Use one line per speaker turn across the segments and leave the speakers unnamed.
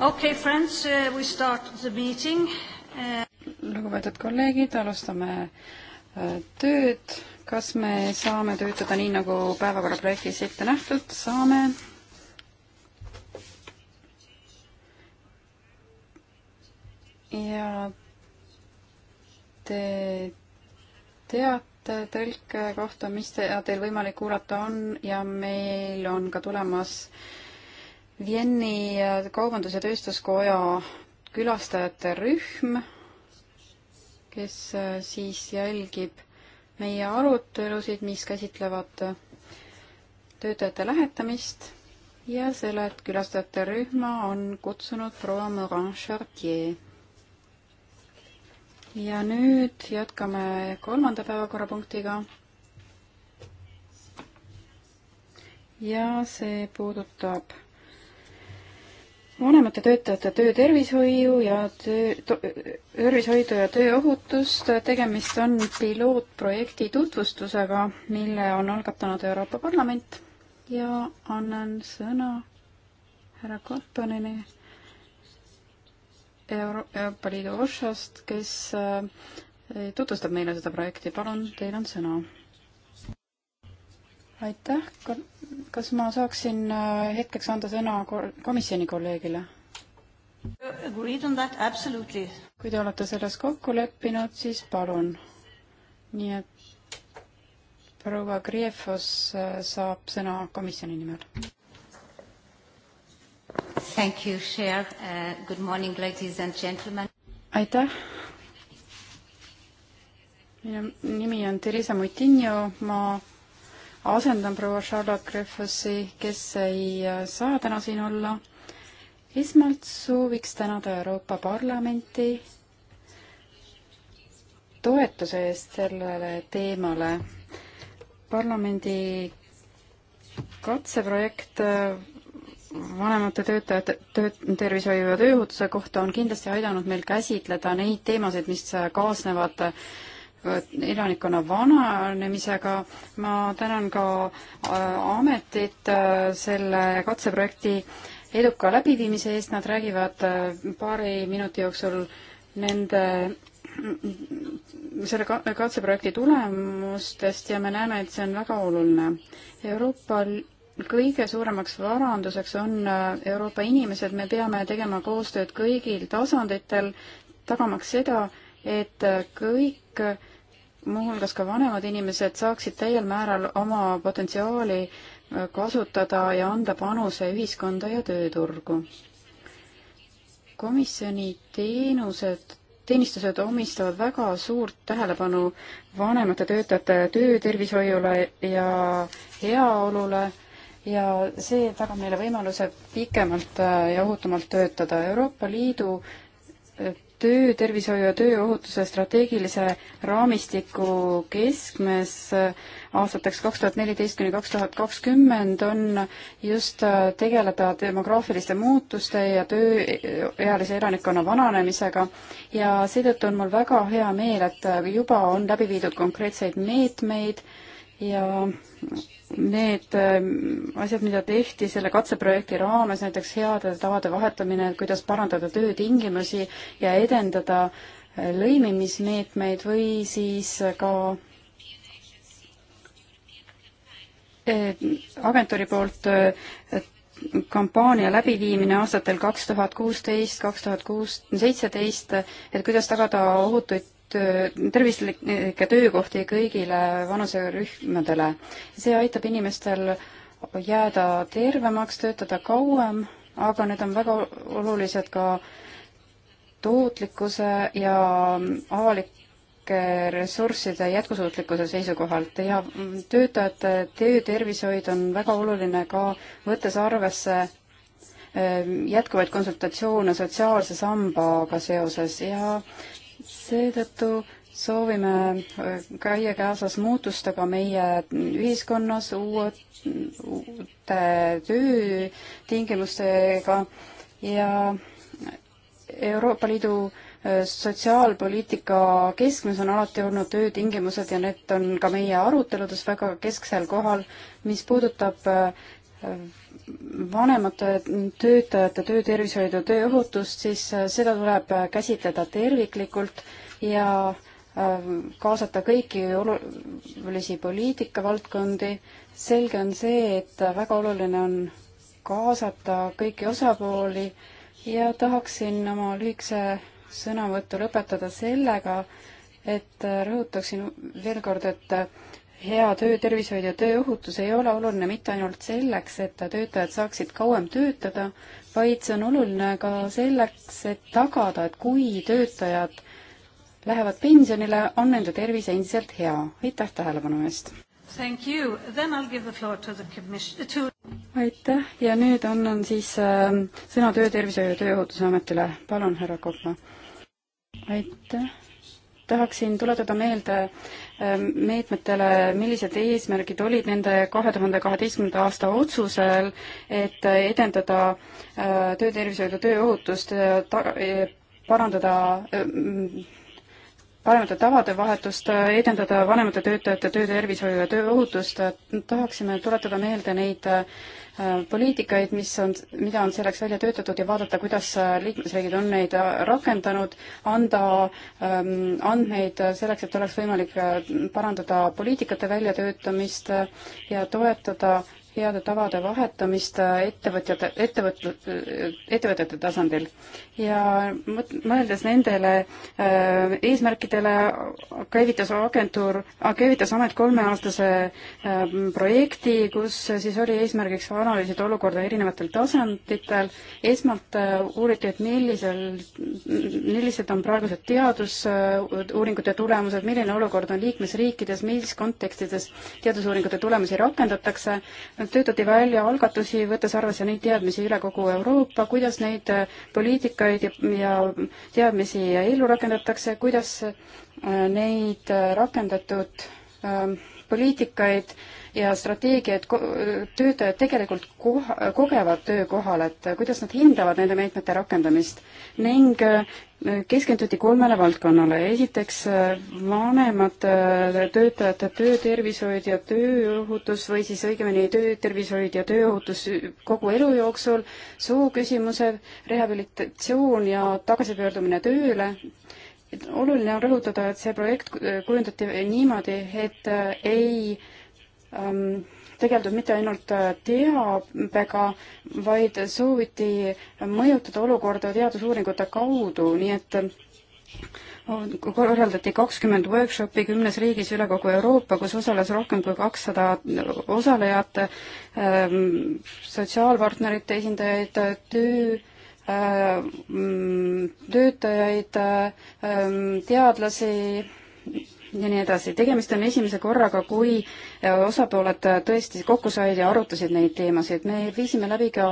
okei okay,, friends, uh, we start the meeting. Uh, lugupeetud kolleegid, alustame äh, tööd. kas
me saame töötada nii, nagu päevakorra projektis ette nähtud? saame. ja te teate tõlke kohta, mis te, teil võimalik kuulata on ja meil on ka tulemas äh, Vienni äh, Kaubandus- ja Tööstuskoja külastajate rühm, kes äh, siis jälgib meie arutelusid, mis käsitlevad äh, töötajate lähetamist ja selle külastajate rühma on kutsunud proua Morin Chartier. ja nüüd jätkame kolmanda päevakorrapunktiga. ja see puudutab vanemate töötajate töötervishoiu ja töö, tervishoidu ja tööohutust. tegemist on pilootprojekti tutvustusega, mille on algatanud Euroopa Parlament ja annan sõna härra Kotpanini Euroopa Liidu OSHA-st, kes äh, tutvustab meile seda projekti. palun, teil on sõna aitäh, kas ma saaksin äh, hetkeks anda sõna komisjoni kolleegile? kui te olete selles kokku leppinud, siis palun. nii et proua Griefos äh, saab sõna komisjoni nimel.
Thank you, Cher uh,. Good morning, ladies and gentlemen.
aitäh. minu nimi on Theresa Mutinho, ma asendan proua Charlotte Greffossi, kes ei äh, saa täna siin olla. esmalt sooviks tänada Euroopa Parlamenti toetuse eest sellele teemale. parlamendi katseprojekt äh, vanemate töötajate tööt-, tervishoiu ja tööohutuse kohta on kindlasti aidanud meil käsitleda neid teemasid, mis äh, kaasnevad elanikkonna vananemisega. ma tänan ka äh, ametit äh, selle katseprojekti eduka läbiviimise eest, nad räägivad äh, paari minuti jooksul nende selle katseprojekti tulemustest ja me näeme, et see on väga oluline. Euroopa kõige suuremaks varanduseks on Euroopa inimesed, me peame tegema koostööd kõigil tasanditel, tagamaks seda, et kõik muuhulgas ka vanemad inimesed saaksid täiel määral oma potentsiaali äh, kasutada ja anda panuse ühiskonda ja tööturgu. komisjoni teenused, teenistused omistavad väga suurt tähelepanu vanemate töötajate töötervishoiule ja heaolule ja see tagab meile võimaluse pikemalt äh, ja ohutumalt töötada. Euroopa Liidu äh, töötervishoiu ja tööohutuse strateegilise raamistiku keskmes aastateks kaks tuhat neliteist kuni kaks tuhat kakskümmend on just tegeleda demograafiliste muutuste ja tööealise elanikkonna vananemisega ja seetõttu on mul väga hea meel, et juba on läbi viidud konkreetseid meetmeid ja need äh, asjad, mida tehti selle katseprojekti raames, näiteks heade tavade vahetamine, kuidas parandada töötingimusi ja edendada äh, lõimimismeetmeid või siis ka äh, agentuuri poolt kampaania läbiviimine aastatel kaks tuhat kuusteist, kaks tuhat kuus, seitseteist, et kuidas tagada ohutuid tervislikke töökohti kõigile vanuserühmadele. see aitab inimestel jääda tervemaks, töötada kauem, aga need on väga olulised ka tootlikkuse ja avalike ressursside jätkusuutlikkuse seisukohalt ja töötajate töötervishoid on väga oluline ka võttes arvesse eh, jätkuvaid konsultatsioone sotsiaalse sambaga seoses ja seetõttu soovime äh, käia kaasas muutustega meie ühiskonnas, uute töötingimustega ja Euroopa Liidu äh, sotsiaalpoliitika keskmes on alati olnud töötingimused ja need on ka meie aruteludes väga kesksel kohal, mis puudutab äh, vanemate töötajate töötervishoidu, tööohutust, siis äh, seda tuleb äh, käsitleda terviklikult ja äh, kaasata kõiki olulisi poliitikavaldkondi. selge on see, et väga oluline on kaasata kõiki osapooli ja tahaksin oma lühikese sõnavõttu lõpetada sellega, et rõhutaksin veel kord, et hea töötervishoid ja tööohutus ei ole oluline mitte ainult selleks, et töötajad saaksid kauem töötada, vaid see on oluline ka selleks, et tagada, et kui töötajad lähevad pensionile, on nende tervis endiselt hea. aitäh tähelepanu eest! To... aitäh ja nüüd annan siis äh, sõna Töötervishoiu ja Tööohutusametile. palun, härra Kopla. aitäh! tahaksin tuletada meelde Ähm, meetmetele, millised eesmärgid olid nende kahe tuhande kaheteistkümnenda aasta otsusel, et edendada äh, töötervishoidu, tööohutust, äh, äh, parandada paremate tavade vahetust, edendada vanemate töötajate töötervishoiu ja tööohutust, tahaksime tuletada meelde neid äh, poliitikaid, mis on, mida on selleks välja töötatud ja vaadata, kuidas äh, liikmesriigid on neid äh, rakendanud, anda ähm, andmeid selleks, et oleks võimalik parandada poliitikate väljatöötamist ja toetada heade tavade vahetamist ettevõtjate, ettevõt-, ettevõtete tasandil. ja mõeldes nendele äh, eesmärkidele, käivitas agentuur äh,, käivitas amet kolmeaastase äh, projekti, kus siis oli eesmärgiks analüüsida olukorda erinevatel tasanditel. esmalt äh, uuriti, et millisel, millised on praegused teadusuuringute äh, tulemused, milline olukord on liikmesriikides, mis kontekstides teadusuuringute tulemusi rakendatakse töötati välja algatusi, võttes arvesse neid teadmisi üle kogu Euroopa, kuidas neid äh, poliitikaid ja, ja teadmisi ellu rakendatakse, kuidas äh, neid äh, rakendatud poliitikaid äh, ja strateegiaid töötajad tegelikult koh-, kogevad töökohal, et kuidas nad hindavad nende meetmete rakendamist ning äh, keskenduti kolmele valdkonnale. esiteks äh, vanemate äh, töötajate töötervishoid ja tööohutus või siis õigemini töötervishoid ja tööohutus kogu elu jooksul, sooküsimused, rehabilitatsioon ja tagasipöördumine tööle oluline on rõhutada, et see projekt kujundati niimoodi, et ei äh, Ähm, tegeldud mitte ainult äh, teabega, vaid sooviti mõjutada olukorda teadusuuringute kaudu, nii et äh, korraldati kakskümmend workshopi kümnes riigis üle kogu Euroopa, kus osales rohkem kui kakssada osalejat, ähm, sotsiaalpartnerite esindajaid, töö, äh, töötajaid, teadlasi, ja nii edasi. tegemist on esimese korraga, kui äh, osapooled äh, tõesti kokku said ja arutasid neid teemasid. me viisime läbi ka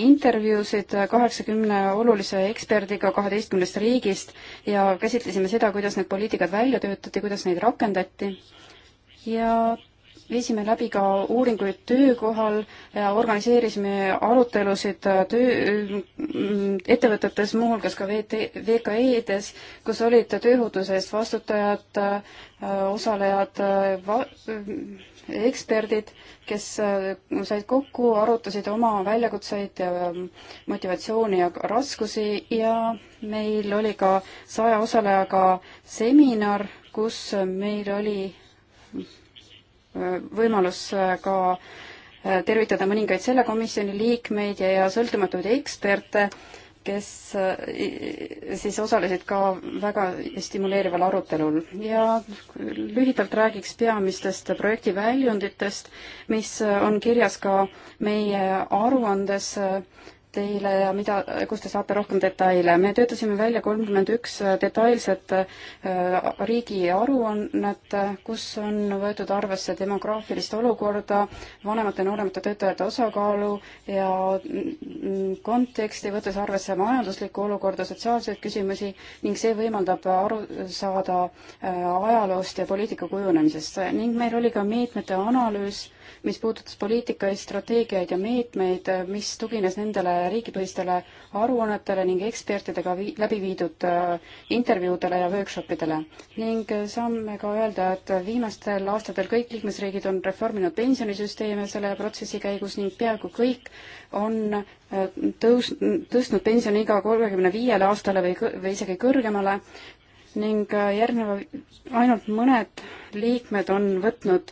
intervjuusid äh, kaheksakümne olulise eksperdiga kaheteistkümnest riigist ja käsitlesime seda, kuidas need poliitikad välja töötati, kuidas neid rakendati ja viisime läbi ka uuringuid töökohal ja organiseerisime arutelusid äh, töö, mm, ettevõtetes, muuhulgas ka VT, VKE-des, kus olid tööohutuse eest vastutajad, äh, osalejad, äh, eksperdid, kes said kokku, arutasid oma väljakutseid ja motivatsiooni ja raskusi ja meil oli ka saja osalejaga seminar, kus meil oli võimalus äh, ka äh, tervitada mõningaid selle komisjoni liikmeid ja, ja sõltumatuid eksperte, kes äh, siis osalesid ka väga stimuleerival arutelul ja lühidalt räägiks peamistest projekti väljunditest, mis on kirjas ka meie aruandes teile ja mida, kus te saate rohkem detaile. me töötasime välja kolmkümmend üks detailset äh, riigi aruannet, kus on võetud arvesse demograafilist olukorda, vanemate ja nooremate töötajate osakaalu ja konteksti, võttes arvesse majanduslikku olukorda, sotsiaalseid küsimusi ning see võimaldab aru saada äh, ajaloost ja poliitika kujunemisest ning meil oli ka meetmete analüüs mis puudutas poliitikaid, strateegiaid ja meetmeid, mis tugines nendele riigipõhistele aruannetele ning ekspertidega vii-, läbi viidud äh, intervjuudele ja workshop idele. ning äh, saame ka öelda, et viimastel aastatel kõik liikmesriigid on reforminud pensionisüsteeme selle protsessi käigus ning peaaegu kõik on äh, tõus-, tõstnud pensioniiga kolmekümne viiele aastale või, või isegi kõrgemale, ning järgneva, ainult mõned liikmed on võtnud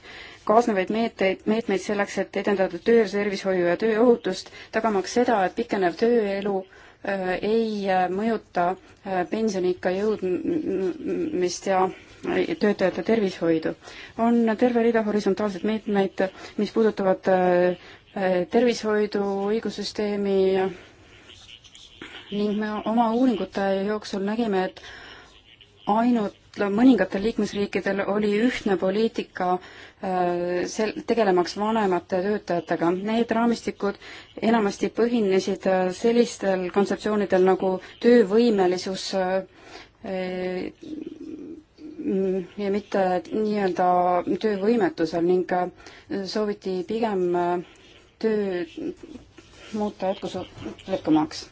kaasnevaid meetmeid, meetmeid selleks, et edendada töötervishoiu ja tööohutust, tagamaks seda, et pikenev tööelu äh, ei äh, mõjuta äh, pensioniikka jõudmist ja töötajate tervishoidu. on terve rida horisontaalseid meetmeid, mis puudutavad tervishoidu, õigussüsteemi ning me oma uuringute jooksul nägime, et ainult mõningatel liikmesriikidel oli ühtne poliitika Äh, sel-, tegelemaks vanemate töötajatega. Need raamistikud enamasti põhinesid äh, sellistel kontseptsioonidel nagu töövõimelisus äh, mm, ja mitte nii-öelda töövõimetusel ning sooviti pigem töö muuta jätkusuutlikumaks.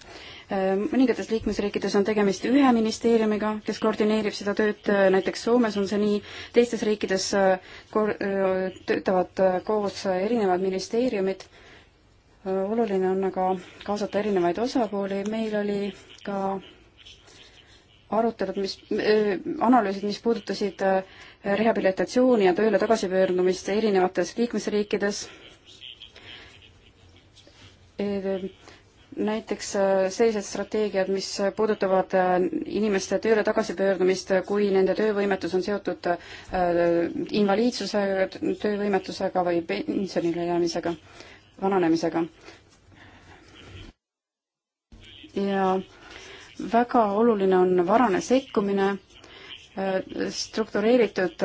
Ehm, mõningates liikmesriikides on tegemist ühe ministeeriumiga, kes koordineerib seda tööd, äh, näiteks Soomes on see nii, teistes riikides äh, kor-, äh, töötavad koos erinevad ministeeriumid, oluline on aga kaasata erinevaid osapooli, meil oli ka arutelud, mis, analüüsid, mis puudutasid rehabilitatsiooni ja tööle tagasipöördumist erinevates liikmesriikides, ehm, näiteks äh, sellised strateegiad, mis puudutavad äh, inimeste tööle tagasipöördumist, äh, kui nende töövõimetus on seotud invaliidsuse töövõimetusega või pensionile jäämisega, vananemisega. ja väga oluline on varane sekkumine, struktureeritud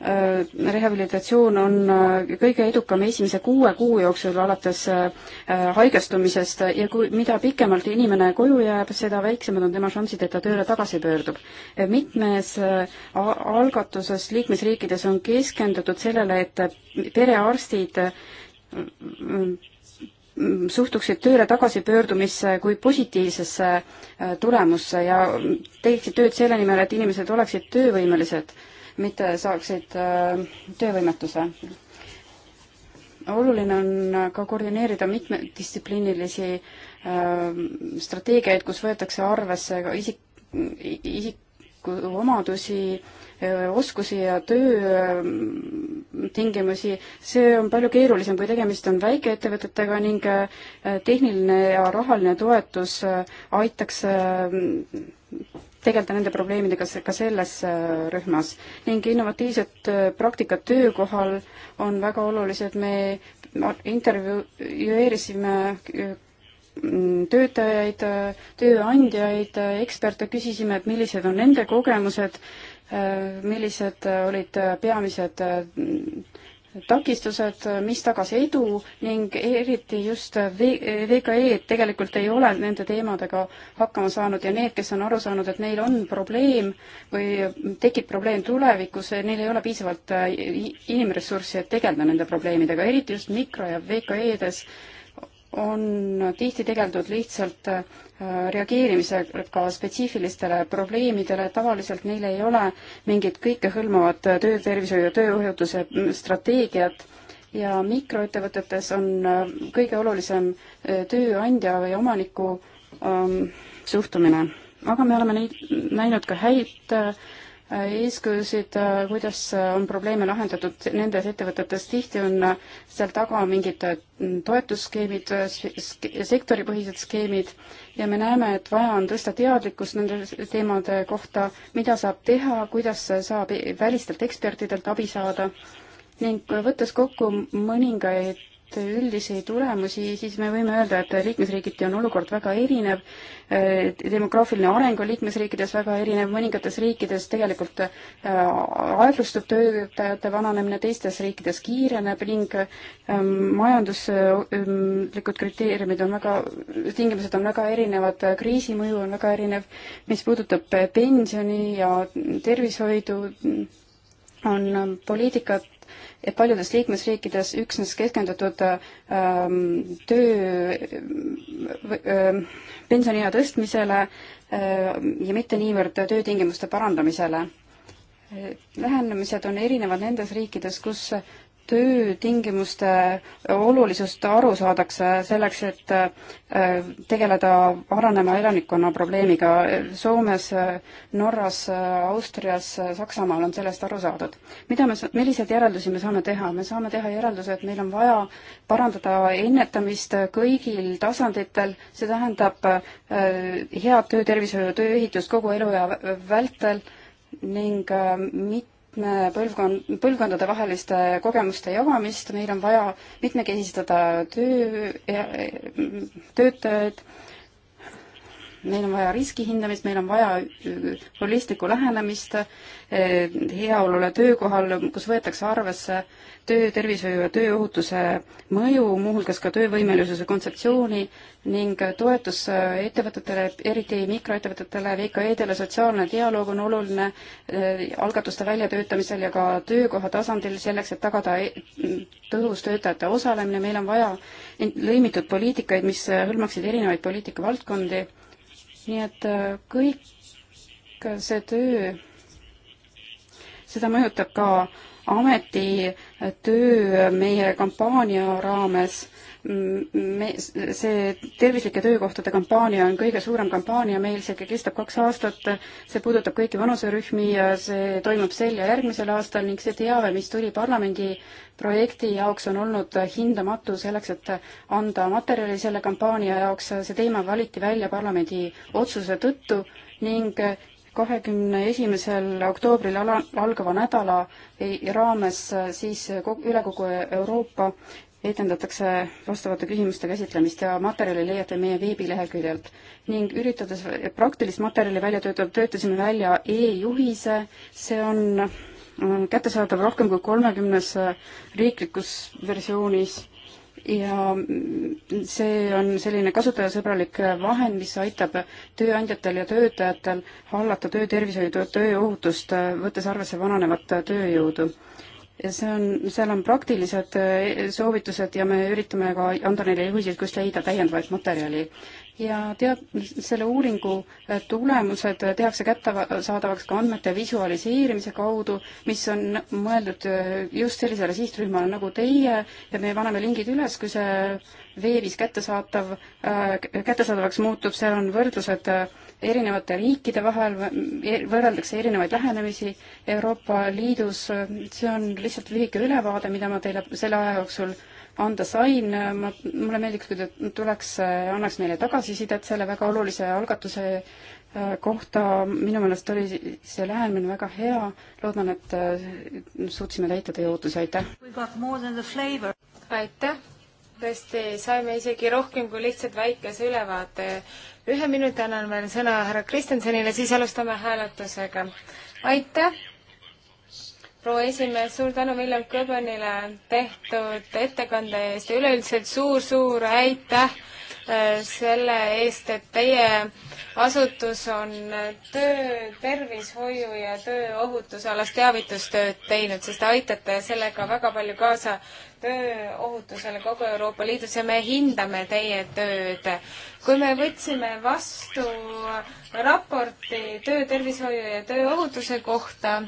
Äh, rehabilitatsioon on äh, kõige edukam esimese kuue kuu jooksul alates äh, haigestumisest ja kui, mida pikemalt inimene koju jääb, seda väiksemad on tema šansid, et ta tööle tagasi pöördub. mitmes algatuses liikmesriikides on keskendutud sellele, et perearstid mm, suhtuksid tööle tagasipöördumisse kui positiivsesse tulemusse ja teeksid tööd selle nimel, et inimesed oleksid töövõimelised mitte saaksid äh, töövõimetuse. oluline on ka koordineerida mitmedistsiplinilisi äh, strateegiaid, kus võetakse arvesse ka isik, isiku omadusi, äh, oskusi ja töötingimusi, see on palju keerulisem, kui tegemist on väikeettevõtetega ning tehniline ja rahaline toetus aitaks tegeleda nende probleemidega ka selles äh, rühmas. ning innovatiivsed äh, praktikad töökohal on väga olulised, me intervjueerisime äh, mm, töötajaid, tööandjaid, eksperte, küsisime, et millised on nende kogemused, millised olid peamised takistused, mis tagas edu ning eriti just VKE-d tegelikult ei ole nende teemadega hakkama saanud ja need, kes on aru saanud, et neil on probleem või tekib probleem tulevikus, neil ei ole piisavalt äh, inimressurssi, et tegeleda nende probleemidega, eriti just mikro- ja VKE-des on tihti tegeldud lihtsalt äh, reageerimisega spetsiifilistele probleemidele, tavaliselt neil ei ole mingit kõikehõlmavat töötervishoiu ja tööohutuse strateegiat ja mikroettevõtetes on äh, kõige olulisem äh, tööandja või omaniku ähm, suhtumine. aga me oleme neid, näinud ka häid äh, Äh, eeskujusid, äh, kuidas äh, on probleeme lahendatud nendes ettevõtetes, tihti on seal taga mingid toetusskeemid, sektoripõhised skeemid ja me näeme, et vaja on tõsta teadlikkust nende teemade kohta, mida saab teha, kuidas saab e-, välistelt ekspertidelt abi saada ning võttes kokku mõningaid üldisi tulemusi, siis me võime öelda, et liikmesriigiti on olukord väga erinev, demograafiline areng on liikmesriikides väga erinev, mõningates riikides tegelikult äh, aeglustub töötajate vananemine, teistes riikides kiireneb ning ähm, majanduslikud ähm, kriteeriumid on väga, tingimused on väga erinevad, kriisi mõju on väga erinev, mis puudutab pensioni ja tervishoidu, on ähm, poliitikad et paljudes liikmesriikides üksnes keskendutud ähm, töö ähm, pensioniea tõstmisele ähm, ja mitte niivõrd töötingimuste parandamisele. lähenemised on erinevad nendes riikides, kus töötingimuste olulisust aru saadakse selleks, et äh, tegeleda arenema elanikkonna probleemiga. Soomes, Norras, Austrias, Saksamaal on sellest aru saadud. mida me, milliseid järeldusi me saame teha? me saame teha järelduse, et meil on vaja parandada ennetamist kõigil tasanditel, see tähendab äh, head töötervishoiu, tööehitust kogu eluea vältel ning äh, mit-, mitme põlvkond, põlvkondadevaheliste kogemuste jagamist, meil on vaja mitmekesistada töö, töötajaid meil on vaja riskihindamist, meil on vaja äh, holistlikku lähenemist äh, heaolule töökohal, kus võetakse arvesse töötervishoiu ja tööohutuse mõju, muuhulgas ka töövõimelisuse kontseptsiooni ning toetus äh, ettevõtetele, eriti mikroettevõtetele, VKE-dele, sotsiaalne dialoog on oluline algatuste väljatöötamisel ja ka töökoha tasandil selleks, et tagada e, tõhus töötajate osalemine, meil on vaja lõimitud poliitikaid, mis hõlmaksid erinevaid poliitikavaldkondi nii et äh, kõik see töö, seda mõjutab ka ameti äh, töö meie kampaania raames me, see tervislike töökohtade kampaania on kõige suurem kampaania meil, see kestab kaks aastat, see puudutab kõiki vanuserühmi ja see toimub sel ja järgmisel aastal ning see teave, mis tuli parlamendi projekti jaoks, on olnud hindamatu selleks, et anda materjali selle kampaania jaoks, see teema valiti välja parlamendi otsuse tõttu ning kahekümne esimesel oktoobril ala, algava nädala raames siis kogu, üle kogu Euroopa edendatakse vastavate küsimuste käsitlemist ja materjali leiate meie veebileheküljelt. ning üritades praktilist materjali välja töötada, töötasime välja e-juhise, see on kättesaadav rohkem kui kolmekümnes riiklikus versioonis ja see on selline kasutajasõbralik vahend, mis aitab tööandjatel ja töötajatel hallata töötervishoidu, tööohutust, võttes arvesse vananevat tööjõudu ja see on, seal on praktilised eh, soovitused ja me üritame ka anda neile juhiseid, kus leida täiendavaid materjali. ja tead, selle uuringu eh, tulemused eh, tehakse kättesaadavaks ka andmete visualiseerimise kaudu, mis on mõeldud just sellisele sihtrühmale nagu teie ja me paneme lingid üles, kui see veebis kättesaatav, kättesaadavaks muutub, seal on võrdlused äh, erinevate riikide vahel, e-, võrreldakse erinevaid lähenemisi Euroopa Liidus, see on lihtsalt lühike ülevaade, mida ma teile selle aja jooksul anda sain, ma, mulle meeldiks, kui ta tuleks, annaks meile tagasisidet selle väga olulise algatuse äh, kohta, minu meelest oli see lähenemine väga hea, loodan, et äh, suutsime täita teie ootusi, aitäh!
aitäh! tõesti saime isegi rohkem kui lihtsalt väikese ülevaate. ühe minuti annan veel sõna härra Kristjansonile, siis alustame hääletusega. aitäh, proua esimees, suur tänu William Kõbenile tehtud ettekande eest ja üleüldiselt suur-suur aitäh äh, selle eest, et teie asutus on töö, tervishoiu ja tööohutusalast teavitustööd teinud, sest te aitate sellega väga palju kaasa tööohutusele kogu Euroopa Liidus ja me hindame teie tööd. kui me võtsime vastu raporti töötervishoiu ja tööohutuse kohta,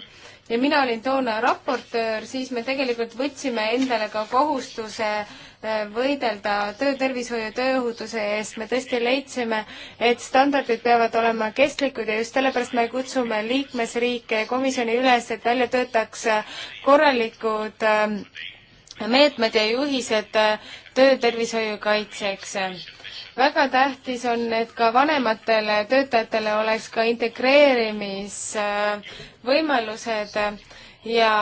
ja mina olin toona raportöör, siis me tegelikult võtsime endale ka kohustuse äh, Äh, võidelda töötervishoiu ja tööohutuse eest, me tõesti leidsime, et standardid peavad olema kestlikud ja just sellepärast me kutsume liikmesriike ja komisjoni üles, et välja töötaks korralikud äh, meetmed ja juhised äh, töötervishoiu kaitseks väga tähtis on, et ka vanematele töötajatele oleks ka integreerimisvõimalused ja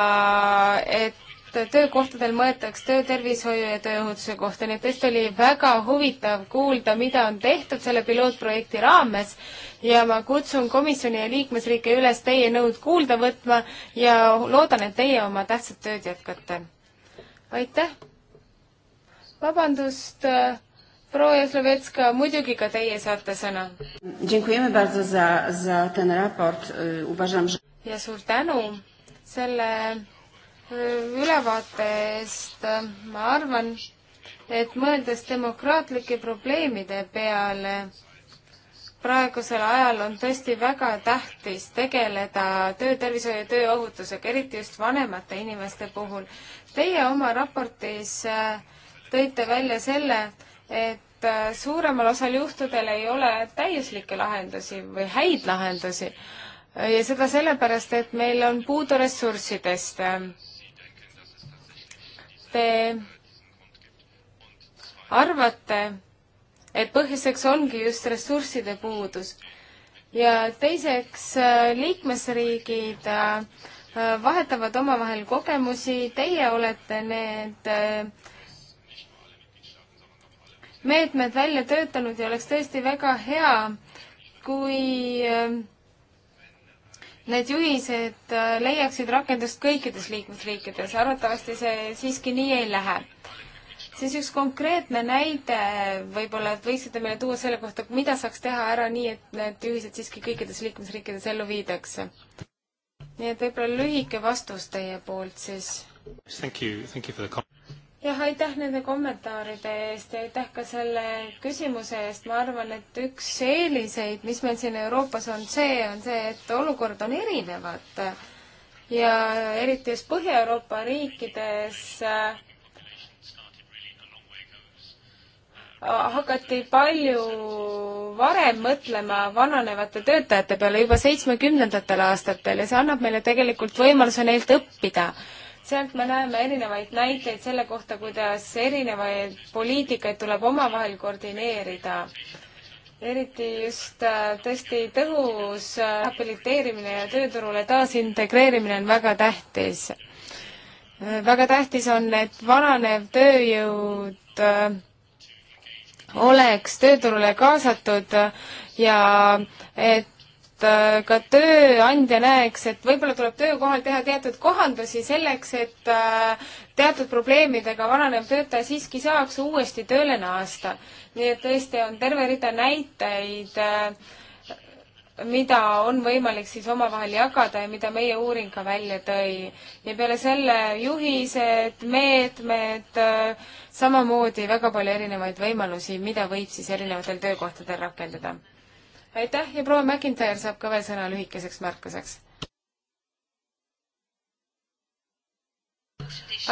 et töökohtadel mõõtaks töötervishoiu ja tööohutuse kohta, nii et tõesti oli väga huvitav kuulda, mida on tehtud selle pilootprojekti raames ja ma kutsun komisjoni ja liikmesriike üles teie nõud kuulda võtma ja loodan, et teie oma tähtsat tööd jätkate. aitäh! vabandust, äh, proua Jaslovetska, muidugi ka teie saate sõna. ja suur tänu selle ülevaate eest. ma arvan, et mõeldes demokraatlike probleemide peale, praegusel ajal on tõesti väga tähtis tegeleda töötervishoiu ja tööohutusega, eriti just vanemate inimeste puhul. Teie oma raportis äh, tõite välja selle, et äh, suuremal osal juhtudel ei ole täiuslikke lahendusi või häid lahendusi ja seda sellepärast, et meil on puudu ressurssidest te arvate, et põhjuseks ongi just ressursside puudus ja teiseks liikmesriigid äh, vahetavad omavahel kogemusi, teie olete need äh, meetmed välja töötanud ja oleks tõesti väga hea, kui äh, need juhised äh, leiaksid rakendust kõikides liikmesriikides, arvatavasti see siiski nii ei lähe. siis üks konkreetne näide võib-olla, et võiksite meile tuua selle kohta, mida saaks teha ära nii, et need juhised siiski kõikides liikmesriikides ellu viidakse. nii et võib-olla lühike vastus teie poolt siis jah, aitäh nende kommentaaride eest ja aitäh ka selle küsimuse eest. ma arvan, et üks eeliseid, mis meil siin Euroopas on, see on see, et olukord on erinevad ja eriti just Põhja-Euroopa riikides äh, hakati palju varem mõtlema vananevate töötajate peale juba seitsmekümnendatel aastatel ja see annab meile tegelikult võimaluse neilt õppida sealt me näeme erinevaid näiteid selle kohta, kuidas erinevaid poliitikaid tuleb omavahel koordineerida. eriti just äh, tõesti tõhus rehabiliteerimine äh, ja tööturule taasintegreerimine on väga tähtis. Äh, väga tähtis on, et vananev tööjõud oleks tööturule kaasatud ja et Äh, ka tööandja näeks, et võib-olla tuleb töökohal teha teatud kohandusi selleks, et äh, teatud probleemidega vananev töötaja siiski saaks uuesti tööle naasta. nii et tõesti on terve rida näiteid, äh, mida on võimalik siis omavahel jagada ja mida meie uuring ka välja tõi. ja peale selle juhised, meetmed, samamoodi väga palju erinevaid võimalusi, mida võib siis erinevatel töökohtadel rakendada aitäh ja proua McIntyre saab ka veel sõna lühikeseks märkuseks.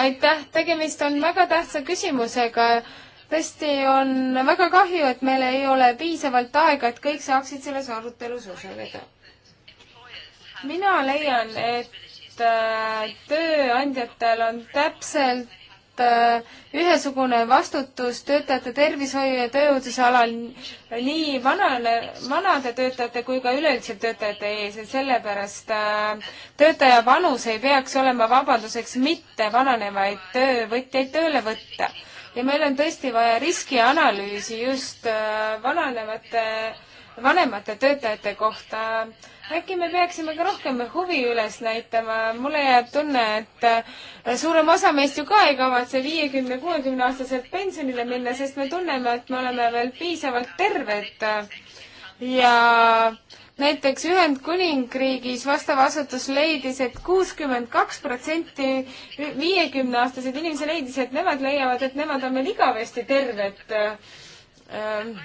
aitäh, tegemist on väga tähtsa küsimusega. tõesti on väga kahju, et meil ei ole piisavalt aega, et kõik saaksid selles arutelus osaleda. mina leian, et äh, tööandjatel on täpselt Äh, ühesugune vastutus töötajate tervishoiu ja tööohutuse alal nii vanale, vanade töötajate kui ka üleüldiselt töötajate ees, et sellepärast äh, töötaja vanus ei peaks olema vabanduseks mitte vananevaid töövõtjaid tööle võtta. ja meil on tõesti vaja riskianalüüsi just äh, vananevate, vanemate töötajate kohta äkki me peaksime ka rohkem huvi üles näitama, mulle jääb tunne, et äh, suurem osa meist ju ka ei kavatse viiekümne, kuuekümne aastaselt pensionile minna, sest me tunneme, et me oleme veel piisavalt terved. ja näiteks Ühendkuningriigis vastav asutus leidis et, et kuuskümmend kaks protsenti viiekümneaastaseid inimesi leidis, et nemad leiavad, et nemad on veel igavesti terved ähm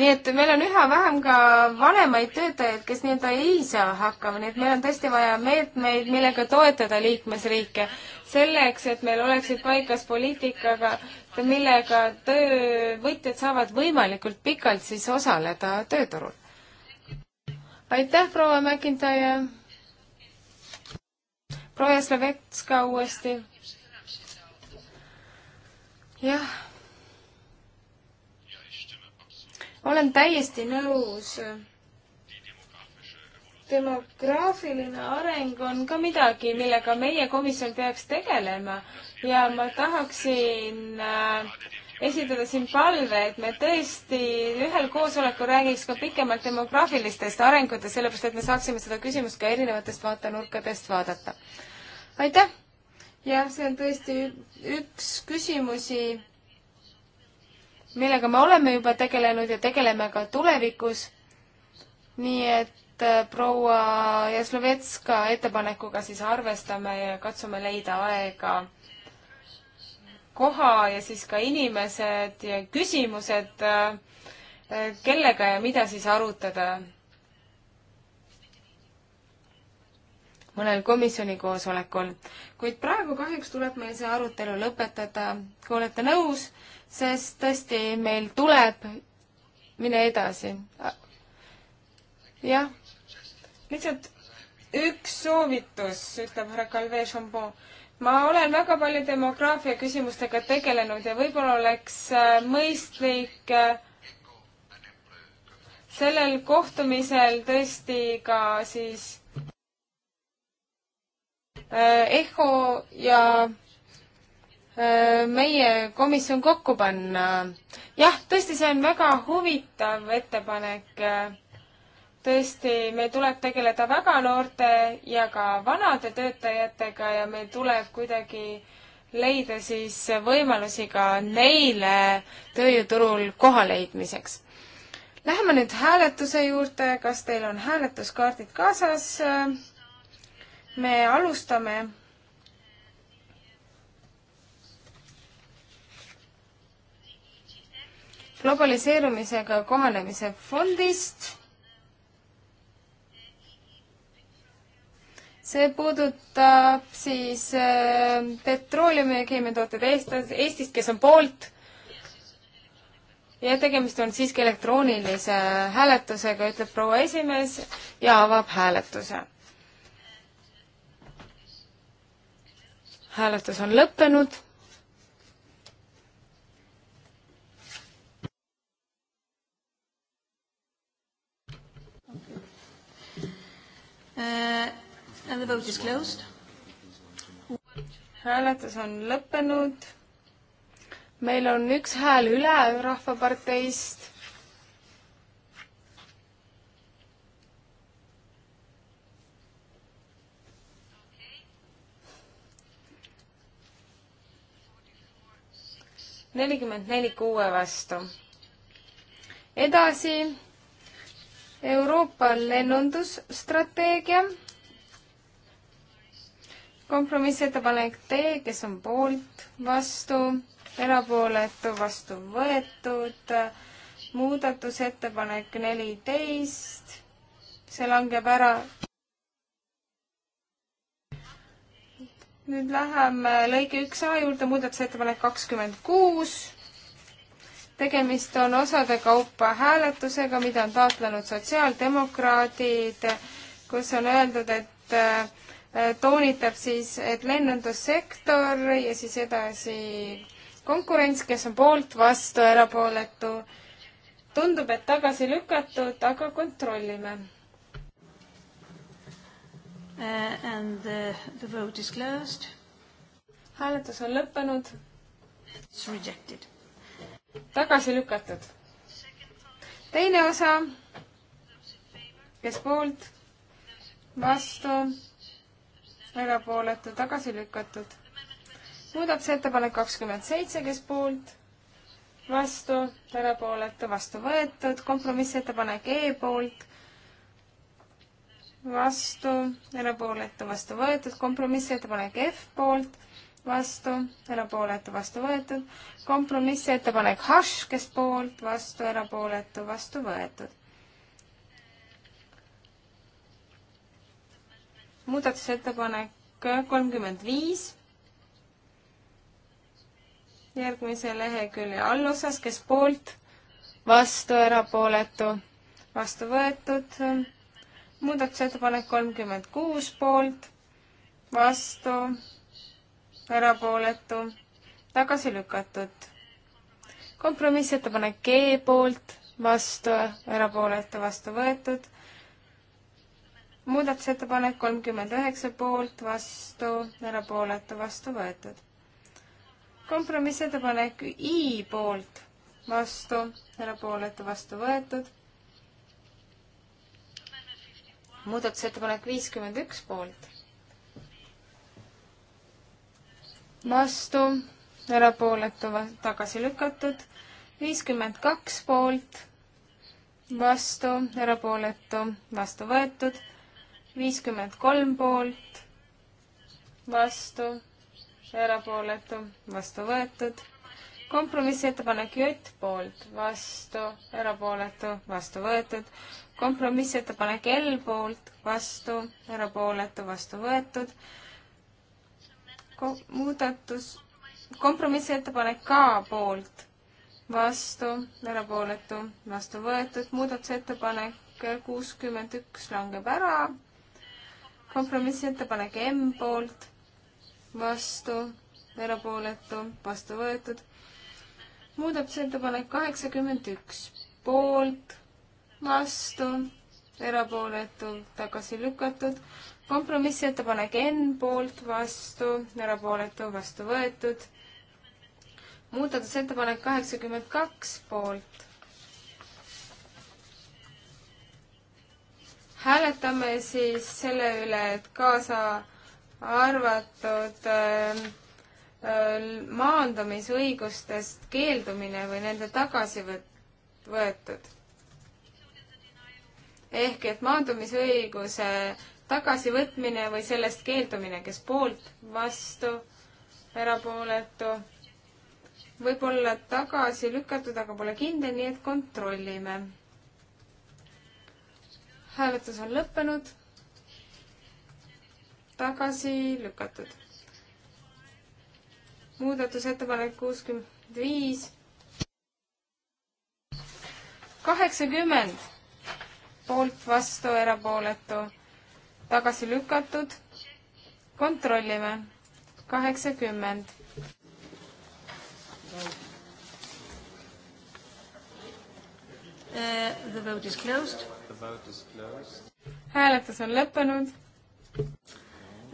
nii et meil on üha vähem ka vanemaid töötajaid, kes nii-öelda ei saa hakkama, nii et meil on tõesti vaja meetmeid, millega toetada liikmesriike selleks, et meil oleksid paigas poliitikaga, millega töövõtjad saavad võimalikult pikalt siis osaleda tööturul. aitäh, proua McIntyre! proua Slovetska uuesti. jah olen täiesti nõus. demograafiline areng on ka midagi, millega meie komisjon peaks tegelema ja ma tahaksin äh, esitada siin palve, et me tõesti ühel koosolekul räägiks ka pikemalt demograafilistest arengutest, sellepärast et me saaksime seda küsimust ka erinevatest vaatenurkadest vaadata. aitäh! jah, see on tõesti üks küsimusi, millega me oleme juba tegelenud ja tegeleme ka tulevikus. nii et äh, proua Jaslovetska ettepanekuga siis arvestame ja katsume leida aega, koha ja siis ka inimesed ja küsimused, äh, kellega ja mida siis arutada. mõnel komisjoni koosolekul, kuid praegu kahjuks tuleb meil see arutelu lõpetada, kui olete nõus sest tõesti, meil tuleb mine edasi. jah, lihtsalt üks soovitus, ütleb härra Calvet Chambon. ma olen väga palju demograafia küsimustega tegelenud ja võib-olla oleks äh, mõistlik äh, sellel kohtumisel tõesti ka siis äh, EHO ja Äh, meie komisjon kokku panna. jah, tõesti, see on väga huvitav ettepanek. tõesti, meil tuleb tegeleda väga noorte ja ka vanade töötajatega ja meil tuleb kuidagi leida siis võimalusi ka neile tööjõuturul koha leidmiseks. Läheme nüüd hääletuse juurde, kas teil on hääletuskaardid kaasas? me alustame globaliseerumisega kohanemise fondist. see puudutab siis äh, petrooleumi ja keemiatooted Eestis, Eestist, kes on poolt ja tegemist on siiski elektroonilise hääletusega, ütleb proua esimees ja avab hääletuse. hääletus on lõppenud
Uh, and the vote is closed. hääletus on
lõppenud. meil on üks hääl üle Rahvaparteist. nelikümmend neli kuue vastu. edasi Euroopa lennundusstrateegia, kompromissettepanek D, kes on poolt, vastu, erapooletu, vastu võetud, muudatusettepanek neliteist, see langeb ära. nüüd läheme lõige üks A juurde, muudatusettepanek kakskümmend kuus tegemist on osade kaupa hääletusega, mida on taotlenud sotsiaaldemokraadid, kus on öeldud, et äh, toonitab siis, et lennundussektor ja siis edasi konkurents, kes on poolt, vastu, erapooletu. tundub, et tagasi lükatud, aga kontrollime.
Uh, and the, uh, the vote is closed. hääletus on lõppenud. It's rejected tagasi lükatud.
teine osa, kes poolt, vastu, erapooletu, tagasi lükatud. muudatusettepanek kakskümmend seitse, kes poolt, vastu, erapooletu, vastu võetud, kompromissettepanek E poolt, vastu, erapooletu, vastu võetud, kompromissettepanek F poolt vastu, erapooletu, vastu võetud. kompromissettepanek Hush, kes poolt, vastu, erapooletu, vastu võetud. muudatusettepanek kolmkümmend viis. järgmise lehekülje allosas, kes poolt, vastu, erapooletu, vastu võetud. muudatusettepanek kolmkümmend kuus poolt, vastu erapooletu, tagasi lükatud. kompromissettepanek G poolt, vastu, erapooletu, vastu võetud. muudatusettepanek kolmkümmend üheksa poolt, vastu, erapooletu, vastu võetud. kompromissettepanek I poolt, vastu, erapooletu, vastu võetud muudatusettepanek viiskümmend üks poolt, vastu, erapooletu tagasi lükatud, viiskümmend kaks poolt, vastu, erapooletu vastu võetud, viiskümmend kolm poolt, vastu, erapooletu vastu võetud kompromissettepanek J poolt, vastu, erapooletu, vastu võetud. kompromissettepanek L poolt, vastu, erapooletu, vastu võetud ko-, muudatus, kompromissettepanek ka poolt, vastu, erapooletu, vastu võetud, muudatusettepanek kuuskümmend üks langeb ära, kompromissettepanek M poolt, vastu, erapooletu, vastu võetud, muudatusettepanek kaheksakümmend üks poolt, vastu, erapooletu, tagasi lükatud, kompromissettepanek N poolt vastu, erapooletu vastu võetud. muudatusettepanek kaheksakümmend kaks poolt. hääletame siis selle üle, et kaasa arvatud ähm, äh, maandamisõigustest keeldumine või nende tagasi võetud. ehk et maandumisõiguse tagasivõtmine või sellest keeldumine, kes poolt, vastu, erapooletu, võib olla tagasi lükatud, aga pole kindel, nii et kontrollime. hääletus on lõppenud, tagasi lükatud. muudatusettepanek kuuskümmend viis, kaheksakümmend poolt, vastu, erapooletu tagasi lükatud. kontrollime. kaheksakümmend.
Uh, the vote is closed. The vote is closed. hääletus on lõppenud.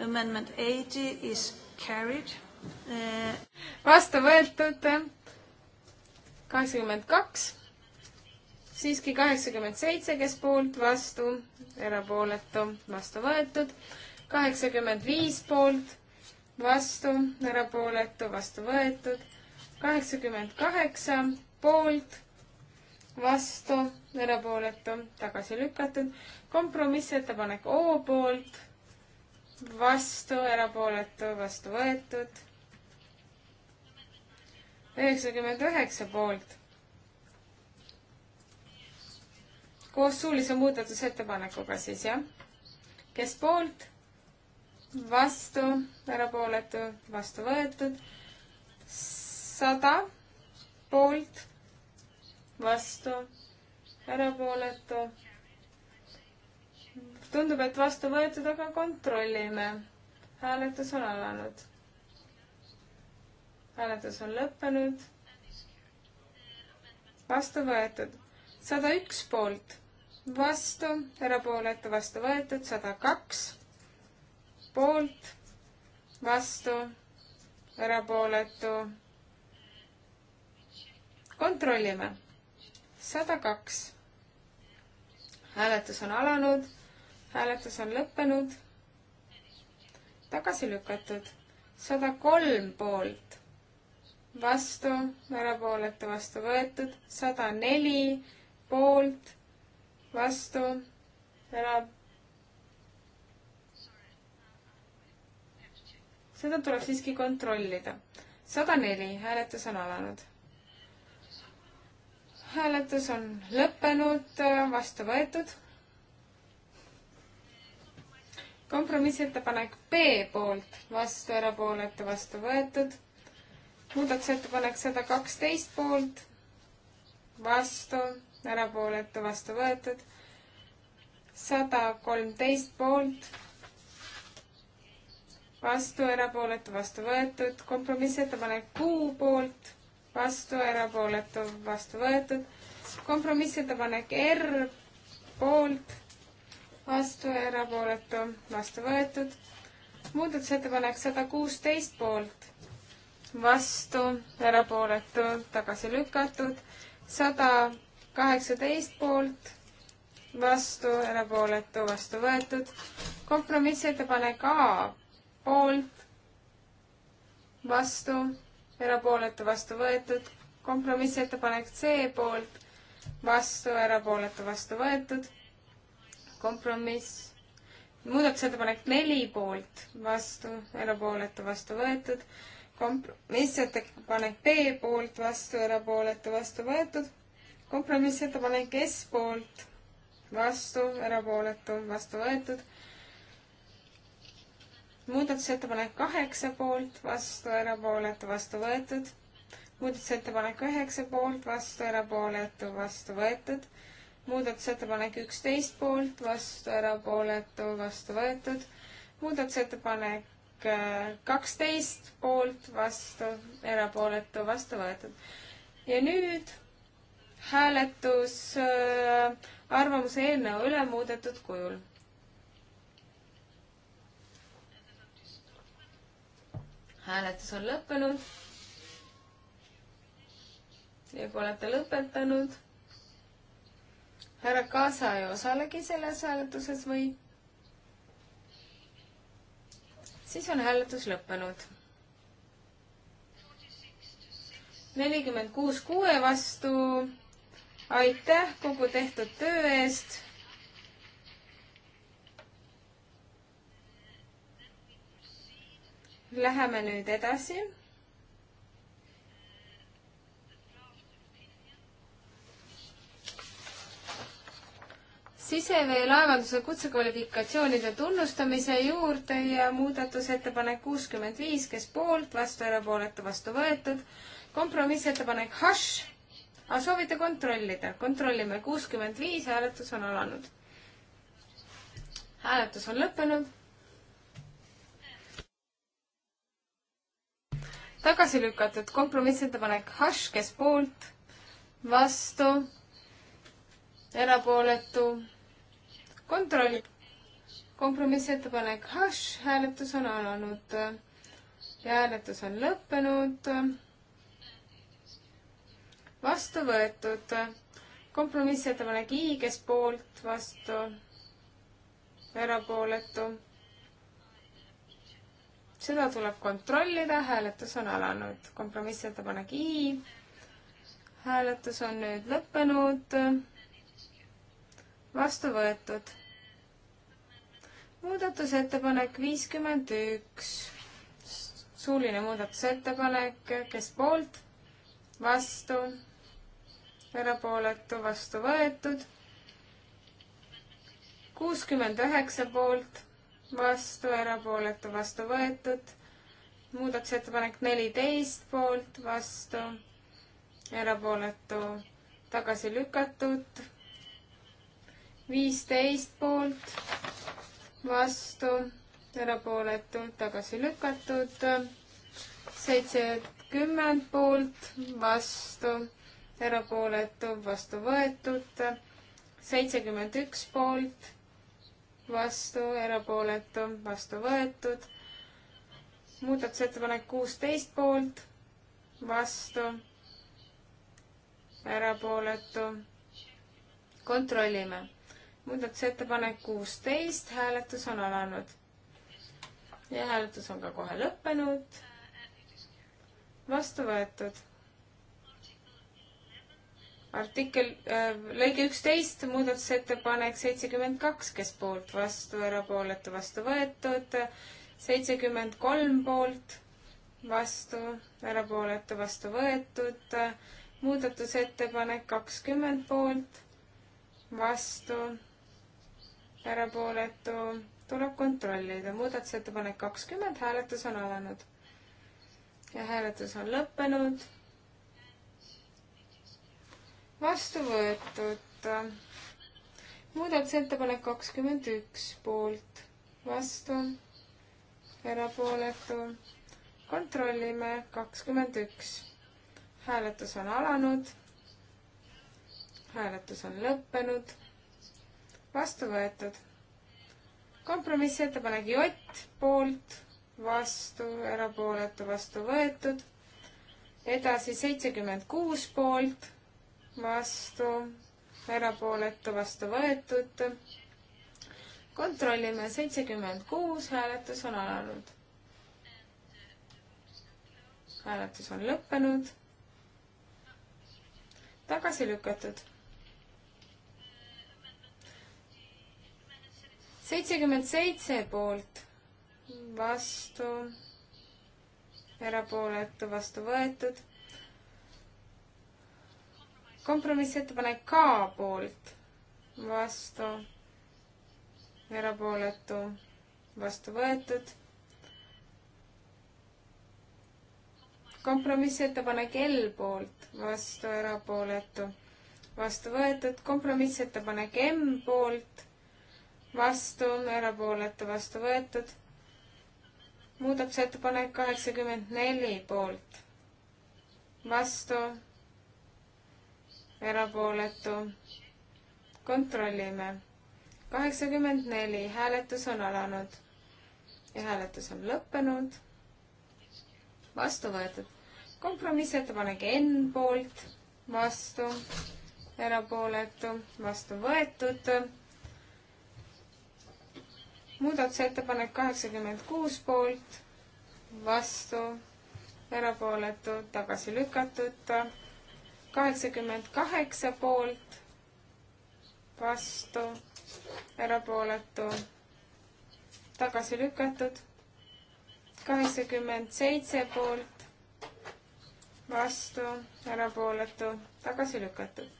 Amendment eighty is carried uh.... vastu võetud kaheksakümmend kaks
siiski kaheksakümmend seitse, kes poolt, vastu, erapooletu, vastu võetud. kaheksakümmend viis poolt, vastu, erapooletu, vastu võetud. kaheksakümmend kaheksa poolt, vastu, erapooletu, tagasi lükatud. kompromissettepanek O poolt, vastu, erapooletu, vastu võetud. üheksakümmend üheksa poolt koos suulise muudatusettepanekuga siis, jah? kes poolt? vastu, erapooletu, vastu võetud. sada poolt, vastu, erapooletu. tundub, et vastu võetud, aga kontrollime. hääletus on alanud. hääletus on lõppenud. vastu võetud, sada üks poolt vastu, erapooletu vastu võetud, sada kaks poolt, vastu, erapooletu. kontrollime. sada kaks. hääletus on alanud, hääletus on lõppenud, tagasi lükatud, sada kolm poolt, vastu, erapooletu vastu võetud, sada neli poolt vastu, elab. seda tuleb siiski kontrollida. sada neli, hääletus on alanud. hääletus on lõppenud, vastu võetud. kompromissettepanek B poolt, vastu, erapooletu, vastu võetud. muudatusettepanek sada kaksteist poolt, vastu erapooletu vastu võetud, sada kolmteist poolt, vastu, erapooletu vastu võetud, kompromissettepanek kuu poolt, vastu, erapooletu vastu võetud, kompromissettepanek R poolt, vastu, erapooletu vastu võetud, muudatusettepanek sada kuusteist poolt, vastu, erapooletu tagasi lükatud, sada kaheksateist poolt, vastu, erapooletu, vastu võetud. kompromissettepanek A poolt, vastu, erapooletu, vastu võetud. kompromissettepanek C poolt, vastu, erapooletu, vastu võetud. kompromiss, muudatusettepanek neli poolt, vastu, erapooletu, vastu võetud. kompromissettepanek B poolt, vastu, erapooletu, vastu võetud kompromissettepanek S poolt, vastu, erapooletu, vastu võetud. muudatusettepanek kaheksa poolt, vastu, erapooletu, vastu võetud. muudatusettepanek üheksa poolt, vastu, erapooletu, vastu võetud. muudatusettepanek üksteist poolt, vastu, erapooletu, vastu võetud. muudatusettepanek äh, kaksteist poolt, vastu, erapooletu, vastu võetud. ja nüüd hääletus äh, arvamuse eelnõu üle muudetud kujul. hääletus on lõppenud. ja kui olete lõpetanud, härra Kaasa ei osalegi selles hääletuses või? siis on hääletus lõppenud. nelikümmend kuus kuue vastu aitäh kogu tehtud töö eest. Läheme nüüd edasi. siseveelaevanduse kutsekvalifikatsioonide tunnustamise juurde ja muudatusettepanek kuuskümmend viis, kes poolt, vastu, erapooletu, vastu võetud. kompromissettepanek Hush aga soovite kontrollida? kontrollime, kuuskümmend viis hääletus on alanud. hääletus on lõppenud. tagasi lükatud kompromissettepanek Hush, kes poolt, vastu, erapooletu, kontroll. kompromissettepanek Hush, hääletus on alanud ja hääletus on lõppenud vastu võetud. kompromissettepanek I, kes poolt, vastu, erapooletu. seda tuleb kontrollida, hääletus on alanud. kompromissettepanek I, hääletus on nüüd lõppenud, vastu võetud. muudatusettepanek viiskümmend üks suuline muudatusettepanek, kes poolt, vastu, erapooletu, vastu võetud. kuuskümmend üheksa poolt, vastu, erapooletu, vastu võetud. muudatusettepanek neliteist poolt, vastu, erapooletu, tagasi lükatud. viisteist poolt, vastu, erapooletu, tagasi lükatud. seitsekümmend poolt, vastu erapooletu, vastu võetud, seitsekümmend üks poolt, vastu, erapooletu, vastu võetud, muudatusettepanek kuusteist poolt, vastu, erapooletu, kontrollime. muudatusettepanek kuusteist, hääletus on alanud. ja hääletus on ka kohe lõppenud, vastu võetud artikkel äh,, lõige üksteist, muudatusettepanek seitsekümmend kaks, kes poolt, vastu, erapooletu, vastu võetud, seitsekümmend kolm poolt, vastu, erapooletu, vastu võetud, muudatusettepanek kakskümmend poolt, vastu, erapooletu, tuleb kontrollida, muudatusettepanek kakskümmend, hääletus on alanud. ja hääletus on lõppenud vastu võetud. muudatusettepanek kakskümmend üks poolt, vastu, erapooletu. kontrollime, kakskümmend üks. hääletus on alanud. hääletus on lõppenud. vastu võetud. kompromissettepanek J poolt, vastu, erapooletu, vastu võetud edasi seitsekümmend kuus poolt vastu, erapooletu vastu võetud. kontrollime, seitsekümmend kuus, hääletus on alanud. hääletus on lõppenud. tagasi lükatud. seitsekümmend seitse poolt, vastu, erapooletu vastu võetud kompromissettepanek K poolt, vastu, erapooletu, vastu võetud. kompromissettepanek L poolt, vastu, erapooletu, vastu võetud. kompromissettepanek M poolt, vastu, erapooletu, vastu võetud. muudatusettepanek kaheksakümmend neli poolt, vastu erapooletu. kontrollime. kaheksakümmend neli, hääletus on alanud ja hääletus on lõppenud. vastu võetud. kompromissettepanek N poolt, vastu, erapooletu, vastu võetud. muudatusettepanek kaheksakümmend kuus poolt, vastu, erapooletu, tagasi lükatud kaheksakümmend kaheksa poolt, vastu, erapooletu, tagasi lükatud. kaheksakümmend seitse poolt, vastu, erapooletu, tagasi lükatud.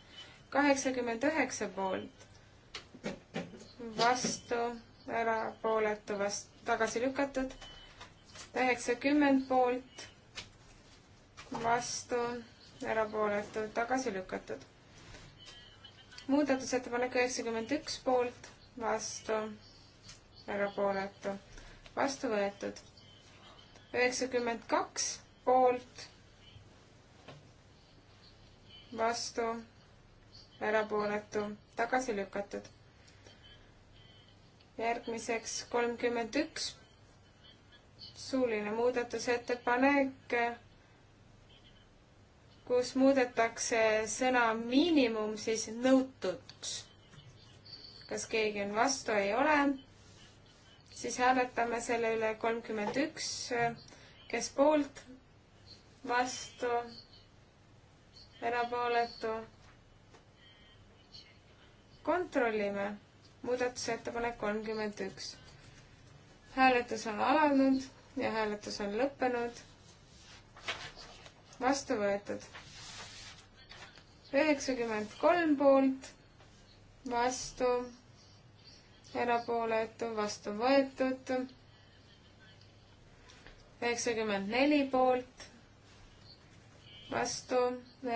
kaheksakümmend üheksa poolt, vastu, erapooletu, vast-, tagasi lükatud. üheksakümmend poolt, vastu erapooletud, tagasi lükatud. muudatusettepanek üheksakümmend üks poolt, vastu, erapooletu, vastu võetud. üheksakümmend kaks poolt, vastu, erapooletu, tagasi lükatud. järgmiseks kolmkümmend üks, suuline muudatusettepanek kus muudetakse sõna miinimum siis nõutuks. kas keegi on vastu, ei ole? siis hääletame selle üle kolmkümmend üks, kes poolt, vastu, erapooletu. kontrollime muudatusettepanek kolmkümmend üks. hääletus on alanud ja hääletus on lõppenud vastu võetud. üheksakümmend kolm poolt, vastu, erapooletu, vastu võetud. üheksakümmend neli poolt, vastu,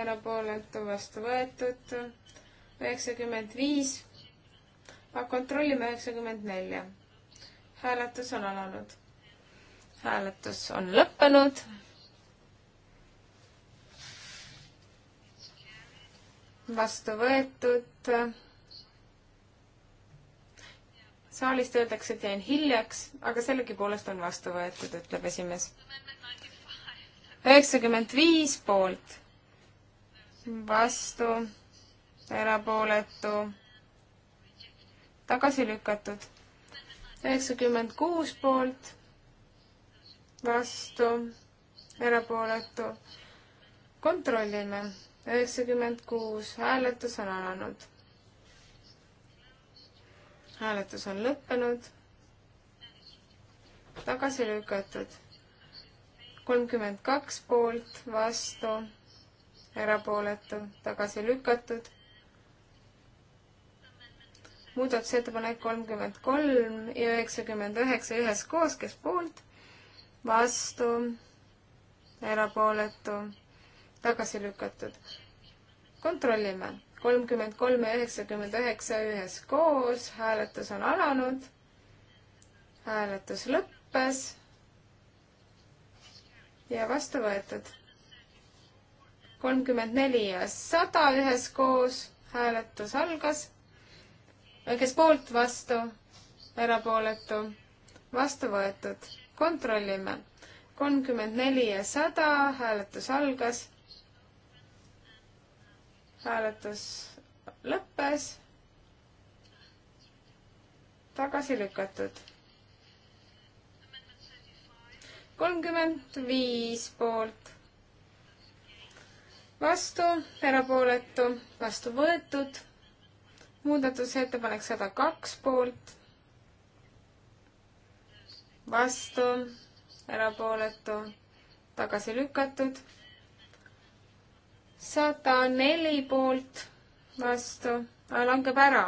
erapooletu, vastu võetud. üheksakümmend viis, aga kontrollime üheksakümmend nelja. hääletus on alanud. hääletus on lõppenud vastu võetud. saalist öeldakse, et jäin hiljaks, aga sellegipoolest on vastu võetud, ütleb esimees. üheksakümmend viis poolt, vastu, erapooletu, tagasi lükatud. üheksakümmend kuus poolt, vastu, erapooletu. kontrollime üheksakümmend kuus, hääletus on alanud. hääletus on lõppenud. tagasi lükatud. kolmkümmend kaks poolt, vastu, erapooletu, tagasi lükatud. muudatusettepanek kolmkümmend kolm ja üheksakümmend üheksa üheskoos, kes poolt, vastu, erapooletu tagasi lükatud. kontrollime. kolmkümmend kolm ja üheksakümmend üheksa üheskoos, hääletus on alanud. hääletus lõppes. ja vastu võetud. kolmkümmend neli ja sada üheskoos, hääletus algas. kes poolt, vastu, erapooletu, vastu võetud. kontrollime kolmkümmend neli ja sada, hääletus algas hääletus lõppes. tagasi lükatud. kolmkümmend viis poolt. vastu, erapooletu, vastu võetud. muudatusettepanek sada kaks poolt. vastu, erapooletu, tagasi lükatud sada neli poolt vastu, langeb ära,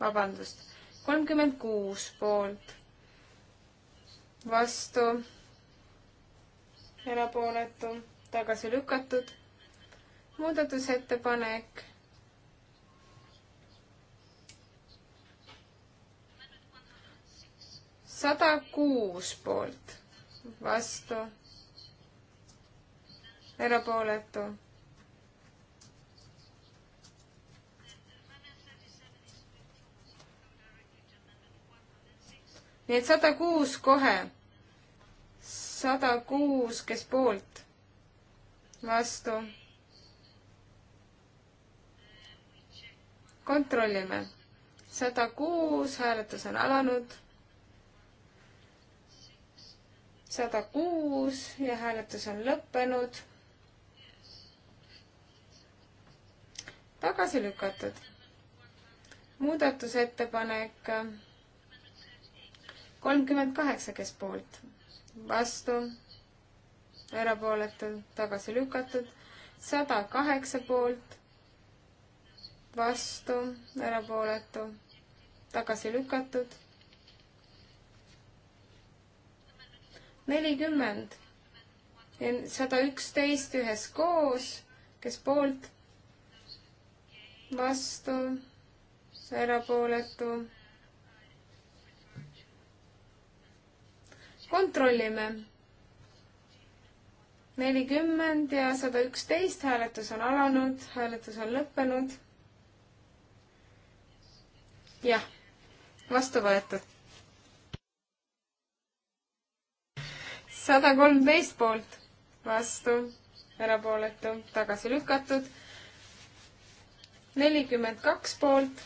vabandust, kolmkümmend kuus poolt vastu, erapooletu, tagasi lükatud, muudatusettepanek sada kuus poolt vastu, erapooletu nii et sada kuus kohe. sada kuus, kes poolt? vastu. kontrollime. sada kuus, hääletus on alanud. sada kuus ja hääletus on lõppenud. tagasi lükatud muudatusettepanek kolmkümmend kaheksa, kes poolt, vastu, erapooletud, tagasi lükatud, sada kaheksa poolt, vastu, erapooletu, tagasi lükatud, nelikümmend, sada üksteist üheskoos, kes poolt, vastu, erapooletu kontrollime. nelikümmend ja sada üksteist hääletus on alanud, hääletus on lõppenud. jah, vastu võetud. sada kolmteist poolt, vastu, erapooletu, tagasi lükatud. nelikümmend kaks poolt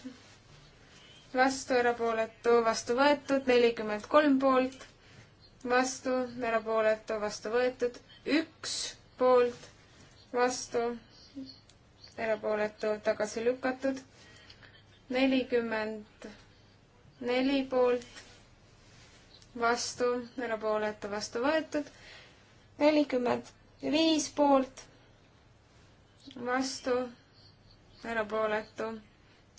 vastu, erapooletu, vastu võetud, nelikümmend kolm poolt, vastu, erapooletu, vastu võetud, üks poolt, vastu, erapooletu, tagasi lükatud, nelikümmend neli poolt, vastu, erapooletu, vastu võetud, nelikümmend viis poolt, vastu, erapooletu,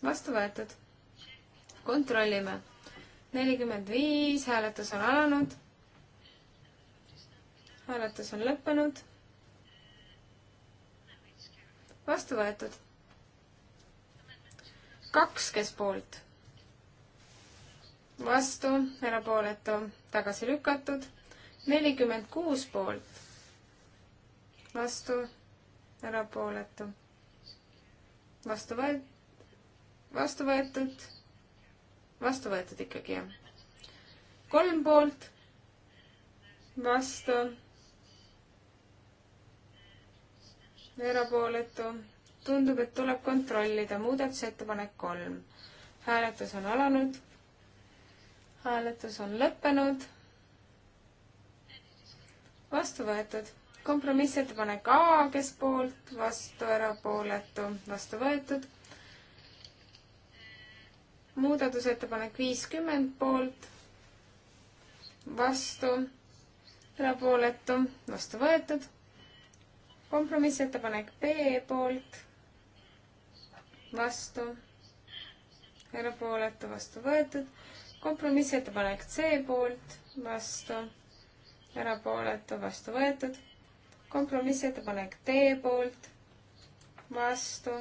vastu võetud. kontrollime. nelikümmend viis, hääletus on alanud hääletus on lõppenud. vastu võetud. kaks, kes poolt? vastu, erapooletu, tagasi lükatud. nelikümmend kuus poolt. vastu, erapooletu. vastu võet-, vastu võetud, vastu võetud ikkagi, jah. kolm poolt, vastu erapooletu. tundub, et tuleb kontrollida. muudatusettepanek kolm. hääletus on alanud. hääletus on lõppenud. vastu võetud. kompromissettepanek A, kes poolt, vastu, erapooletu, vastu võetud. muudatusettepanek viiskümmend poolt, vastu, erapooletu, vastu võetud kompromissettepanek B poolt, vastu, erapooletu, vastu võetud. kompromissettepanek C poolt, vastu, erapooletu, vastu võetud. kompromissettepanek D poolt, vastu,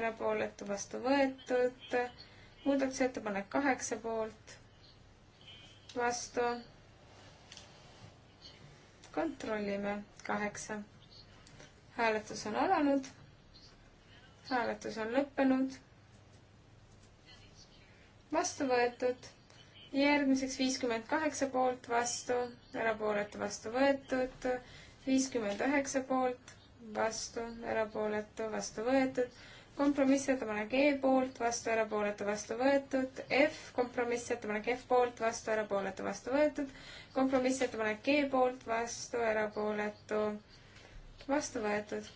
erapooletu, vastu võetud. muudatusettepanek kaheksa poolt, vastu. kontrollime kaheksa hääletus on alanud, hääletus on lõppenud, vastu võetud, järgmiseks viiskümmend kaheksa poolt vastu, erapooletu vastu võetud, viiskümmend üheksa poolt vastu, erapooletu vastu võetud, kompromissettepanek E poolt, vastu, erapooletu, vastu võetud, F, kompromissettepanek F poolt, vastu, erapooletu, vastu võetud, kompromissettepanek G poolt, vastu, erapooletu, vastu võetud.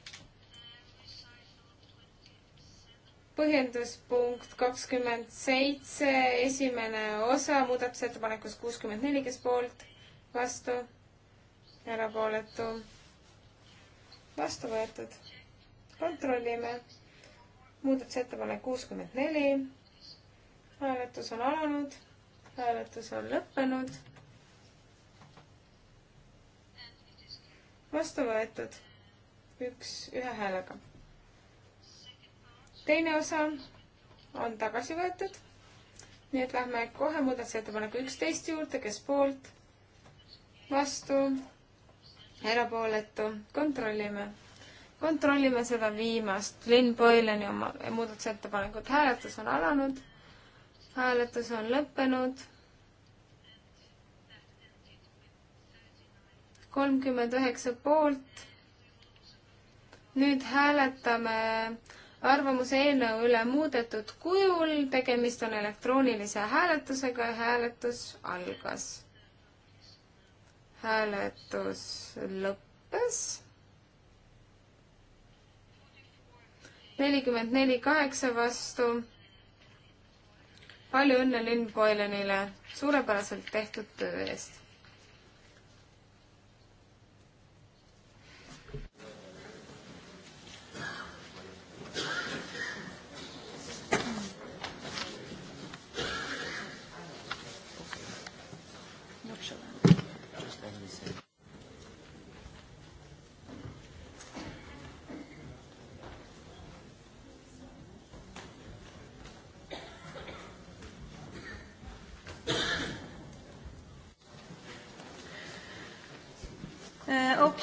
põhjenduspunkt kakskümmend seitse, esimene osa muudatusettepanekust kuuskümmend neli, kes poolt, vastu, erapooletu, vastu võetud. kontrollime. muudatusettepanek kuuskümmend neli. hääletus on alanud, hääletus on lõppenud. vastu võetud üks, ühe häälega. teine osa on tagasi võetud. nii et lähme kohe muudatusettepaneku üksteist juurde, kes poolt, vastu, erapooletu, kontrollime. kontrollime seda viimast, Lynn Boylani oma muudatusettepanekut, hääletus on alanud, hääletus on lõppenud kolmkümmend üheksa poolt, nüüd hääletame arvamuse eelnõu üle muudetud kujul, tegemist on elektroonilise hääletusega ja hääletus algas. hääletus lõppes. nelikümmend neli kaheksa vastu. palju õnne Lynn Boylanile suurepäraselt tehtud töö eest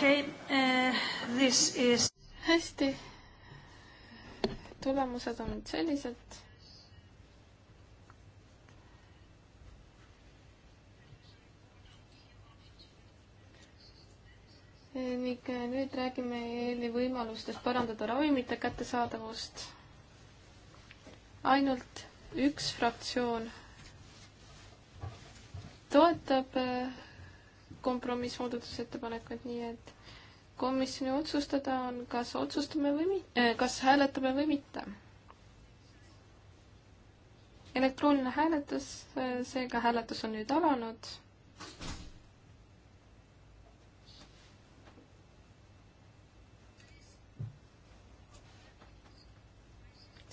okei okay. uh,,
this is. hästi. tulemused on nüüd sellised. ning eh, eh, nüüd räägime EL-i võimalustest parandada ravimite kättesaadavust. ainult üks fraktsioon toetab kompromissmuudatusettepanekud, nii et komisjoni otsustada on, kas otsustame või mi-, äh, kas hääletame või mitte. elektrooniline hääletus, äh, seega hääletus on nüüd alanud.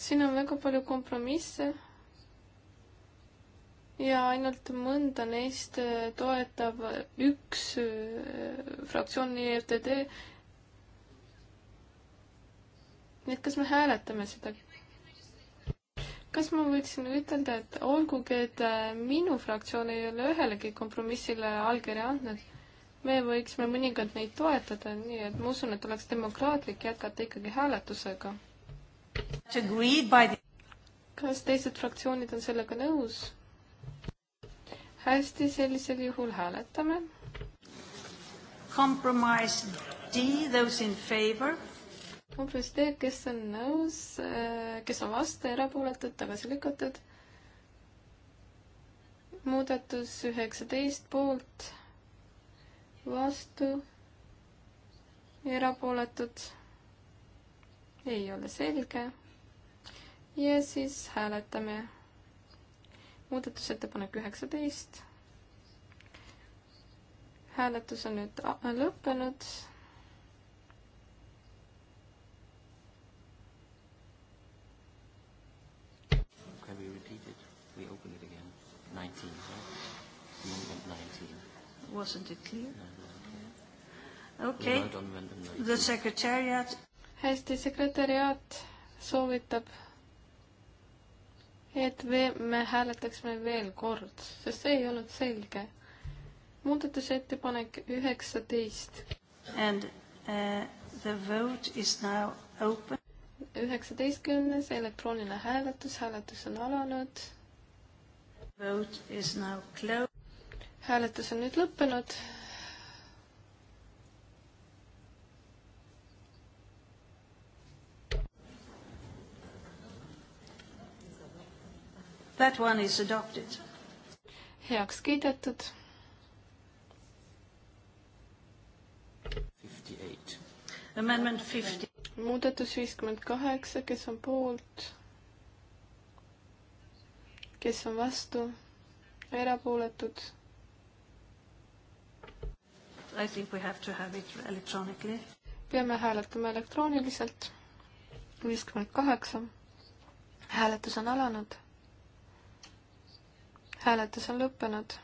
siin on väga palju kompromisse ja ainult mõnda neist toetab üks äh, fraktsioon, nii EFTD. nii et kas me hääletame seda? kas ma võiksin ütelda, et olgugi, et äh, minu fraktsioon ei ole ühelegi kompromissile allkirja andnud, me võiksime mõningad neid toetada, nii et ma usun, et oleks demokraatlik jätkata ikkagi hääletusega. kas teised fraktsioonid on sellega nõus? hästi, sellisel juhul
hääletame. Compromise D, those in favor.
kompromiss D, kes on nõus, äh, kes on vastu, erapooletud, tagasi lükatud. muudatus üheksateist poolt, vastu, erapooletud, ei ole selge. ja siis hääletame muudatusettepanek üheksateist. hääletus on nüüd lõppenud.
Can we repeat it? We open it again. Nineteen, right? Amendment nineteen. Wasn't it clear? No, no. okei okay., the
secretariat. hästi, sekretäriaat soovitab et me hääletaksime veel kord, sest see ei olnud selge. muudatusettepanek üheksateist.
And uh, the
vote is now open. üheksateistkümnes elektrooniline hääletus, hääletus on alanud.
Vote is
now closed. hääletus on nüüd lõppenud
That one is adopted. heaks kiidetud. Amendment fifty.
muudatus viiskümmend kaheksa, kes on poolt? kes on vastu? erapooletud?
I think we have to have it electronically. peame
hääletama elektrooniliselt. viiskümmend kaheksa. hääletus on alanud hääletus on lõppenud.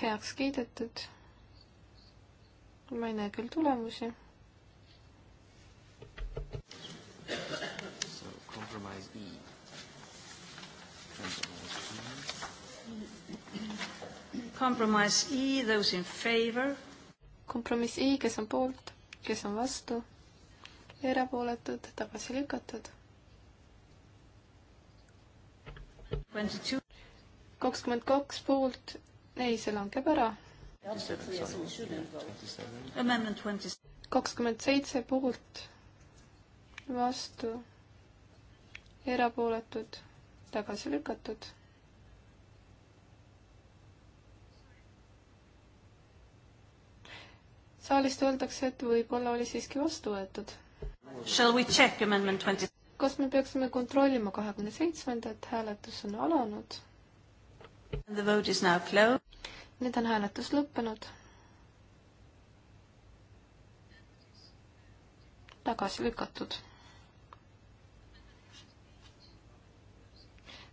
heaks kiidetud. ma ei näe küll tulemusi.
Compromise E. Compromise E, those in favor.
kompromiss E, kes on poolt, kes on vastu, erapooletud, tagasi lükatud kakskümmend kaks poolt, ei, see langeb ära. kakskümmend seitse poolt, vastu, erapooletud, tagasi lükatud saalist öeldakse, et võib-olla oli siiski vastu võetud.
Shall we check amendment twenty?
kas me peaksime kontrollima kahekümne seitsmendat, hääletus on alanud. nüüd on hääletus lõppenud. tagasi lükatud.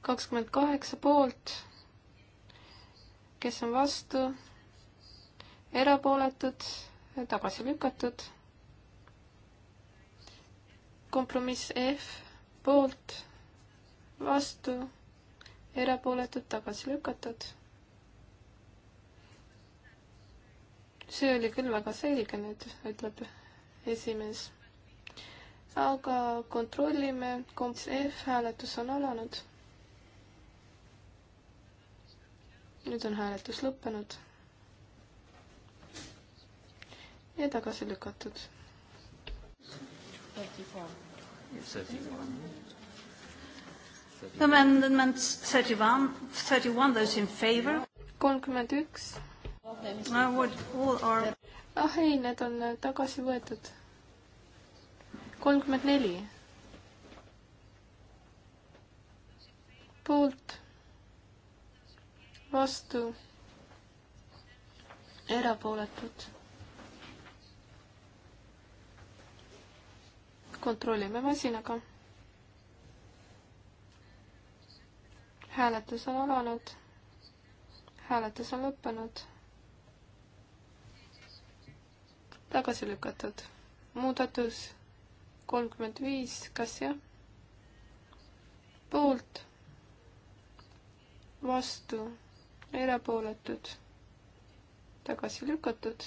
kakskümmend kaheksa poolt, kes on vastu, erapooletud, tagasi lükatud kompromiss F poolt, vastu, erapooletud, tagasi lükatud. see oli küll väga selge nüüd, ütleb esimees. aga kontrollime, kompromiss F hääletus on alanud. nüüd on hääletus lõppenud ja tagasi lükatud
31.
Yes, 31. Amendment
31, 31, those in favor. kolmkümmend üks.
ah ei, need on äh, tagasi võetud. kolmkümmend neli. poolt, vastu, erapooletud kontrollime masinaga. hääletus on alanud. hääletus on lõppenud. tagasi lükatud. muudatus kolmkümmend viis, kas jah? poolt, vastu, erapooletud, tagasi lükatud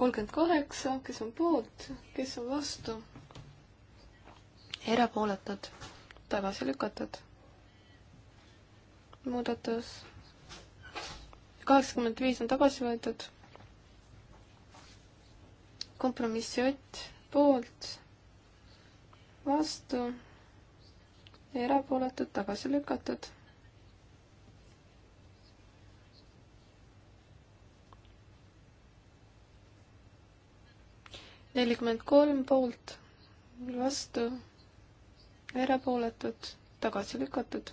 kolmkümmend kaheksa, kes on poolt, kes on vastu, erapooletud, tagasi lükatud. muudatus kaheksakümmend viis on tagasi võetud. kompromissi Ott poolt, vastu, erapooletud, tagasi lükatud nelikümmend kolm poolt, vastu, erapooletud, tagasi lükatud.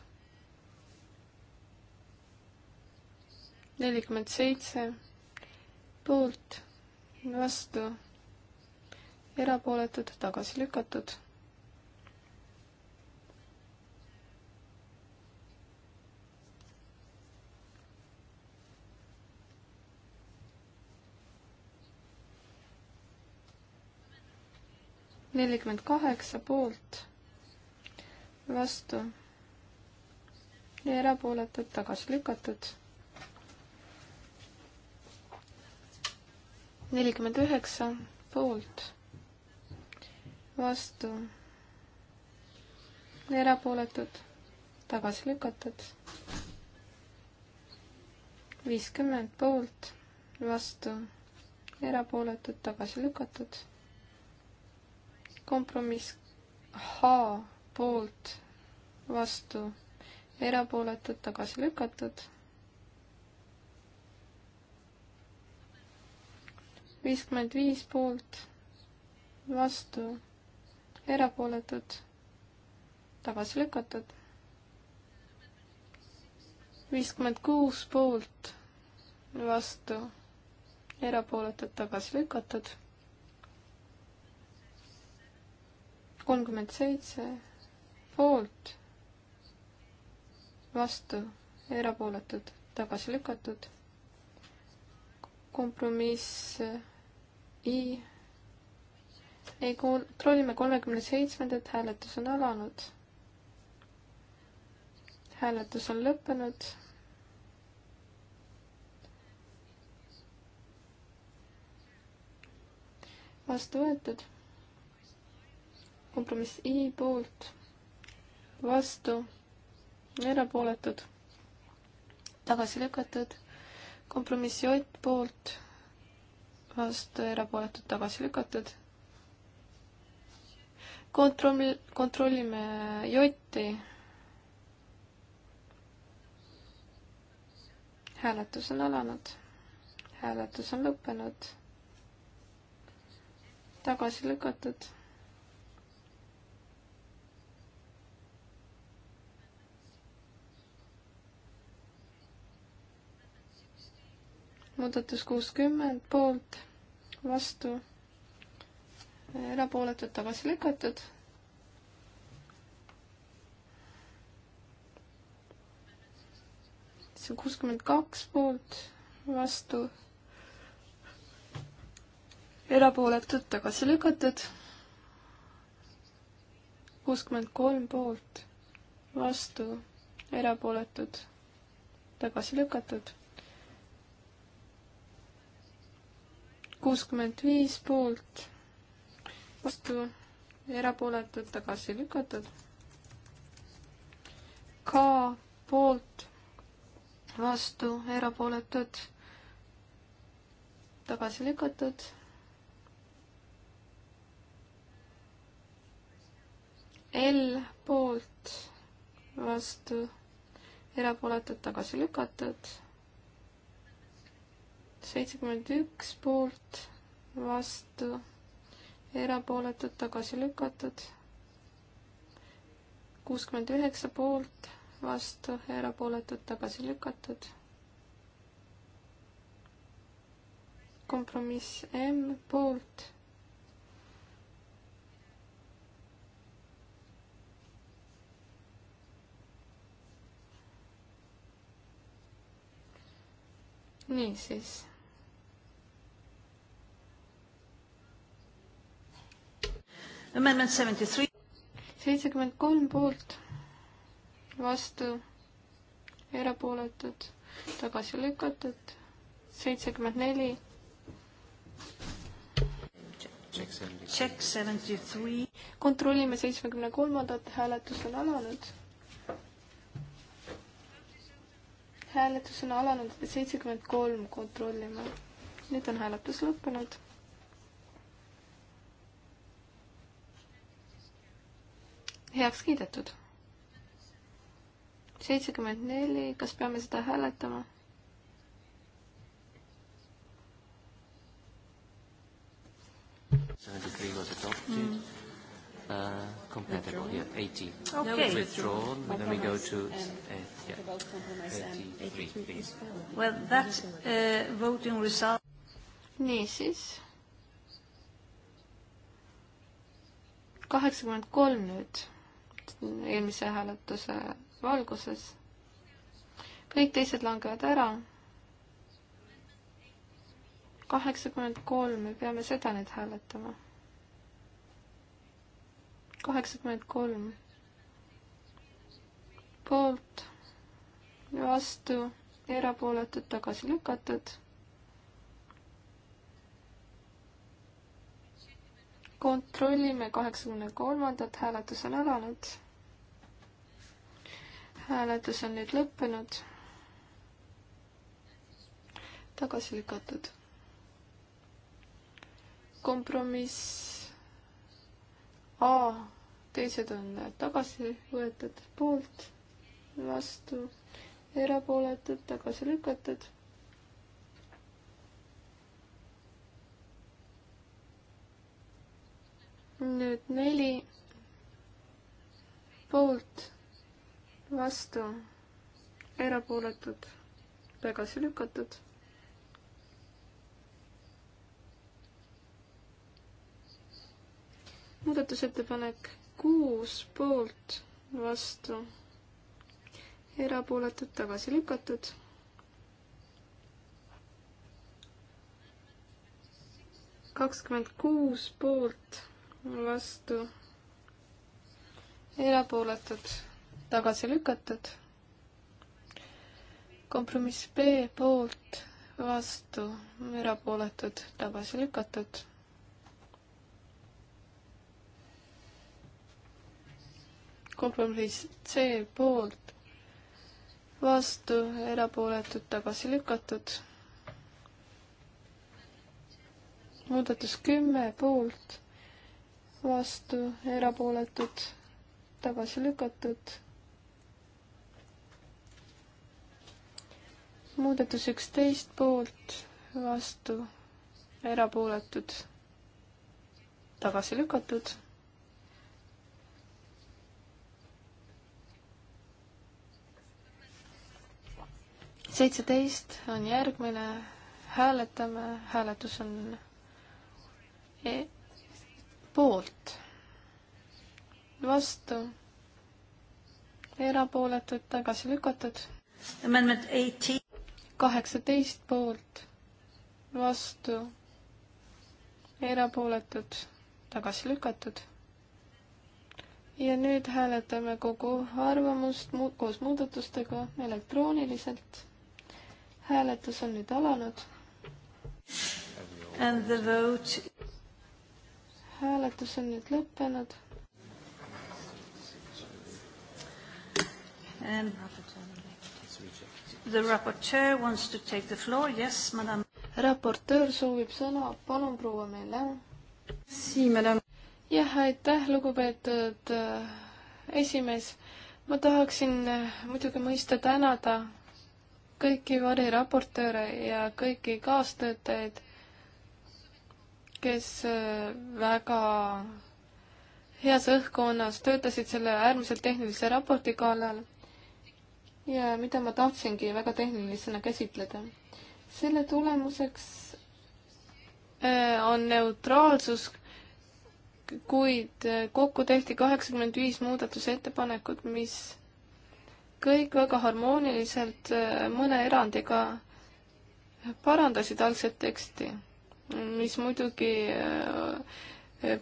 nelikümmend seitse poolt, vastu, erapooletud, tagasi lükatud nelikümmend kaheksa poolt, vastu ja erapooletud tagasi lükatud. nelikümmend üheksa poolt, vastu ja erapooletud tagasi lükatud. viiskümmend poolt, vastu, erapooletud tagasi lükatud kompromiss H poolt, vastu, erapooletud, tagasi lükatud. viiskümmend viis poolt, vastu, erapooletud, tagasi lükatud. viiskümmend kuus poolt, vastu, erapooletud, tagasi lükatud kolmkümmend seitse poolt, vastu, erapooletud, tagasi lükatud. kompromiss äh, I. ei kontrollime kolmekümne seitsmendat, hääletus on alanud. hääletus on lõppenud vastu võetud kompromiss I poolt, vastu, erapooletud, tagasi lükatud, kompromiss J poolt, vastu, erapooletud, tagasi lükatud. kontroll, kontrollime J-i. hääletus on alanud, hääletus on lõppenud, tagasi lükatud muudatus kuuskümmend poolt, vastu, erapooletud, tagasi lükatud. see on kuuskümmend kaks poolt, vastu, erapooletud, tagasi lükatud. kuuskümmend kolm poolt, vastu, erapooletud, tagasi lükatud kuuskümmend viis poolt, vastu, erapooletud, tagasi lükatud. K poolt, vastu, erapooletud, tagasi lükatud. L poolt, vastu, erapooletud, tagasi lükatud seitsekümmend üks poolt, vastu, erapooletud, tagasi lükatud. kuuskümmend üheksa poolt, vastu, erapooletud, tagasi lükatud. kompromiss M poolt
niisiis. Amendment seventy three.
seitsekümmend kolm poolt, vastu, erapooletud, tagasi lükatud, seitsekümmend neli. kontrollime seitsmekümne kolmandat, hääletus on alanud hääletus on alanud, seitsekümmend kolm kontrollime. nüüd on hääletus lõppenud. heaks kiidetud. seitsekümmend neli, kas peame seda hääletama?
Mm uh, compatible here. 80. Okay. No, it's withdrawn. But then we go to um, uh, yeah. 83, please. Well, that uh, voting result. Niisiis. kaheksakümmend kolm nüüd
eelmise hääletuse valguses. kõik teised langevad ära. kaheksakümmend kolm, me peame seda nüüd hääletama kaheksakümmend kolm poolt, vastu, erapooletud, tagasi lükatud. kontrollime kaheksakümne kolmandat, hääletus on alanud. hääletus on nüüd lõppenud. tagasi lükatud. kompromiss A, teised on tagasi võetud poolt, vastu, erapooletud, tagasi lükatud. nüüd neli poolt, vastu, erapooletud, tagasi lükatud muudatusettepanek kuus poolt, vastu, erapooletud, tagasi lükatud. kakskümmend kuus poolt, vastu, erapooletud, tagasi lükatud. kompromiss B poolt, vastu, erapooletud, tagasi lükatud kompromiss C poolt, vastu, erapooletud, tagasi lükatud. muudatus kümme poolt, vastu, erapooletud, tagasi lükatud. muudatus üksteist poolt, vastu, erapooletud, tagasi lükatud seitseteist
on järgmine,
hääletame, hääletus on e poolt, vastu, erapooletud, tagasi lükatud. kaheksateist poolt, vastu, erapooletud, tagasi lükatud ja nüüd hääletame kogu arvamust mu koos muudatustega elektrooniliselt hääletus on nüüd alanud. And the vote. hääletus on nüüd lõppenud. And
the raportöör wants to take the floor, yes, madam. raportöör soovib sõna, palun
proua meile. Sii, madam. jah, aitäh, lugupeetud äh, esimees. ma tahaksin äh, muidugi mõista tänada kõiki variraportööre ja kõiki kaastöötajaid, kes äh, väga heas õhkkonnas töötasid selle äärmiselt tehnilise raporti kallal ja mida ma tahtsingi väga tehnilisena käsitleda. selle tulemuseks äh, on neutraalsus, kuid äh, kokku tehti kaheksakümmend viis muudatusettepanekut, mis kõik väga harmooniliselt äh, mõne erandiga parandasid algset teksti, mis muidugi äh,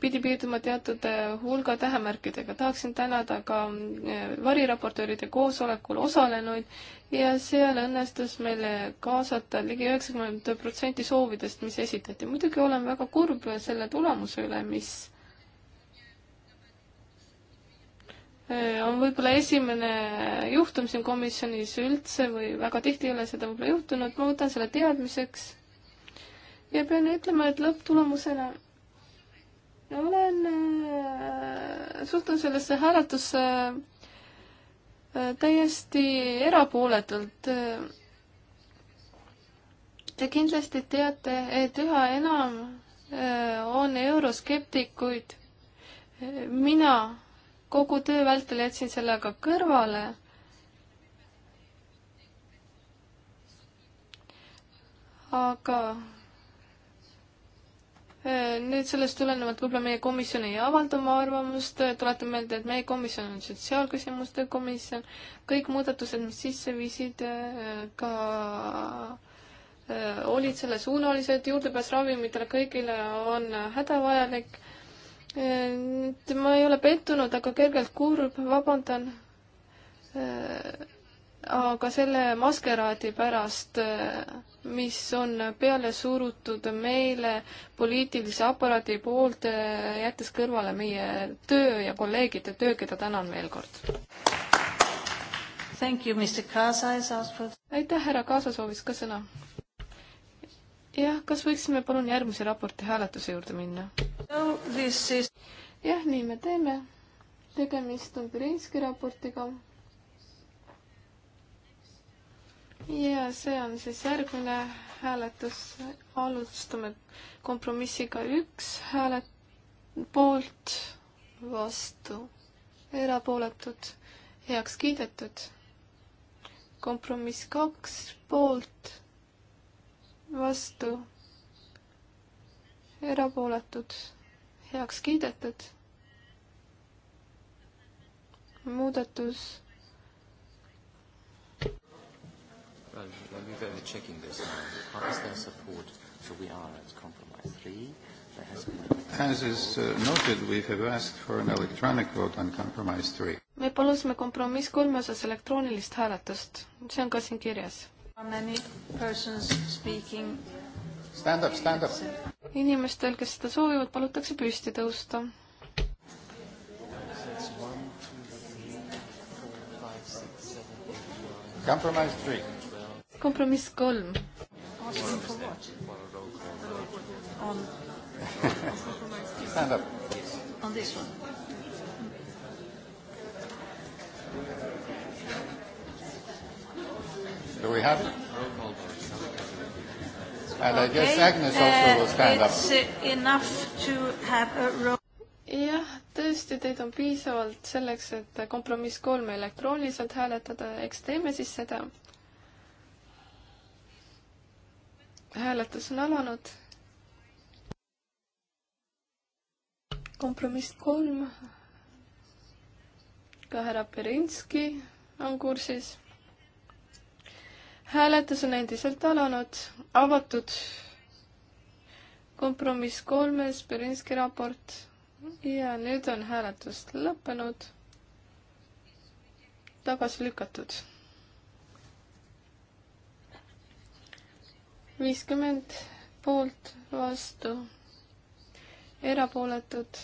pidi piirduma teatud äh, hulga tähemärkidega. tahaksin tänada ka variraportööride koosolekul osalenuid ja seal õnnestus meile kaasata ligi üheksakümmend protsenti soovidest, mis esitati. muidugi olen väga kurb selle tulemuse üle, mis Äh, on võib-olla esimene juhtum siin komisjonis üldse või väga tihti ei ole seda võib-olla juhtunud, ma võtan selle teadmiseks. ja pean ütlema, et lõpptulemusena olen, äh, suhtun sellesse hääletusse äh, täiesti erapooletult. Te kindlasti teate, et üha enam on euroskeptikuid. mina kogu töö vältel jätsin selle aga kõrvale. aga äh, nüüd sellest tulenevalt võib-olla meie komisjon ei avalda oma arvamust, tuletan meelde, et meie komisjon on sotsiaalküsimuste komisjon, kõik muudatused, mis sisse viisid, äh, ka äh, olid sellesuunalised, juurdepääs ravimitele kõigile on hädavajalik et ma ei ole pettunud, aga kergelt kurb, vabandan. Äh, aga selle maskeraadi pärast, äh, mis on peale surutud meile poliitilise aparaadi poolt, äh, jättes kõrvale meie töö ja kolleegide töö, keda tänan veel kord. aitäh, härra Kaasa soovis ka sõna jah, kas võiksime palun järgmise raporti hääletuse juurde minna no,? Is... jah, nii me teeme. tegemist on Pirinski raportiga. ja see on siis järgmine hääletus. alustame kompromissiga üks häälet-, poolt, vastu, erapooletud, heaks kiidetud. kompromiss kaks, poolt vastu, erapooletud, heaks kiidetud. muudatus.
Well, when we were checking this now, how is their support? So we are at compromise three. There has been a...
As is uh, noted, we have asked for an electronic vote on compromise three.
me palusime kompromiss kolme osas elektroonilist hääletust, see on ka siin kirjas
Stand up, stand up.
inimestel, kes seda soovivad, palutakse püsti tõusta. kompromiss kolm.
Stand up. On this one. Do we have it? And I guess Agnes also uh, will stand up. It's uh,
enough to have a roll. jah, tõesti, teid on piisavalt selleks, et kompromiss kolme elektrooniliselt hääletada, eks teeme siis seda. hääletus on alanud. kompromiss kolm. ka härra Berinski on kursis hääletus on endiselt alanud, avatud. kompromiss kolmes, Berinski raport. ja nüüd on hääletus lõppenud. tagasi lükatud. viiskümmend poolt, vastu, erapooletud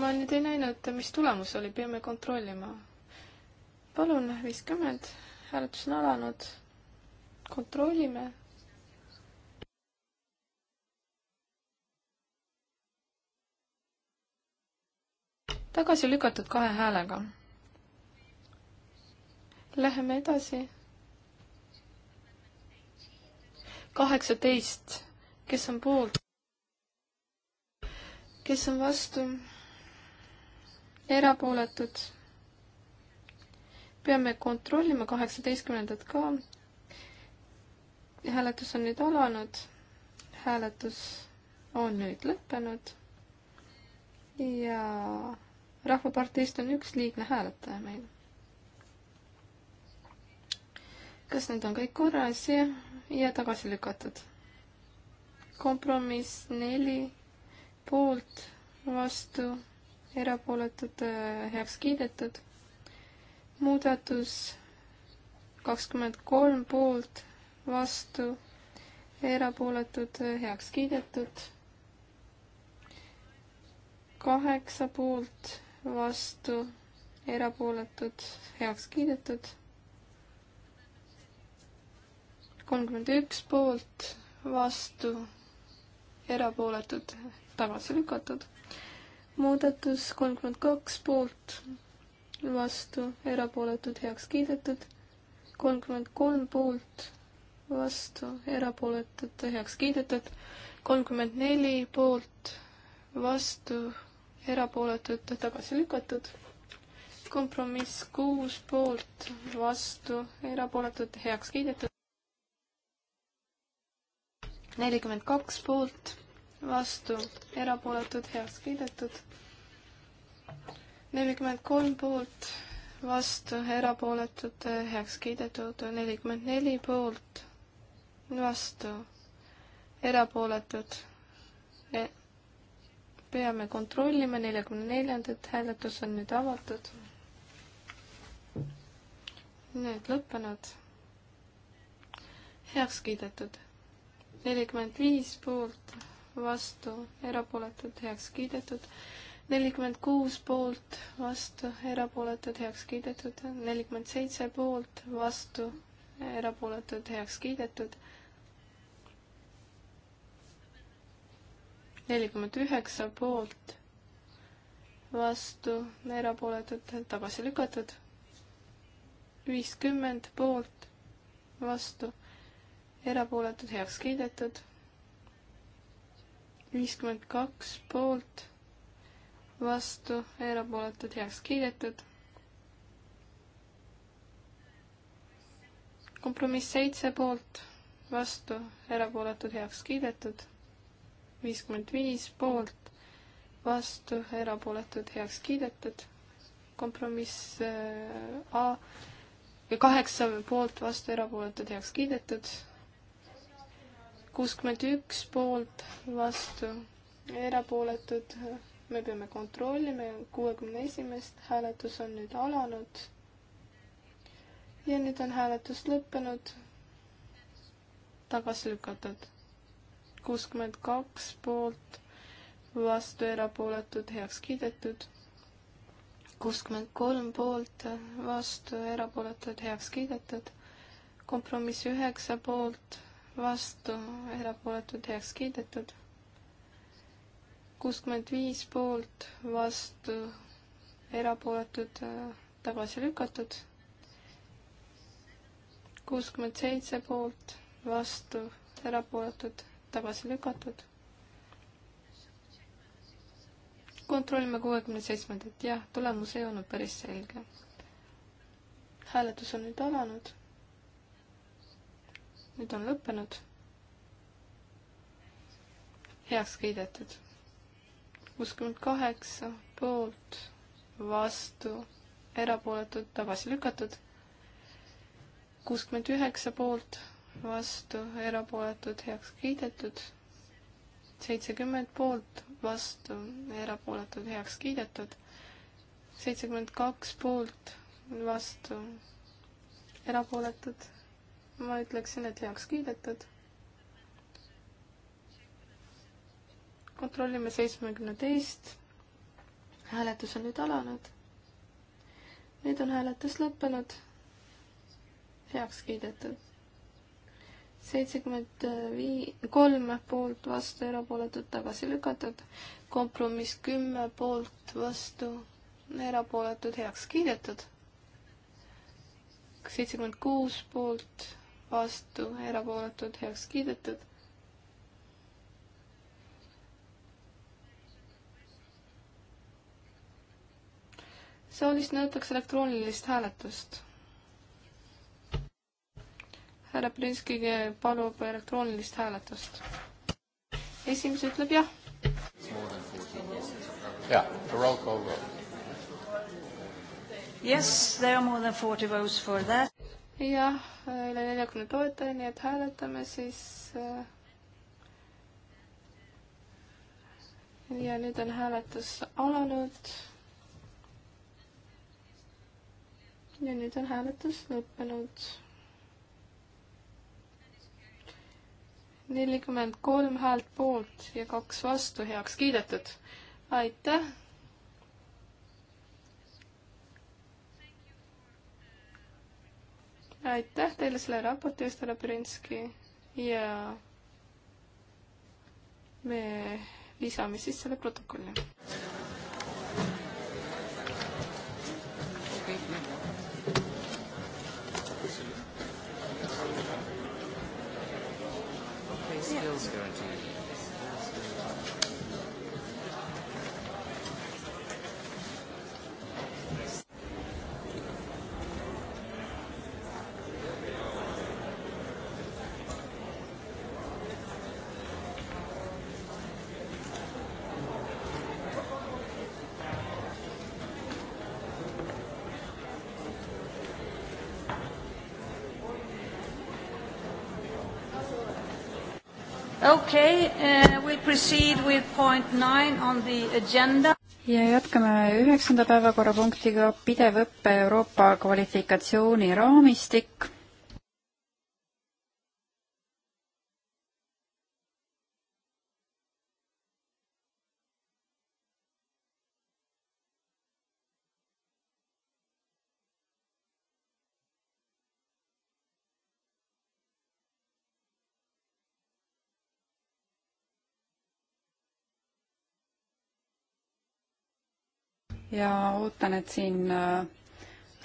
ma nüüd ei näinud, mis tulemus oli, peame kontrollima palun, viiskümmend, hääletus on alanud. kontrollime. tagasi lükatud kahe häälega. Läheme edasi. kaheksateist, kes on poolt? kes on vastu? erapooletud peame kontrollima kaheksateistkümnendat ka. hääletus on nüüd alanud. hääletus on nüüd lõppenud. ja Rahvaparteist on üks liigne hääletaja meil. kas need on kõik korras ja, ja tagasi lükatud? kompromiss neli poolt, vastu, erapooletud, äh, heaks kiidetud muudatus kakskümmend kolm poolt, vastu, erapooletud, heaks kiidetud. kaheksa poolt, vastu, erapooletud, heaks kiidetud. kolmkümmend üks poolt, vastu, erapooletud, tagasi lükatud. muudatus kolmkümmend kaks poolt, vastu, erapooletud, heaks kiidetud. kolmkümmend kolm poolt, vastu, erapooletud, heaks kiidetud. kolmkümmend neli poolt, vastu, erapooletud, tagasi lükatud. kompromiss kuus poolt, vastu, erapooletud, heaks kiidetud. nelikümmend kaks poolt, vastu, erapooletud, heaks kiidetud nelikümmend kolm poolt, vastu, erapooletud, heaks kiidetud, nelikümmend neli poolt, vastu, erapooletud. E, peame kontrollima, neljakümne neljandat hääletus on nüüd avatud. nüüd lõppenud. heaks kiidetud. nelikümmend viis poolt, vastu, erapooletud, heaks kiidetud nelikümmend kuus poolt, vastu, erapooletud, heaks kiidetud, nelikümmend seitse poolt, vastu, erapooletud, heaks kiidetud. nelikümmend üheksa poolt, vastu, erapooletud, tagasi lükatud. viiskümmend poolt, vastu, erapooletud, heaks kiidetud. viiskümmend kaks poolt vastu, erapooletud, heaks kiidetud. kompromiss seitse poolt, vastu, erapooletud, heaks kiidetud. viiskümmend viis poolt, vastu, erapooletud, heaks kiidetud. kompromiss äh, A kaheksa poolt, vastu, erapooletud, heaks kiidetud. kuuskümmend üks poolt, vastu, erapooletud, me peame kontrollima, kuuekümne esimest hääletus on nüüd alanud. ja nüüd on hääletus lõppenud, tagasi lükatud. kuuskümmend kaks poolt, vastu erapooletud, heaks kiidetud. kuuskümmend kolm poolt, vastu erapooletud, heaks kiidetud. kompromiss üheksa poolt, vastu erapooletud, heaks kiidetud kuuskümmend viis poolt, vastu, erapooletud, tagasi lükatud. kuuskümmend seitse poolt, vastu, erapooletud, tagasi lükatud. kontrollime kuuekümne seitsmendat, jah, tulemus ei olnud päris selge. hääletus on nüüd alanud. nüüd on lõppenud heaks kiidetud kuuskümmend kaheksa poolt, vastu, erapooletud, tagasi lükatud. kuuskümmend üheksa poolt, vastu, erapooletud, heaks kiidetud. seitsekümmend poolt, vastu, erapooletud, heaks kiidetud. seitsekümmend kaks poolt, vastu, erapooletud. ma ütleksin, et heaks kiidetud kontrollime seitsmekümne teist. hääletus on nüüd alanud. nüüd on hääletus lõppenud. heaks kiidetud. seitsekümmend viis, kolm poolt, vastu, erapooletud, tagasi lükatud. kompromiss kümme poolt, vastu, erapooletud, heaks kiidetud. seitsekümmend kuus poolt, vastu, erapooletud, heaks kiidetud saalist nõutakse elektroonilist hääletust. härra Prinski palub elektroonilist hääletust.
esimees ütleb jah.
jah, roll call vote.
Yes, there are more than 40 votes for that. jah, üle neljakümne toetaja, nii et hääletame siis. Äh,
ja nüüd on hääletus alanud ja nüüd on hääletus lõppenud. nelikümmend kolm häält poolt ja kaks vastu heaks kiidetud. aitäh. aitäh teile selle raporti eest, härra Prinski ja me lisame siis selle protokolli.
tööandja. Okay, uh, we proceed with point nine on the agenda.
ja jätkame üheksanda päevakorrapunktiga pidev õpe Euroopa kvalifikatsiooniraamistik. ja ootan, et siin äh,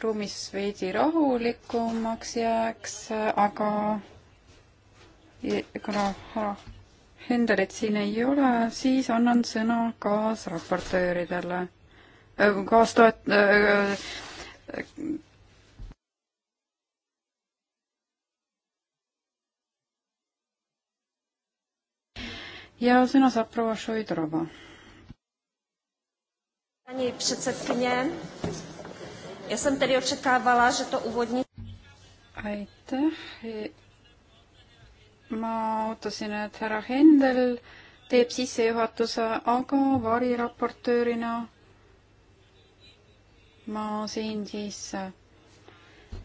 ruumis veidi rahulikumaks jääks, äh, aga kuna härra Hendelit siin ei ole, siis annan sõna kaasraportööridele, äh, kaastoet- äh,, ja sõna saab proua Šoidrova
Paní předsedkyně, já jsem tedy očekávala, že to úvodní...
Aitäh. Ma ootasin, et härra Hendel teeb sissejuhatuse, aga variraportöörina ma siin siis äh,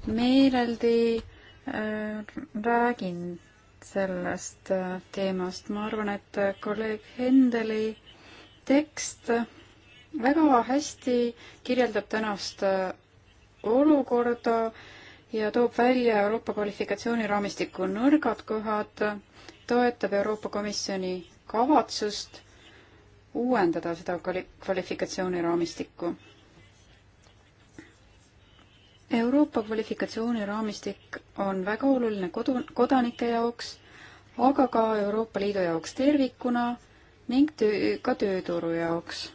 meeleldi äh, räägin sellest äh, teemast. ma arvan, et kolleeg Hendeli tekst väga hästi kirjeldab tänast äh, olukorda ja toob välja Euroopa kvalifikatsiooniraamistiku nõrgad kohad, toetab Euroopa Komisjoni kavatsust uuendada seda kvalifikatsiooniraamistikku. Euroopa kvalifikatsiooniraamistik on väga oluline kodu, kodanike jaoks, aga ka Euroopa Liidu jaoks tervikuna ning töö, ka tööturu jaoks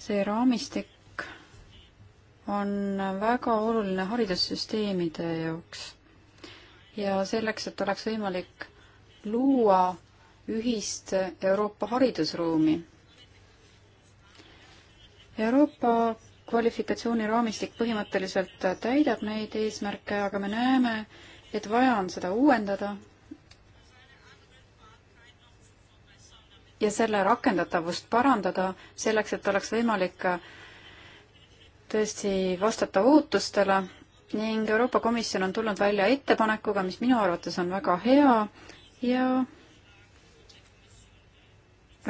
see raamistik on väga oluline haridussüsteemide jaoks ja selleks, et oleks võimalik luua ühist Euroopa haridusruumi. Euroopa kvalifikatsiooniraamistik põhimõtteliselt täidab neid eesmärke, aga me näeme, et vaja on seda uuendada ja selle rakendatavust parandada selleks, et oleks võimalik tõesti vastata ootustele ning Euroopa Komisjon on tulnud välja ettepanekuga, mis minu arvates on väga hea ja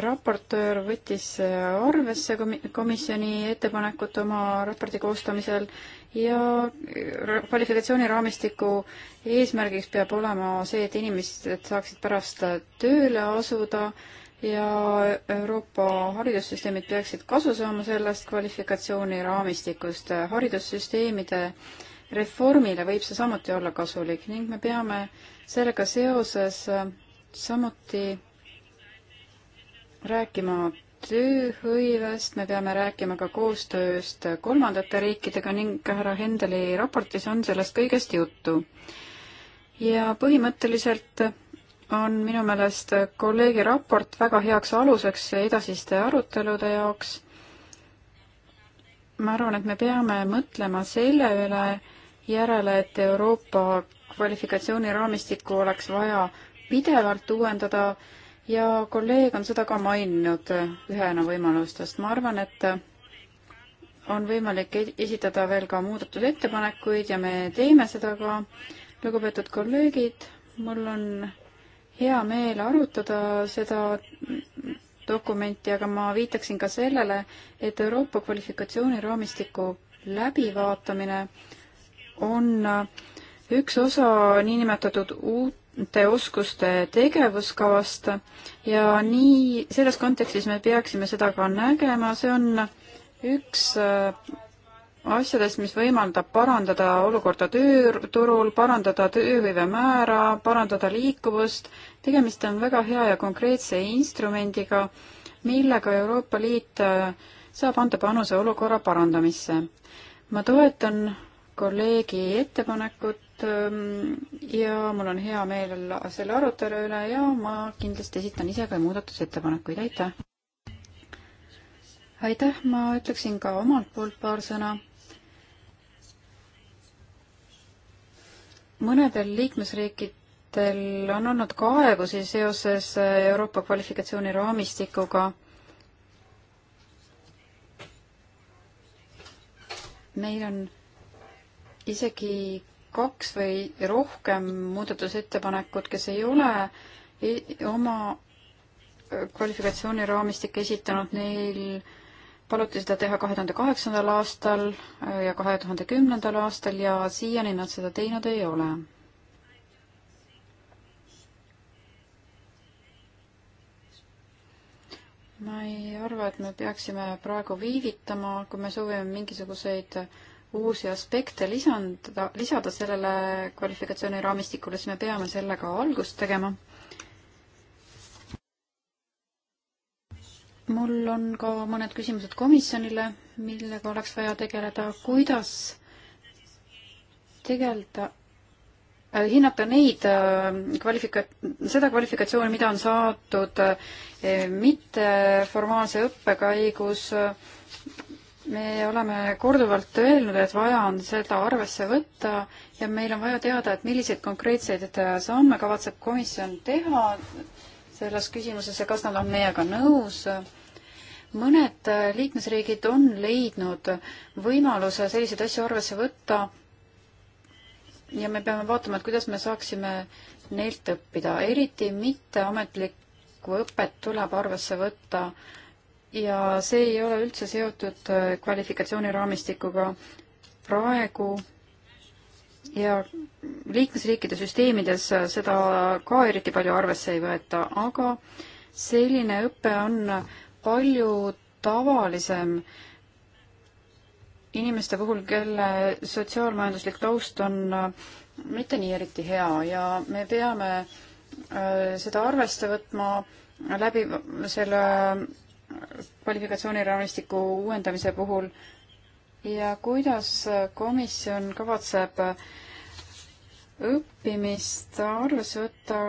raportöör võttis arvesse komisjoni ettepanekut oma raporti koostamisel ja kvalifikatsiooniraamistiku eesmärgiks peab olema see, et inimesed saaksid pärast tööle asuda äh, ja Euroopa haridussüsteemid peaksid kasu saama sellest kvalifikatsiooniraamistikust. haridussüsteemide reformile võib see samuti olla kasulik ning me peame sellega seoses samuti rääkima tööhõivest, me peame rääkima ka koostööst kolmandate riikidega ning härra Hendeli raportis on sellest kõigest juttu. ja põhimõtteliselt on minu meelest kolleegi raport väga heaks aluseks edasiste arutelude jaoks. ma arvan, et me peame mõtlema selle üle järele, et Euroopa kvalifikatsiooniraamistikku oleks vaja pidevalt uuendada ja kolleeg on seda ka maininud ühena võimalustest. ma arvan, et on võimalik e- esitada veel ka muudatusettepanekuid ja me teeme seda ka. lugupeetud kolleegid, mul on hea meel arutada seda dokumenti, aga ma viitaksin ka sellele, et Euroopa kvalifikatsiooniraamistiku läbivaatamine on üks osa niinimetatud uute oskuste tegevuskavast ja nii selles kontekstis me peaksime seda ka nägema, see on üks äh, asjadest, mis võimaldab parandada olukorda tööturul, parandada tööhõive määra, parandada liikuvust tegemist on väga hea ja konkreetse instrumendiga, millega Euroopa Liit äh, saab anda panuse olukorra parandamisse. ma toetan kolleegi ettepanekut ähm, ja mul on hea meel selle arutelu üle ja ma kindlasti esitan ise ka muudatusettepanekuid, aitäh! aitäh, ma ütleksin ka omalt poolt paar sõna mõnedel liikmesriikid liikmesriikidel on olnud kaebusi seoses äh, Euroopa kvalifikatsiooniraamistikuga. meil on isegi kaks või rohkem muudatusettepanekut, kes ei ole oma äh, kvalifikatsiooniraamistikku esitanud, neil paluti seda teha kahe tuhande kaheksandal aastal äh, ja kahe tuhande kümnendal aastal ja siiani nad seda teinud ei ole ma ei arva, et me peaksime praegu viivitama, kui me soovime mingisuguseid uusi aspekte lisanda, lisada sellele kvalifikatsiooniraamistikule, siis me peame sellega algust tegema. mul on ka mõned küsimused komisjonile, millega oleks vaja tegeleda, kuidas tegeleda Äh, hinnata neid äh, kvalifika-, seda kvalifikatsiooni, mida on saadud äh, mitteformaalse õppe käigus. me oleme korduvalt öelnud, et vaja on seda arvesse võtta ja meil on vaja teada, et milliseid konkreetseid samme kavatseb komisjon teha selles küsimuses ja kas nad on meiega nõus mõned liikmesriigid on leidnud võimaluse selliseid asju arvesse võtta ja me peame vaatama, et kuidas me saaksime neilt õppida, eriti mitteametlikku õpet tuleb arvesse võtta ja see ei ole üldse seotud äh, kvalifikatsiooniraamistikuga praegu ja liikmesriikide süsteemides äh, seda ka eriti palju arvesse ei võeta, aga selline õpe on palju tavalisem äh, inimeste puhul, kelle sotsiaalmajanduslik taust on äh, mitte nii eriti hea ja me peame äh, seda arvesse võtma läbi selle kvalifikatsiooniraamistiku uuendamise puhul ja kuidas komisjon kavatseb õppimist arvesse võtta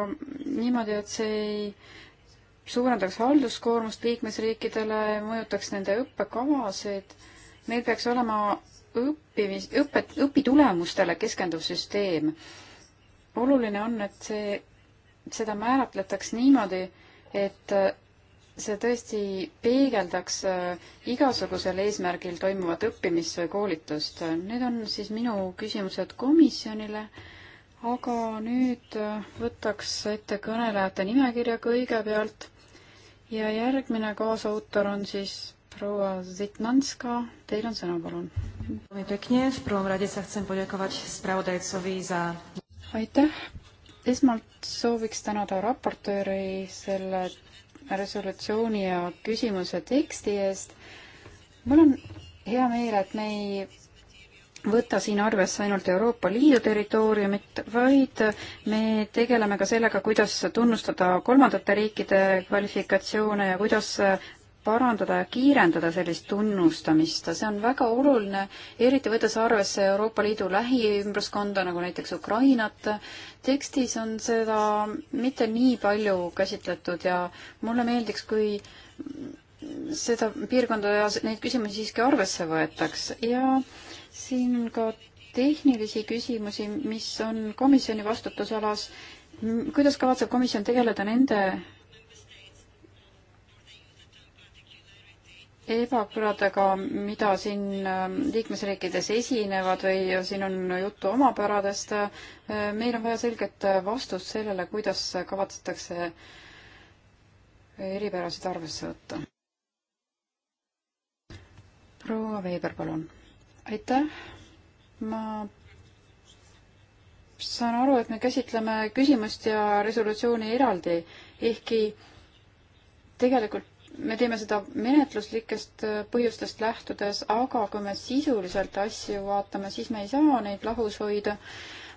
niimoodi, et see ei suurendaks halduskoormust liikmesriikidele, mõjutaks nende õppekavasid meil peaks olema õppimis, õpet, õpitulemustele keskenduv süsteem. oluline on, et see, seda määratletaks niimoodi, et äh, see tõesti peegeldaks äh, igasugusel eesmärgil toimuvat õppimist või koolitust. Need on siis minu küsimused komisjonile, aga nüüd äh, võtaks ette kõnelejate nimekirja kõigepealt ja järgmine kaasautor on siis proua Zitmanska, teil on sõna, palun. aitäh, esmalt sooviks tänada raportööri selle resolutsiooni ja küsimuse teksti eest. mul on hea meel, et me ei võta siin arvesse ainult Euroopa Liidu territooriumit, vaid me tegeleme ka sellega, kuidas tunnustada kolmandate riikide kvalifikatsioone ja kuidas parandada ja kiirendada sellist tunnustamist, see on väga oluline, eriti võttes arvesse Euroopa Liidu lähiümbruskonda, nagu näiteks Ukrainat. tekstis on seda mitte nii palju käsitletud ja mulle meeldiks, kui seda piirkonda ja neid küsimusi siiski arvesse võetaks ja siin ka tehnilisi küsimusi, mis on komisjoni vastutusalas. kuidas kavatseb komisjon tegeleda nende ebaküladega, mida siin ähm, liikmesriikides esinevad või siin on juttu omapäradest. Äh, meil on vaja selget vastust sellele, kuidas kavatsetakse eripärasid arvesse võtta. proua Veiber, palun. aitäh. ma saan aru, et me käsitleme küsimust ja resolutsiooni eraldi, ehkki tegelikult me teeme seda menetluslikest äh, põhjustest lähtudes, aga kui me sisuliselt asju vaatame, siis me ei saa neid lahus hoida.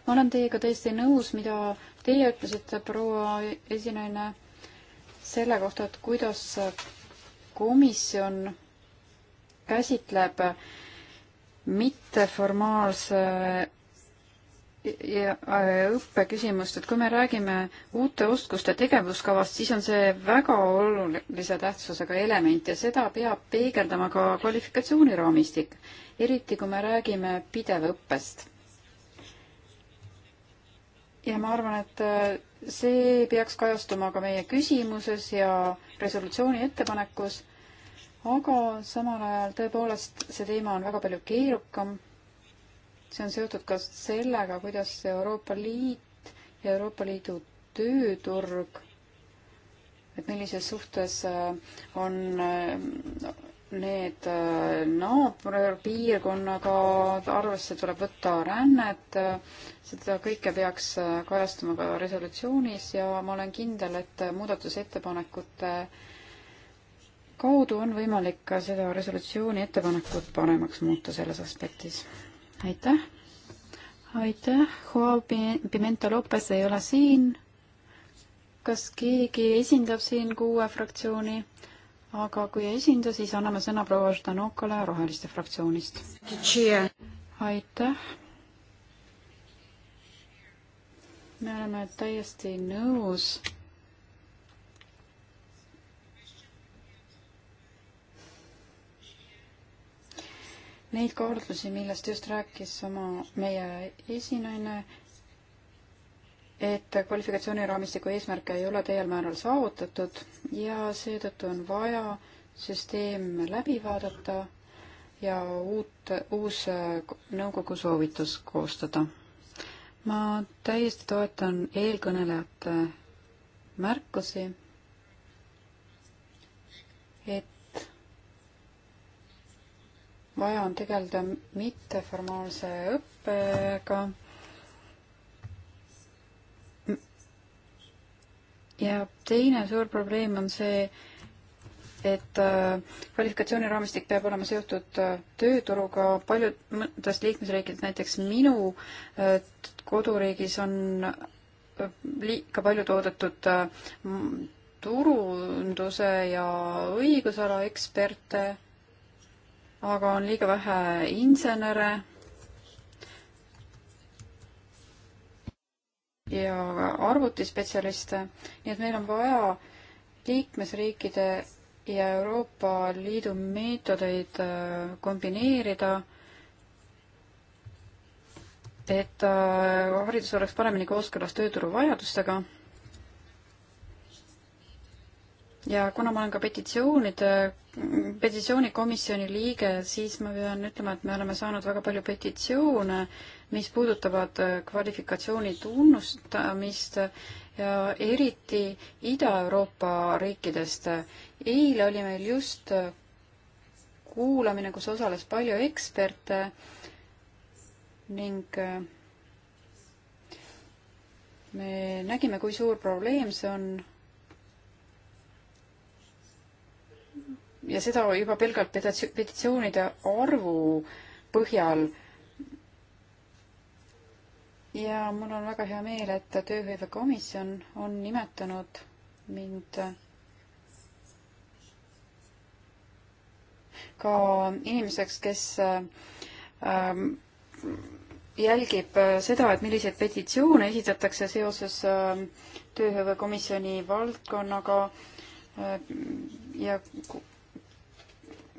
ma olen teiega täiesti nõus, mida teie ütlesite, proua esinaine, selle kohta, et kuidas komisjon käsitleb mitteformaalse ja õppeküsimust, et kui me räägime uute oskuste tegevuskavast, siis on see väga olulise tähtsusega element ja seda peab peegeldama ka kvalifikatsiooniraamistik, eriti kui me räägime pidevõppest. ja ma arvan, et äh, see peaks kajastuma ka meie küsimuses ja resolutsiooni ettepanekus, aga samal ajal tõepoolest see teema on väga palju keerukam see on seotud ka sellega, kuidas Euroopa Liit ja Euroopa Liidu tööturg, et millises suhtes äh, on äh, need äh, naaberpiirkonnaga arvesse tuleb võtta rännet, seda kõike peaks kajastama ka resolutsioonis ja ma olen kindel, et muudatusettepanekute kaudu on võimalik ka seda resolutsiooni ettepanekut paremaks muuta selles aspektis aitäh. aitäh, Joao Pimenta Lopes ei ole siin. kas keegi esindab siin kuue fraktsiooni? aga kui ei esinda, siis anname sõna proua Ždanokale Roheliste fraktsioonist. aitäh. me oleme täiesti nõus neid kaalutlusi, millest just rääkis oma, meie esinaine, et kvalifikatsiooniraamistiku eesmärke ei ole täiel määral saavutatud ja seetõttu on vaja süsteem läbi vaadata ja uut, uus äh, nõukogu soovitus koostada. ma täiesti toetan eelkõnelejate märkusi, et vaja on tegeleda mitteformaalse õppega. ja teine suur probleem on see, et äh, kvalifikatsiooniraamistik peab olema seotud äh, tööturuga, paljudest liikmesriikilt, näiteks minu äh, koduriigis on liiga palju toodetud turunduse ja õigusala eksperte aga on liiga vähe insenere ja arvutispetsialiste, nii et meil on vaja liikmesriikide ja Euroopa Liidu meetodeid äh, kombineerida, et äh, haridus oleks paremini kooskõlas tööturu vajadustega. ja kuna ma olen ka petitsioonide, petitsioonikomisjoni liige, siis ma pean ütlema, et me oleme saanud väga palju petitsioone, mis puudutavad kvalifikatsiooni tunnustamist ja eriti Ida-Euroopa riikidest. eile oli meil just kuulamine, kus osales palju eksperte ning äh, me nägime, kui suur probleem see on ja seda juba pelgalt petitsioonide arvu põhjal. ja mul on väga hea meel, et tööhõivekomisjon on nimetanud mind ka inimeseks, kes ähm, jälgib seda, et milliseid petitsioone esitatakse seoses ähm, tööhõivekomisjoni valdkonnaga äh, ja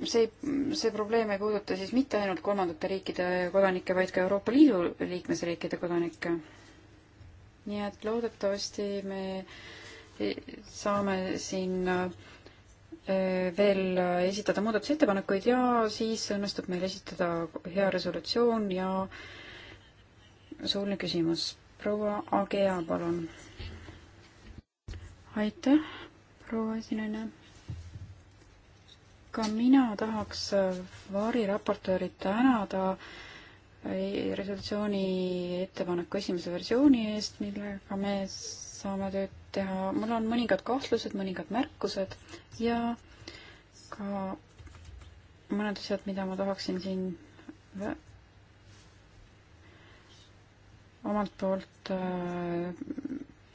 see, see probleem ei puuduta siis mitte ainult kolmandate riikide kodanikke, vaid ka Euroopa Liidu liikmesriikide kodanikke. nii et loodetavasti me saame siin äh, veel esitada muudatusettepanekuid ja siis õnnestub meil esitada hea resolutsioon ja suuline küsimus. proua Agea, palun. aitäh, proua esinaine ka mina tahaks äh, variraportööri tänada äh, resolutsiooni ettepaneku esimese versiooni eest, millega me saame tööd teha. mul on mõningad kahtlused, mõningad märkused ja ka mõned asjad, mida ma tahaksin siin omalt poolt äh,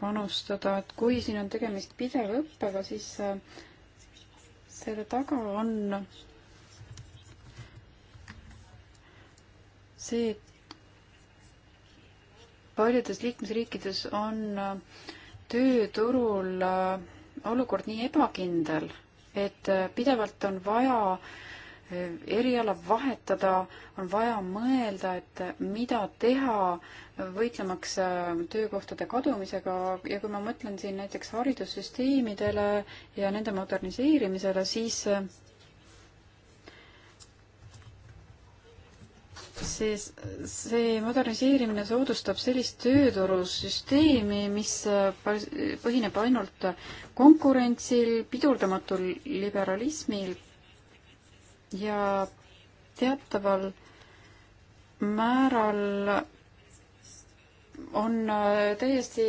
panustada, et kui siin on tegemist pideva õppega, siis selle taga on see, et paljudes liikmesriikides on tööturul olukord nii ebakindel, et pidevalt on vaja äh, eriala vahetada, on vaja mõelda, et mida teha võitlemaks äh, töökohtade kadumisega ja kui ma mõtlen siin näiteks haridussüsteemidele ja nende moderniseerimisele, siis äh, see, see moderniseerimine soodustab sellist tööturusüsteemi, mis äh, põhineb ainult konkurentsil, pidurdamatul liberalismil ja teataval määral on äh, täiesti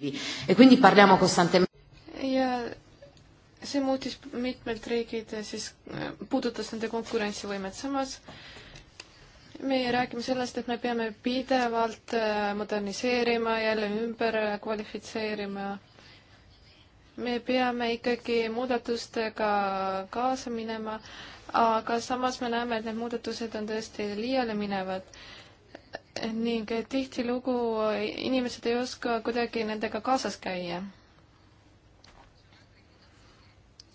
e ja see muutis mitmed riigid siis, äh, puudutas nende konkurentsivõimet, samas meie räägime sellest, et me peame pidevalt äh, moderniseerima, jälle ümber kvalifitseerima me peame ikkagi muudatustega kaasa minema, aga samas me näeme, et need muudatused on tõesti liiale minevad ning tihtilugu inimesed ei oska kuidagi nendega kaasas käia.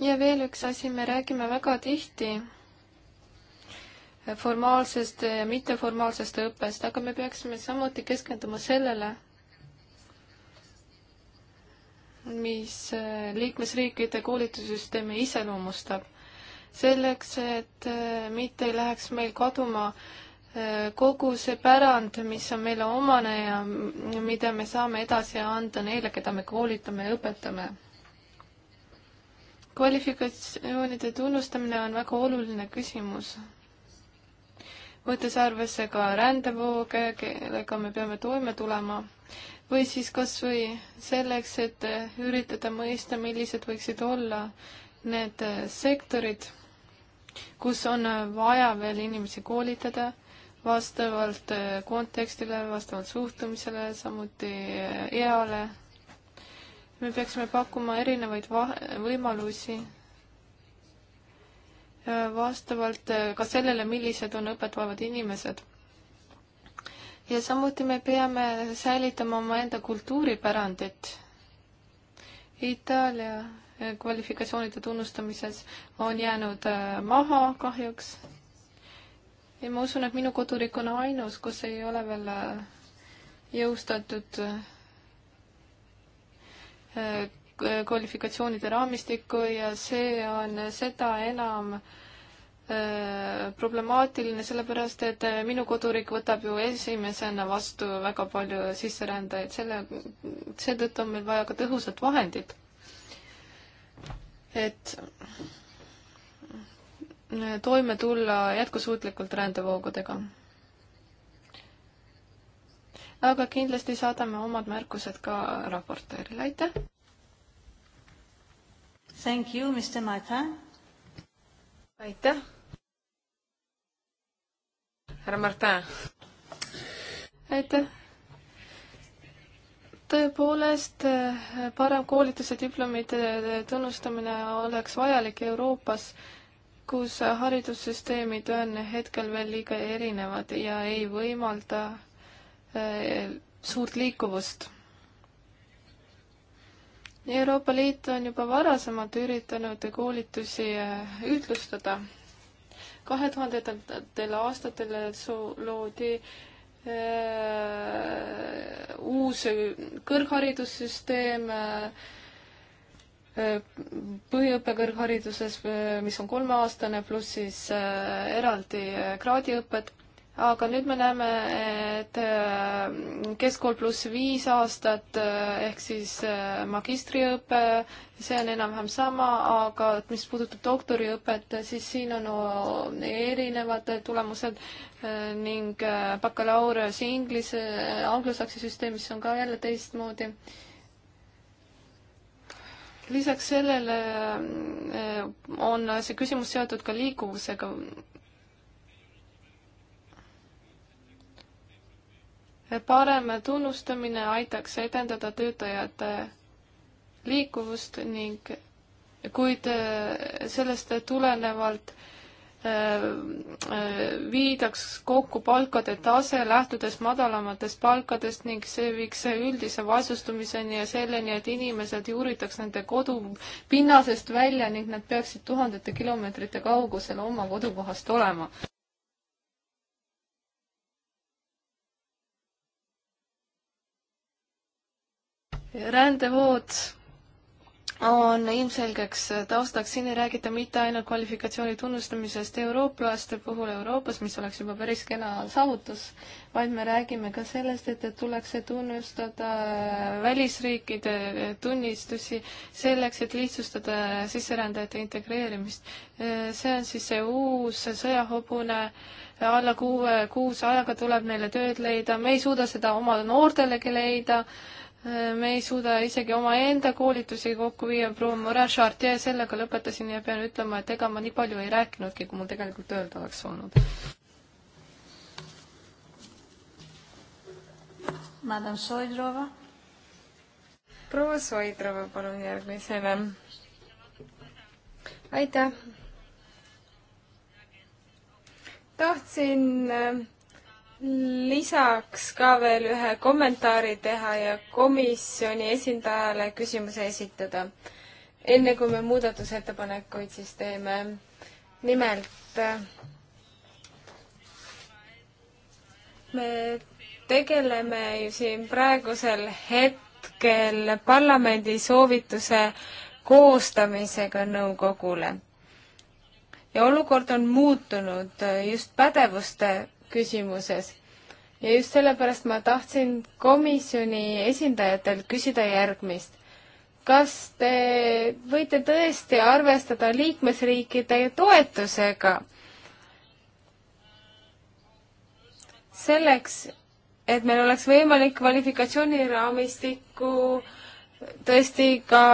ja veel üks asi, me räägime väga tihti formaalsest ja mitteformaalsest õppest, aga me peaksime samuti keskenduma sellele, mis äh, liikmesriikide koolitussüsteemi iseloomustab. selleks, et äh, mitte ei läheks meil kaduma äh, kogu see pärand, mis on meile omane ja mida me saame edasi anda neile, keda me koolitame ja õpetame. kvalifikatsioonide tunnustamine on väga oluline küsimus võttes arvesse ka rändevooge, kellega me peame toime tulema või siis kas või selleks, et üritada mõista, millised võiksid olla need sektorid, kus on vaja veel inimesi koolitada vastavalt kontekstile, vastavalt suhtumisele, samuti eale. me peaksime pakkuma erinevaid võimalusi vastavalt ka sellele, millised on õpet vajavad inimesed ja samuti me peame säilitama omaenda kultuuripärandit. Itaalia kvalifikatsioonide tunnustamises on jäänud äh, maha kahjuks. ja ma usun, et minu koduriik on ainus, kus ei ole veel äh, jõustatud äh, kvalifikatsioonide raamistikku ja see on seda enam äh, Äh, problemaatiline, sellepärast et äh, minu koduriik võtab ju esimesena vastu väga palju sisserändajaid, selle, seetõttu on meil vaja ka tõhusat vahendit. et äh, toime tulla jätkusuutlikult rändevoogudega. aga kindlasti saadame omad märkused ka raportöörile, aitäh!
Thank you, Mr Maita! aitäh!
härra Martin.
aitäh tõepoolest, parem koolituse diplomite tunnustamine oleks vajalik Euroopas, kus haridussüsteemid on hetkel veel liiga erinevad ja ei võimalda eh, suurt liikuvust. Euroopa Liit on juba varasemalt üritanud koolitusi eh, ühtlustada kahe tuhandendatel aastatel loodi äh, uus kõrgharidussüsteem äh, põhiõppe kõrghariduses, äh, mis on kolmeaastane, pluss siis eraldi kraadiõpet aga nüüd me näeme, et äh, keskkool pluss viis aastat äh, ehk siis äh, magistriõpe, see on enam-vähem sama, aga mis puudutab doktoriõpet, siis siin on erinevad tulemused ning bakalaureuse inglise, anglosaksi süsteemis on ka jälle teistmoodi lisaks sellele on see küsimus seotud ka liikuvusega parem tunnustamine aitaks edendada töötajate liikuvust ning kuid äh, sellest tulenevalt äh, äh, viidaks kokku palkade tase, lähtudes madalamatest palkadest ning see viiks üldise vaesustumiseni ja selleni, et inimesed juuritaks nende kodupinnasest välja ning nad peaksid tuhandete kilomeetrite kaugusel oma kodukohast olema. rändevood on ilmselgeks taustaks, siin ei räägita mitte ainult kvalifikatsiooni tunnustamisest eurooplaste puhul Euroopas, mis oleks juba päris kena saavutus, vaid me räägime ka sellest, et, et tuleks tunnustada välisriikide tunnistusi selleks, et lihtsustada sisserändajate integreerimist. see on siis see uus sõjahobune alla kuue kuuse ajaga tuleb neile tööd leida, me ei suuda seda oma noortelegi leida me ei suuda isegi omaenda koolitusi kokku viia, proua Morin Chartier, sellega lõpetasin ja pean ütlema, et ega ma nii palju ei rääkinudki, kui mul
tegelikult öelda oleks olnud. Madam Soidrova. proua Soidrova, palun järgmisena. aitäh. tahtsin äh, lisaks ka veel ühe kommentaari teha ja komisjoni esindajale küsimuse esitada, enne kui me muudatusettepanekuid siis teeme. nimelt me tegeleme ju siin praegusel hetkel parlamendi soovituse koostamisega nõukogule ja olukord on muutunud just pädevuste küsimuses. ja just sellepärast ma tahtsin komisjoni esindajatelt küsida järgmist. kas te võite tõesti arvestada liikmesriikide toetusega selleks, et meil oleks võimalik kvalifikatsiooniraamistikku tõesti ka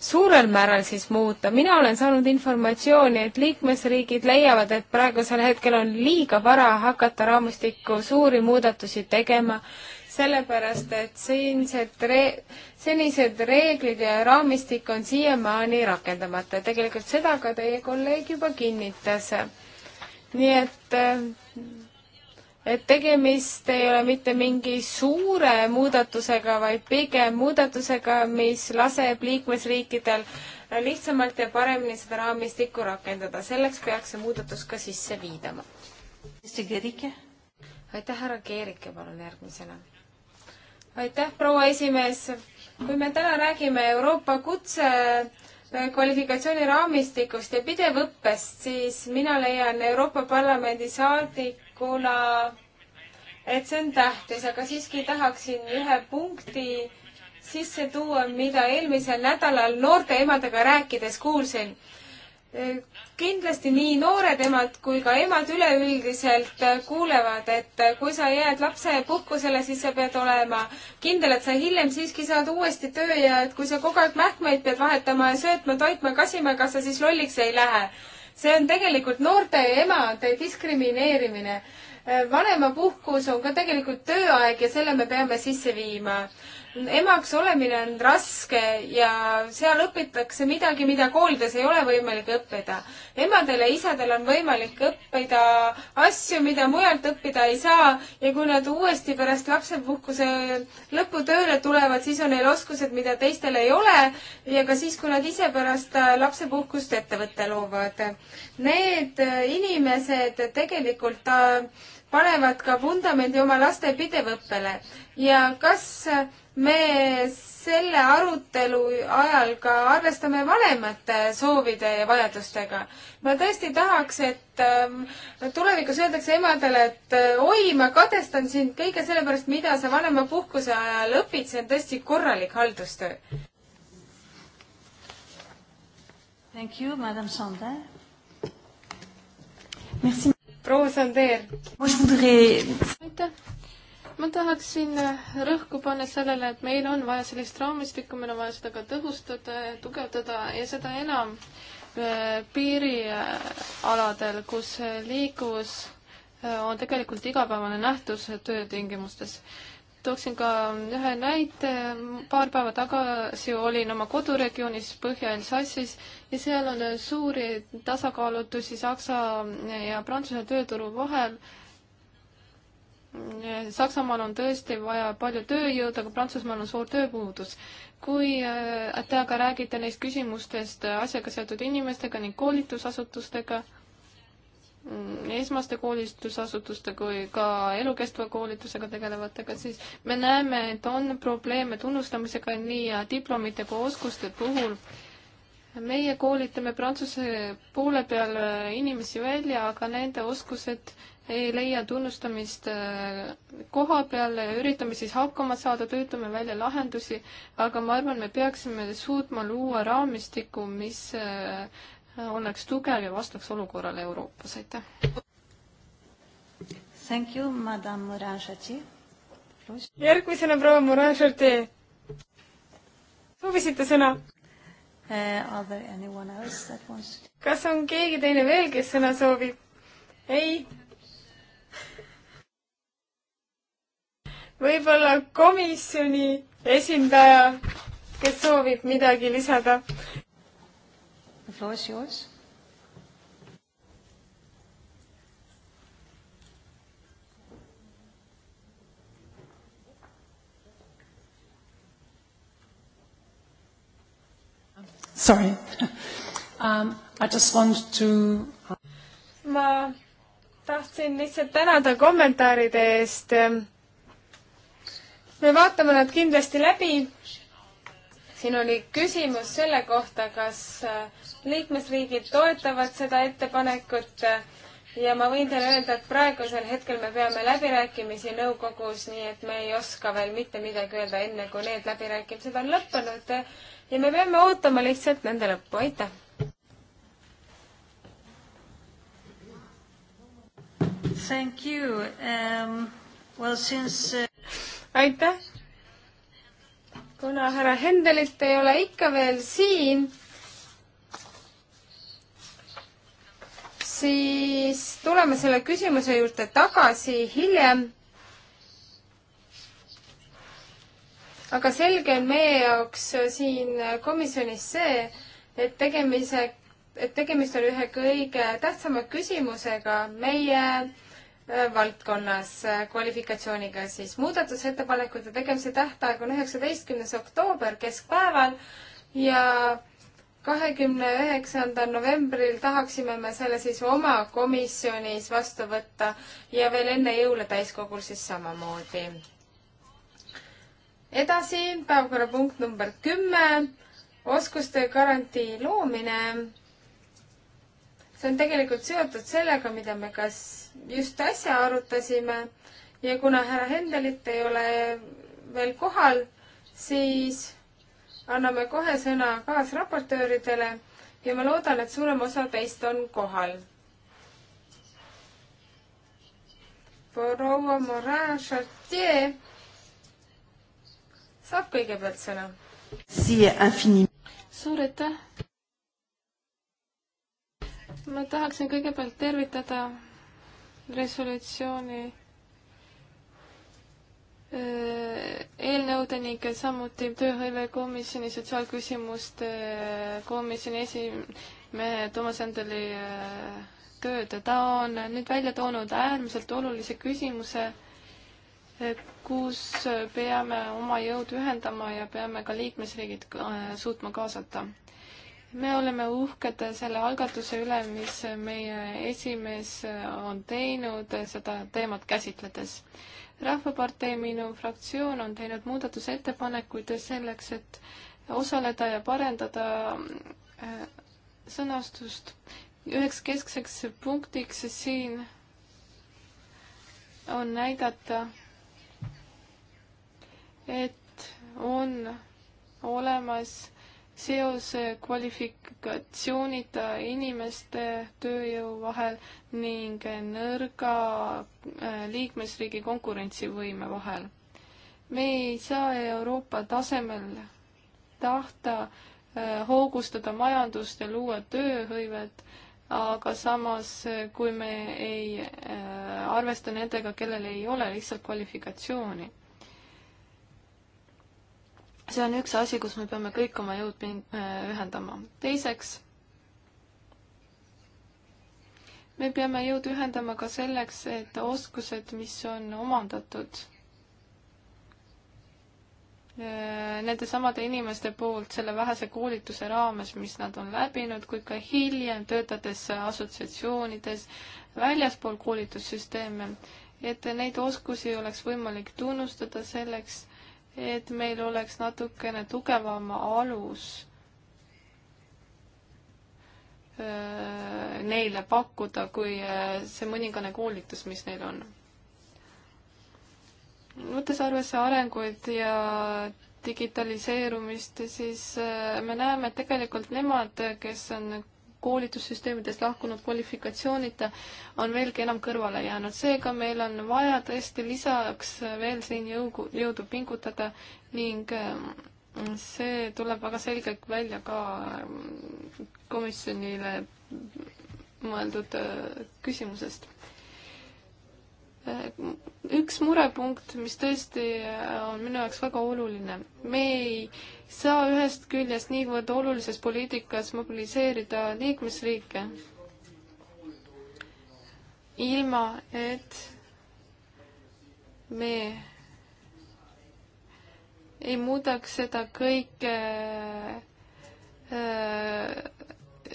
suurel määral siis muuta. mina olen saanud informatsiooni, et liikmesriigid leiavad, et praegusel hetkel on liiga vara hakata raamistikku suuri muudatusi tegema, sellepärast et siinsed re-, senised reeglid ja raamistik on siiamaani rakendamata ja tegelikult seda ka teie kolleeg juba kinnitas. nii et äh, et tegemist ei ole mitte mingi suure muudatusega, vaid pigem muudatusega, mis laseb liikmesriikidel lihtsamalt ja paremini seda raamistikku rakendada. selleks peaks see muudatus ka sisse viidama. aitäh, härra Keerike, palun järgmisena. aitäh, proua esimees. kui me täna räägime Euroopa kutse äh, kvalifikatsiooniraamistikust ja pidevõppest, siis mina leian Euroopa Parlamendi saadik tervikuna, et see on tähtis, aga siiski tahaksin ühe punkti sisse tuua, mida eelmisel nädalal noorte emadega rääkides kuulsin. kindlasti nii noored emad kui ka emad üleüldiselt kuulevad, et kui sa jääd lapsepuhkusele, siis sa pead olema kindel, et sa hiljem siiski saad uuesti töö ja et kui sa kogu aeg mähkmeid pead vahetama ja söötma, toitma, kasima, kas sa siis lolliks ei lähe see on tegelikult noorte emade diskrimineerimine. Äh, vanemapuhkus on ka tegelikult tööaeg ja selle me peame sisse viima emaks olemine on raske ja seal õpitakse midagi, mida koolides ei ole võimalik õppida. emadel ja isadel on võimalik õppida asju, mida mujalt õppida ei saa ja kui nad uuesti pärast lapsepuhkuse lõppu tööle tulevad, siis on neil oskused, mida teistel ei ole ja ka siis, kui nad ise pärast äh, lapsepuhkust ettevõtte loovad. Need äh, inimesed tegelikult äh, panevad ka vundamendi oma laste pidevõppele ja kas me selle arutelu ajal ka arvestame vanemate soovide ja vajadustega. ma tõesti tahaks, et ähm, tulevikus öeldakse emadele, et äh, oi, ma kadestan sind kõige selle pärast, mida sa vanemapuhkuse ajal õpid, see on tõesti korralik haldustöö.
Thank you, madam Sander. proua Sander. aitäh ma tahaksin
äh, rõhku panna sellele, et meil on vaja sellist raamistikku, meil on vaja seda ka tõhustada ja tugevdada ja seda enam äh, piirialadel, kus äh, liikuvus on tegelikult igapäevane nähtus töötingimustes. tooksin ka ühe näite, paar päeva tagasi olin oma koduregioonis Põhja-Elsassis ja seal on suuri tasakaalutusi Saksa ja Prantsuse tööturu vahel Saksamaal on tõesti vaja palju tööjõudu, aga Prantsusmaal on suur tööpuudus. kui äh, te aga räägite neist küsimustest asjaga seotud inimestega ning koolitusasutustega, mm, esmaste koolitusasutuste kui ka elukestva koolitusega tegelevatega, siis me näeme, et on probleeme tunnustamisega nii diplomite kui oskuste puhul meie koolitame Prantsuse poole peal äh, inimesi välja, aga nende oskused ei leia tunnustamist äh, koha peal, üritame siis hakkama saada, töötame välja lahendusi, aga ma arvan, me peaksime suutma luua raamistiku, mis äh, oleks tugev ja vastaks olukorrale Euroopas, aitäh.
Thank you, madam Muratšati.
järgmisena proua Muratšati. soovisite sõna?
Uh, kas on keegi teine veel, kes sõna soovib? ei?
võib-olla komisjoni esindaja, kes soovib midagi lisada?
The floor is yours Sorry um,. I just want to. Uh, ma
tahtsin lihtsalt tänada kommentaaride eest. me vaatame nad kindlasti läbi. siin oli küsimus selle kohta, kas uh, liikmesriigid toetavad seda ettepanekut ja ma võin teile öelda, et praegusel hetkel me peame läbirääkimisi nõukogus, nii et me ei oska veel mitte midagi öelda, enne kui need läbirääkimised on lõppenud ja me peame ootama
lihtsalt nende lõppu, aitäh! Thank you um,. Well since uh... aitäh! kuna härra Hendelit ei ole ikka veel siin,
siis tuleme selle küsimuse juurde tagasi hiljem aga selge on meie jaoks siin komisjonis see, et tegemise, et tegemist on ühe kõige tähtsama küsimusega meie äh, valdkonnas äh, kvalifikatsiooniga siis muudatusettepanekute tegemise tähtaeg on üheksateistkümnes oktoober keskpäeval ja kahekümne üheksandal novembril tahaksime me selle siis oma komisjonis vastu võtta ja veel enne jõule täiskogul siis samamoodi edasi, päevakorrapunkt number kümme, oskuste garantii loomine. see on tegelikult seotud sellega, mida me kas just äsja arutasime ja kuna härra Hendelit ei ole veel kohal, siis anname kohe sõna kaasraportööridele ja ma loodan, et suurem osa teist on kohal. proua Morin Chartier saab kõigepealt sõna. suur aitäh! ma tahaksin kõigepealt tervitada
resolutsiooni eelnõude ning samuti tööhõivekomisjoni sotsiaalküsimuste komisjoni esimehe Toomas Endeli tööd. ta on nüüd välja toonud äärmiselt olulise küsimuse kus peame oma jõud ühendama ja peame ka liikmesriigid äh, suutma kaasata. me oleme uhked selle algatuse üle, mis meie esimees on teinud seda teemat käsitledes. rahvapartei, minu fraktsioon on teinud muudatusettepanekuid selleks, et osaleda ja parendada äh, sõnastust. üheks keskseks punktiks siin on näidata et on olemas seos kvalifikatsioonita inimeste tööjõu vahel ning nõrga äh, liikmesriigi konkurentsivõime vahel. me ei saa Euroopa tasemel tahta äh, hoogustada majandust ja luua tööhõivet, aga samas, äh, kui me ei arvesta nendega, kellel ei ole lihtsalt kvalifikatsiooni see on üks asi, kus me peame kõik oma jõud äh, ühendama. teiseks, me peame jõud ühendama ka selleks, et oskused, mis on omandatud äh, nende samade inimeste poolt selle vähese koolituse raames, mis nad on läbinud, kui ka hiljem töötades assotsiatsioonides väljaspool koolitussüsteeme, et neid oskusi oleks võimalik tunnustada selleks, et meil oleks natukene tugevam alus äh, neile pakkuda, kui äh, see mõningane koolitus, mis neil on. võttes arvesse arenguid ja digitaliseerumist, siis äh, me näeme, et tegelikult nemad, kes on koolitussüsteemidest lahkunud kvalifikatsioonita on veelgi enam kõrvale jäänud. seega meil on vaja tõesti lisaks veel siin jõugu, jõudu pingutada ning ähm, see tuleb väga selgelt välja ka ähm, komisjonile mõeldud äh, küsimusest üks murepunkt, mis tõesti äh, on minu jaoks väga oluline. me ei saa ühest küljest niivõrd olulises poliitikas mobiliseerida liikmesriike ilma, et me ei muudaks seda kõike äh,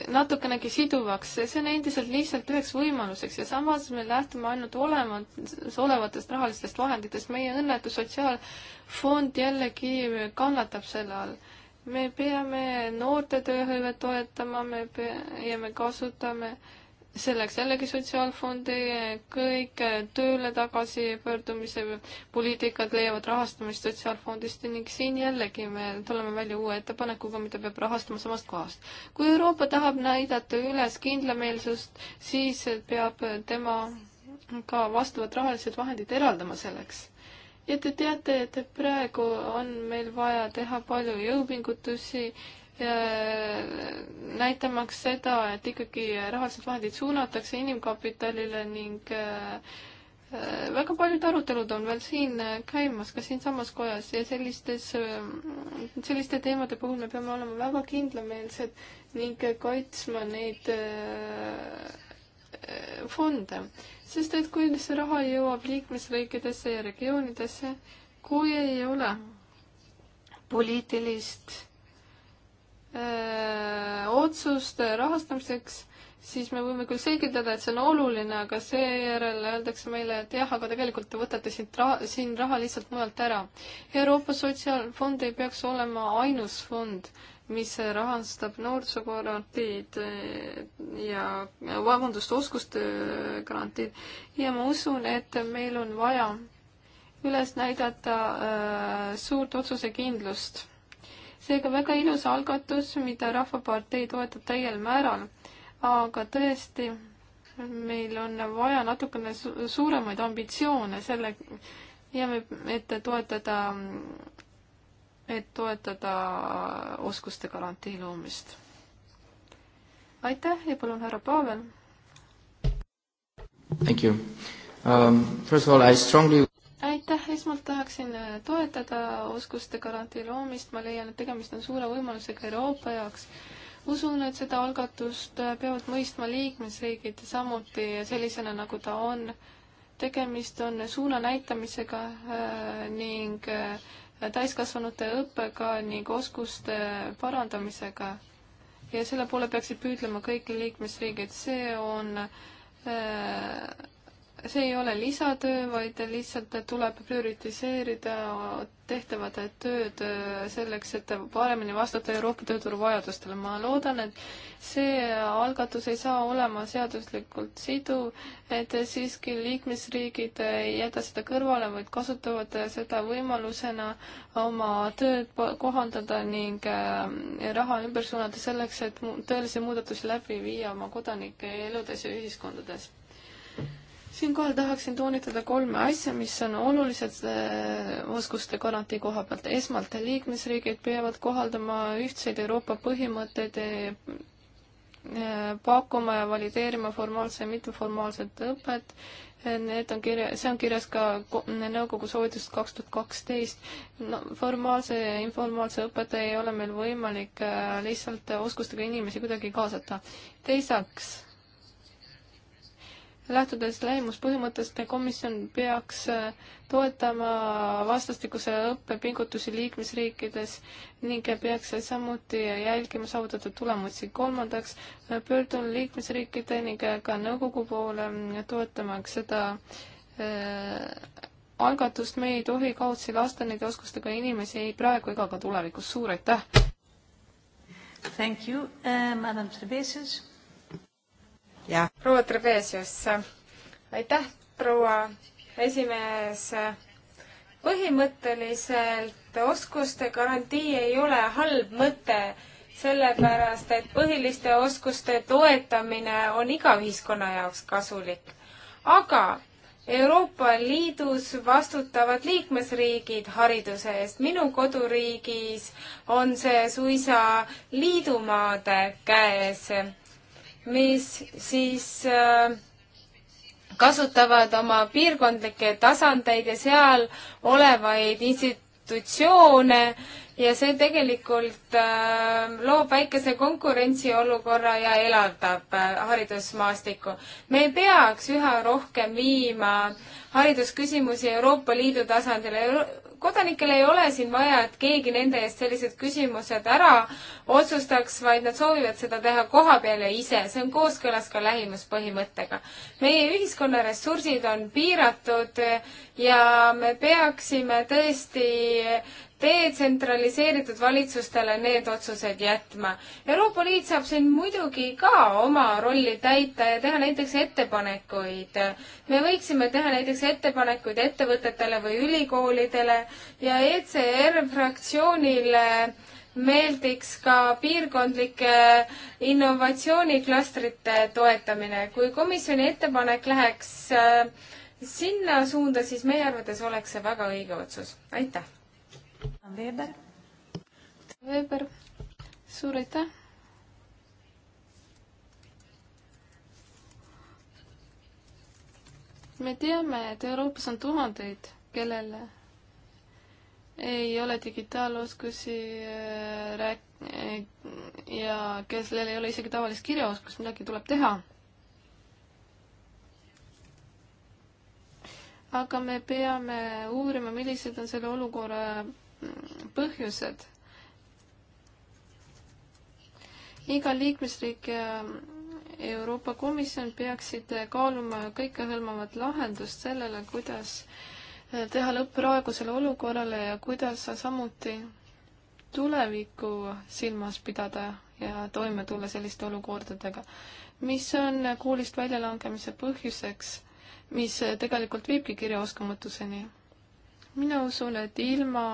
natukenegi siduvaks, see on endiselt lihtsalt üheks võimaluseks ja samas me lähtume ainult olemasolevatest rahalistest vahenditest, meie õnnetu sotsiaalfond jällegi kannatab selle all. me peame noorte tööhõivet toetama, me pea- ja me kasutame äh, selleks jällegi sotsiaalfondi, kõik tööle tagasipöördumise poliitikad leiavad rahastamist sotsiaalfondist ning siin jällegi me tuleme välja uue ettepanekuga, mida peab rahastama samast kohast. kui Euroopa tahab näidata üles kindlameelsust, siis peab tema ka vastavad rahalised vahendid eraldama selleks. ja te teate, et praegu on meil vaja teha palju jõupingutusi Äh, näitamaks seda, et ikkagi rahalised vahendid suunatakse inimkapitalile ning äh, äh, väga paljud arutelud on veel siin käimas, ka siinsamas kojas ja sellistes, selliste teemade puhul me peame olema väga kindlameelsed ning kaitsma neid fonde. sest et kui see raha jõuab liikmesriikidesse ja regioonidesse, kui ei ole poliitilist otsuste rahastamiseks, siis me võime küll selgitada, et see on oluline, aga seejärel öeldakse meile, et jah, aga tegelikult te võtate siit raha, siin raha lihtsalt mujalt ära. Euroopa Sotsiaalfond ei peaks olema ainus fond, mis rahastab noorsoogarantiid ja, vabandust, oskuste garantiid ja ma usun, et meil on vaja üles näidata äh, suurt otsusekindlust seega väga ilus algatus, mida Rahvapartei toetab täiel määral. aga tõesti, meil on vaja natukene su suuremaid ambitsioone selle ja me, et toetada, et toetada oskuste garantii loomist. aitäh ja palun, härra Pavel.
Thank you um,. First of all I strongly
aitäh, esmalt tahaksin äh, toetada oskuste garantii loomist, ma leian, et tegemist on suure võimalusega Euroopa jaoks. usun, et seda algatust äh, peavad mõistma liikmesriigid samuti sellisena, nagu ta on. tegemist on suuna näitamisega äh, ning täiskasvanute õppega ning oskuste parandamisega. ja selle poole peaksid püüdlema kõik liikmesriigid, see on äh, see ei ole lisatöö, vaid lihtsalt tuleb prioritiseerida tehtavad tööd selleks, et paremini vastata Euroopa tööturu vajadustele. ma loodan, et see algatus ei saa olema seaduslikult siduv, et siiski liikmesriigid ei jäta seda kõrvale, vaid kasutavad seda võimalusena oma tööd kohandada ning äh, raha ümber suunata selleks, et tõelisi muudatusi läbi viia oma kodanike eludes ja ühiskondades siinkohal tahaksin toonitada kolme asja, mis on olulised äh, oskuste garantii koha pealt. esmalt liikmesriigid peavad kohaldama ühtseid Euroopa põhimõtteid, äh, pakkuma ja valideerima formaalse ja mitteformaalset õpet. Äh, need on kirja, see on kirjas ka nõukogu soovitust kaks tuhat kaksteist. no formaalse ja informaalse õpetaja ei ole meil võimalik lihtsalt oskustega inimesi kuidagi kaasata. teiseks lähtudes lähimuspõhimõttest, komisjon peaks äh, toetama vastastikuse õppepingutusi liikmesriikides ning peaks samuti jälgima saavutatud tulemusi. kolmandaks äh, pöördun liikmesriikide ning äh, ka nõukogu poole mm, toetamaks seda äh, algatust, me ei tohi kaotsi lasta neid oskustega inimesi ei praegu ega ka tulevikus. suur aitäh! Thank
you uh,, madam Trebesius ja. proua Trebesius, aitäh, proua esimees. põhimõtteliselt oskuste garantii ei ole halb mõte, sellepärast et põhiliste oskuste toetamine on iga ühiskonna jaoks kasulik. aga Euroopa Liidus vastutavad liikmesriigid hariduse eest. minu koduriigis on see suisa liidumaade käes mis siis äh, kasutavad oma piirkondlikke tasandeid ja seal olevaid institutsioone ja see tegelikult äh, loob väikese konkurentsiolukorra ja elavdab äh, haridusmaastikku. me peaks üha rohkem viima haridusküsimusi Euroopa Liidu tasandile kodanikel ei ole siin vaja, et keegi nende eest sellised küsimused ära otsustaks, vaid nad soovivad seda teha kohapeal ja ise. see on kooskõlas ka lähimuspõhimõttega. meie ühiskonna ressursid on piiratud ja me peaksime tõesti detsentraliseeritud valitsustele need otsused jätma. Euroopa Liit saab siin muidugi ka oma rolli täita ja teha näiteks ettepanekuid. me võiksime teha näiteks ettepanekuid ettevõtetele või ülikoolidele ja ECR fraktsioonile meeldiks ka piirkondlike innovatsiooniklastrite toetamine. kui komisjoni ettepanek läheks äh, sinna suunda, siis meie arvates oleks see väga õige otsus. aitäh! Weber.
Weber, suur aitäh. me teame, et Euroopas on tuhandeid, kellel ei ole digitaaloskusi äh, rääk- äh, ja kellel ei ole isegi tavalist kirjaoskust, midagi tuleb teha aga me peame uurima, millised on selle olukorra põhjused. iga liikmesriik ja Euroopa Komisjon peaksid kaaluma kõikehõlmavat lahendust sellele, kuidas teha lõpp praegusele olukorrale ja kuidas samuti tulevikku silmas pidada ja toime tulla selliste olukordadega, mis on koolist väljalangemise põhjuseks, mis tegelikult viibki kirjaoskamatuseni. mina usun, et ilma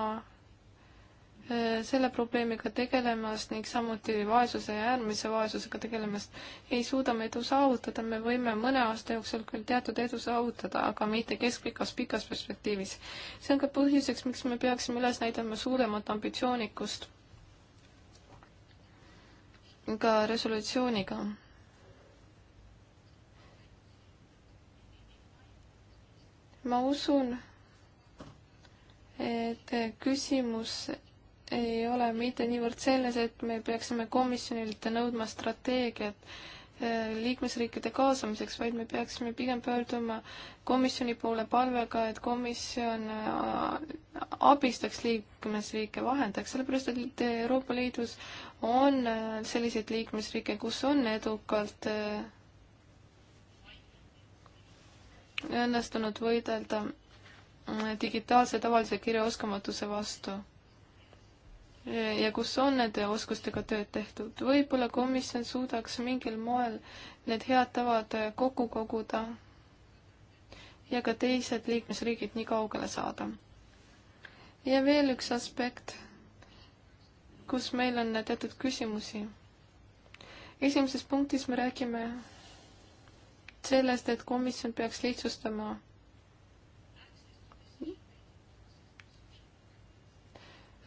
Äh, selle probleemiga tegelemas ning samuti vaesuse ja äärmise vaesusega tegelemas, ei suuda me edu saavutada, me võime mõne aasta jooksul küll teatud edu saavutada, aga mitte keskpikas, pikas perspektiivis. see on ka põhjuseks, miks me peaksime üles näitama suuremat ambitsioonikust ka resolutsiooniga ma usun, et küsimus ei ole mitte niivõrd selles, et me peaksime komisjonilt nõudma strateegiat äh, liikmesriikide kaasamiseks, vaid me peaksime pigem pöörduma komisjoni poole palvega, et komisjon äh, abistaks liikmesriike, vahendaks, sellepärast et Euroopa Liidus on äh, selliseid liikmesriike, kus on edukalt õnnestunud võidelda digitaalse tavalise kirjaoskamatuse vastu ja kus on nende oskustega tööd tehtud. võib-olla komisjon suudaks mingil moel need head tavad kokku koguda ja ka teised liikmesriigid nii kaugele saada. ja veel üks aspekt, kus meil on teatud küsimusi. esimeses punktis me räägime sellest, et komisjon peaks lihtsustama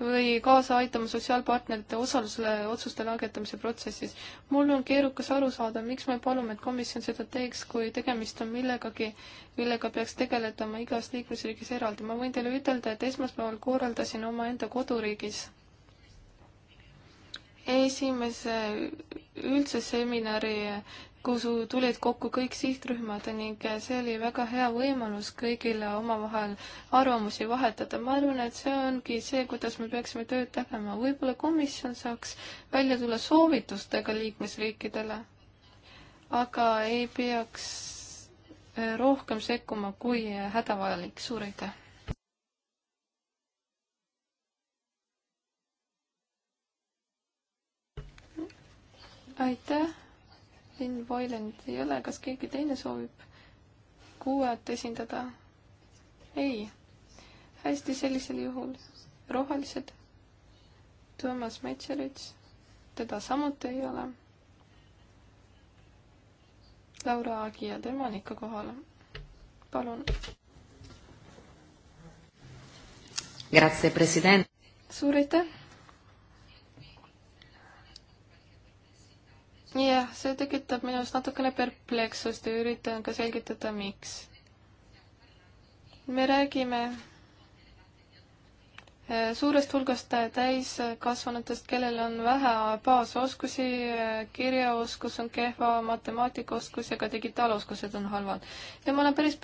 või kaasa aitama sotsiaalpartnerite osalusele otsuste langetamise protsessis. mul on keerukas aru saada, miks me palume, et komisjon seda teeks, kui tegemist on millegagi, millega peaks tegeletama igas liikmesriigis eraldi. ma võin teile ütelda, et esmaspäeval korraldasin omaenda koduriigis esimese üldse seminari kuhu tulid kokku kõik sihtrühmad ning see oli väga hea võimalus kõigile omavahel arvamusi vahetada. ma arvan, et see ongi see, kuidas me peaksime tööd tegema. võib-olla komisjon saaks välja tulla soovitustega liikmesriikidele, aga ei peaks äh, rohkem sekkuma, kui hädavajalik. suur aitäh! aitäh! Finn Voilend ei ole, kas keegi teine soovib kuuet esindada? ei. hästi, sellisel juhul rohelised. Toomas Metserits, teda samuti ei ole. Laura Agi ja tema on ikka kohal. palun. suur aitäh jah, see tekitab minus natukene perpleksust ja üritan ka selgitada, miks. me räägime eh, suurest hulgast täiskasvanutest, kellel on vähe baasoskusi, eh, kirjaoskus on kehva, matemaatikaoskus ja ka digitaaloskused on halvad. ja ma olen päris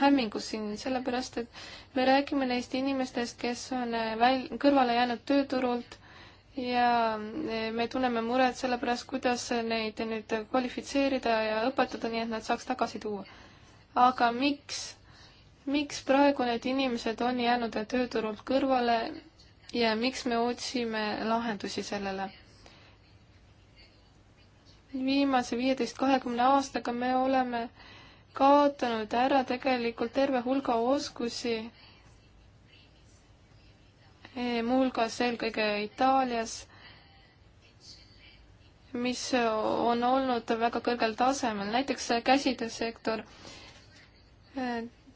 hämmingus siin, sellepärast et me räägime neist inimestest, kes on eh, väl-, kõrvale jäänud tööturult ja e, me tunneme muret selle pärast, kuidas neid nüüd kvalifitseerida ja õpetada, nii et nad saaks tagasi tuua. aga miks, miks praegu need inimesed on jäänud tööturult kõrvale ja miks me otsime lahendusi sellele? viimase viieteist-kahekümne aastaga me oleme kaotanud ära tegelikult terve hulga oskusi muuhulgas eelkõige Itaalias, mis on olnud väga kõrgel tasemel, näiteks käsitöösektor.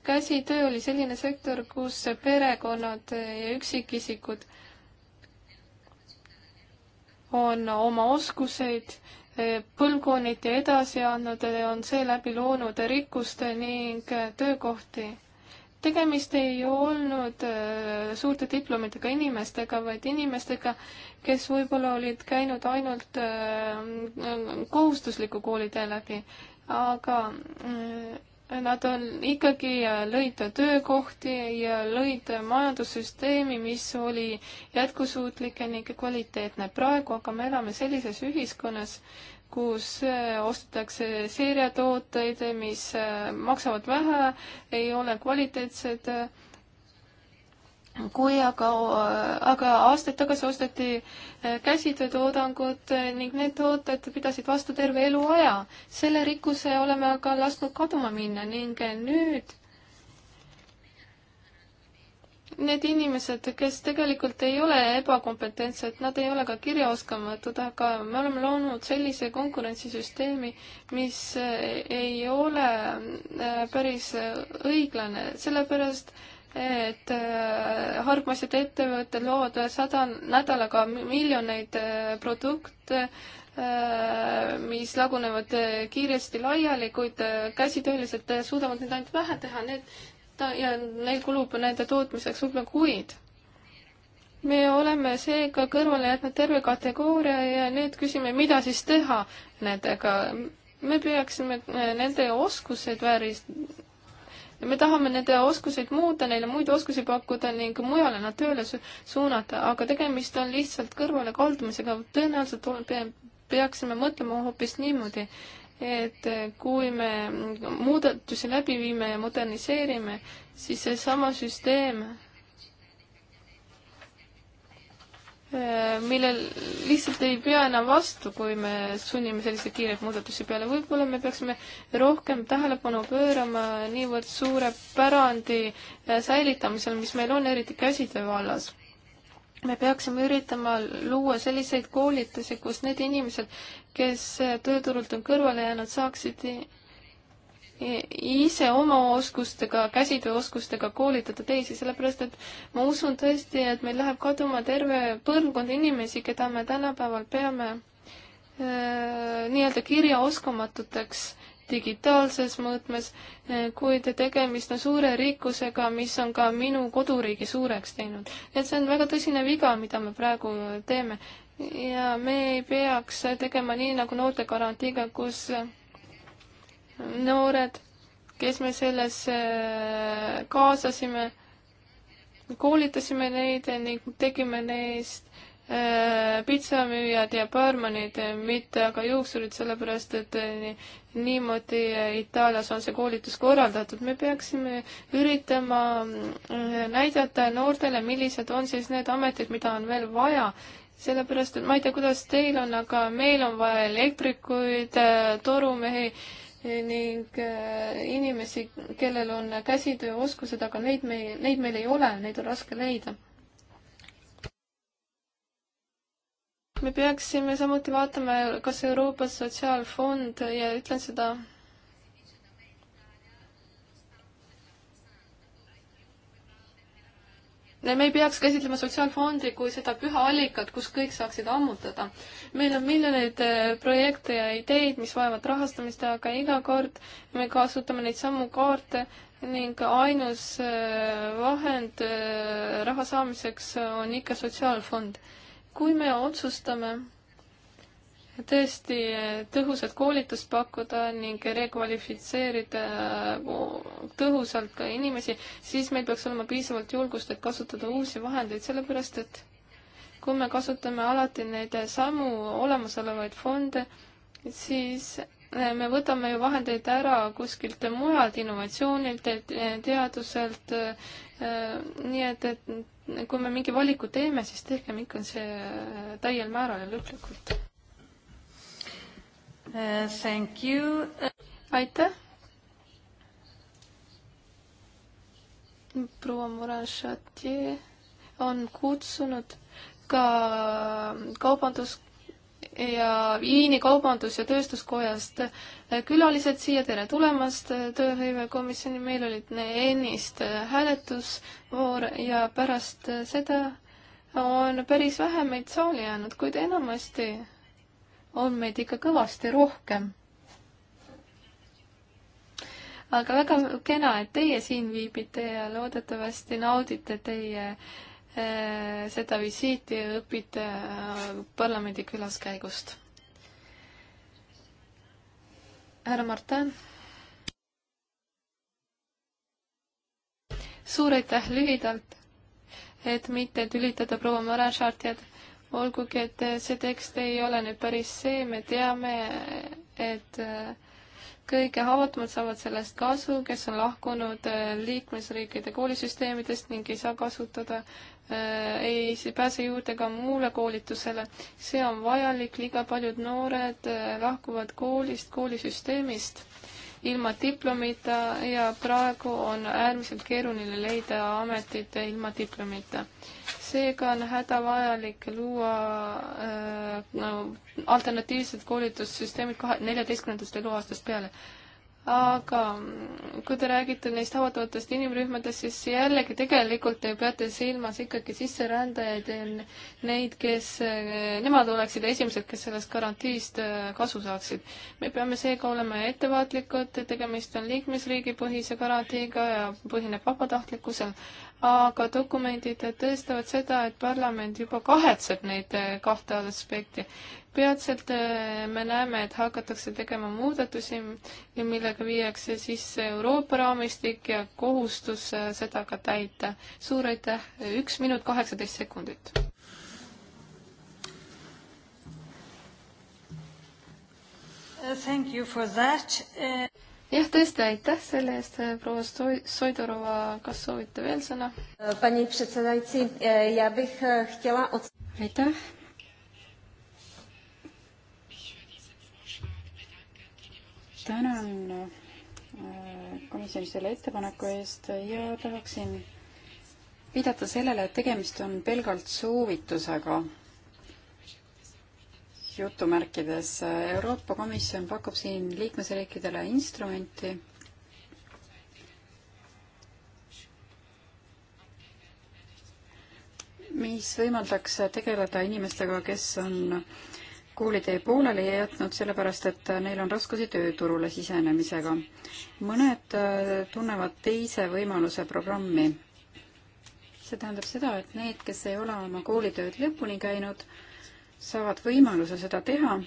käsitöö oli selline sektor, kus perekonnad ja üksikisikud on oma oskuseid põlvkonniti edasi andnud ja on seeläbi loonud rikkust ning töökohti tegemist ei olnud äh, suurte diplomitega inimestega, vaid inimestega, kes võib-olla olid käinud ainult äh, kohustusliku koolitee läbi, aga äh, nad on ikkagi lõid töökohti ja lõid majandussüsteemi, mis oli jätkusuutlik ja ning kvaliteetne. praegu aga me elame sellises ühiskonnas, kus äh, ostetakse seeriatooteid, mis äh, maksavad vähe, ei ole kvaliteetsed. kui aga, äh, aga aastaid tagasi osteti käsitöötoodangut ning need tooted pidasid vastu terve eluaja. selle rikkuse oleme aga lasknud kaduma minna ning nüüd need inimesed, kes tegelikult ei ole ebakompetentsed, nad ei ole ka kirjaoskamatud, aga me oleme loonud sellise konkurentsisüsteemi, mis ei ole äh, päris õiglane, sellepärast et äh, hargmaised ettevõtted loovad sada nädalaga miljoneid äh, produkte, mis lagunevad kiiresti laiali, kuid käsitöölised suudavad neid ainult vähe teha, need ta ja neil kulub nende tootmiseks võib-olla kuid. me oleme seega kõrvale jätnud terve kategooria ja nüüd küsime, mida siis teha nendega. me peaksime nende oskuseid väärist-, me tahame nende oskuseid muuta, neile muid oskusi pakkuda ning mujale nad tööle su suunata, aga tegemist on lihtsalt kõrvalekaldumisega, tõenäoliselt peaksime mõtlema hoopis niimoodi, et kui me muudatusi läbi viime ja moderniseerime, siis seesama süsteem, äh, millel lihtsalt ei pea enam vastu, kui me sunnime selliseid kiireid muudatusi peale. võib-olla me peaksime rohkem tähelepanu pöörama niivõrd suure pärandi äh, säilitamisele, mis meil on, eriti käsitöö vallas me peaksime üritama luua selliseid koolitusi, kus need inimesed, kes tööturult on kõrvale jäänud, saaksid ise oma oskustega, käsitööoskustega koolitada teisi, sellepärast et ma usun tõesti, et meil läheb kaduma terve põlvkond inimesi, keda me tänapäeval peame äh, nii-öelda kirjaoskamatuteks digitaalses mõõtmes, eh, kuid tegemist on suure rikkusega, mis on ka minu koduriigi suureks teinud. et see on väga tõsine viga, mida me praegu teeme. ja me ei peaks tegema nii, nagu noortegarantiiga, kus noored, kes me sellesse eh, kaasasime, koolitasime neid ning tegime neist Äh, pitsamüüjad ja baarmanid, äh, mitte aga juuksurid, sellepärast et äh, niimoodi Itaalias on see koolitus korraldatud. me peaksime üritama näidata noortele, millised on siis need ametid, mida on veel vaja. sellepärast, et ma ei tea, kuidas teil on, aga meil on vaja elektrikuid, torumehi ning inimesi, kellel on käsitööoskused, aga neid meil, neid meil ei ole, neid on raske leida me peaksime samuti vaatama, kas Euroopa Sotsiaalfond ja ütlen seda me ei peaks käsitlema sotsiaalfondi kui seda püha allikat, kus kõik saaksid ammutada. meil on miljoneid eh, projekte ja ideid, mis vajavad rahastamist, aga iga kord me kasutame neid samu kaarte ning ainus eh, vahend eh, raha saamiseks on ikka sotsiaalfond kui me otsustame tõesti tõhusat koolitust pakkuda ning rekvalifitseerida äh, tõhusalt ka inimesi, siis meil peaks olema piisavalt julgust, et kasutada uusi vahendeid, sellepärast et kui me kasutame alati neid samu olemasolevaid fonde, siis äh, me võtame ju vahendeid ära kuskilt mujalt, innovatsioonilt, teaduselt, äh, nii et, et kui me mingi valiku teeme, siis tehkem ikka see äh, täiel määral ja lõplikult uh,. Thank you. aitäh. proua Muranšati on kutsunud ka kaubandus- ja Viini Kaubandus- ja Tööstuskojast külalised siia, tere tulemast tööhõivekomisjoni, meil olid ennist hääletusvoor ja pärast seda on päris vähe meid saali jäänud, kuid enamasti on meid ikka kõvasti rohkem. aga väga kena, et teie siin viibite ja loodetavasti naudite teie äh, Äh, seda visiiti õpite äh, parlamendi külaskäigust. härra Martin. suur aitäh lühidalt, et mitte tülitada proua Marashartjat, olgugi et äh, see tekst ei ole nüüd päris see, me teame, et kõige haavatavamad saavad sellest kasu, kes on lahkunud liikmesriikide koolisüsteemidest ning ei saa kasutada Äh, ei pääse juurde ka muule koolitusele. see on vajalik, liiga paljud noored äh, lahkuvad koolist, koolisüsteemist ilma diplomita ja praegu on äärmiselt keeruline leida ametit ilma diplomita. seega on hädavajalik luua äh, no, alternatiivsed koolitussüsteemid kahe, neljateistkümnendast eluaastast peale aga mm, kui te räägite neist haavatavatest inimrühmadest, siis jällegi tegelikult te peate silmas ikkagi sisserändajaid, neid, kes, nemad oleksid esimesed, kes sellest garantiist äh, kasu saaksid. me peame seega olema ettevaatlikud, tegemist on liikmesriigi põhise garantiiga ja põhineb vabatahtlikkusel, aga dokumendid tõestavad seda, et parlament juba kahetseb neid äh, kahte aspekti peatselt äh, me näeme, et hakatakse tegema muudatusi, millega viiakse sisse Euroopa raamistik ja kohustus äh, seda ka täita. suur aitäh, üks minut kaheksateist sekundit.
Uh, uh,
jah, tõesti, aitäh selle eest, äh, proua Soidorova, kas soovite veel sõna?
Uh,
aitäh tänan äh, komisjoni selle ettepaneku eest ja tahaksin viidata sellele, et tegemist on pelgalt soovitusega jutumärkides. Euroopa Komisjon pakub siin liikmesriikidele instrumenti, mis võimaldaks tegeleda inimestega, kes on äh, koolitee pooleli jätnud, sellepärast et neil on raskusi tööturule sisenemisega. mõned äh, tunnevad teise võimaluse programmi. see tähendab seda, et need, kes ei ole oma koolitööd lõpuni käinud, saavad võimaluse seda teha.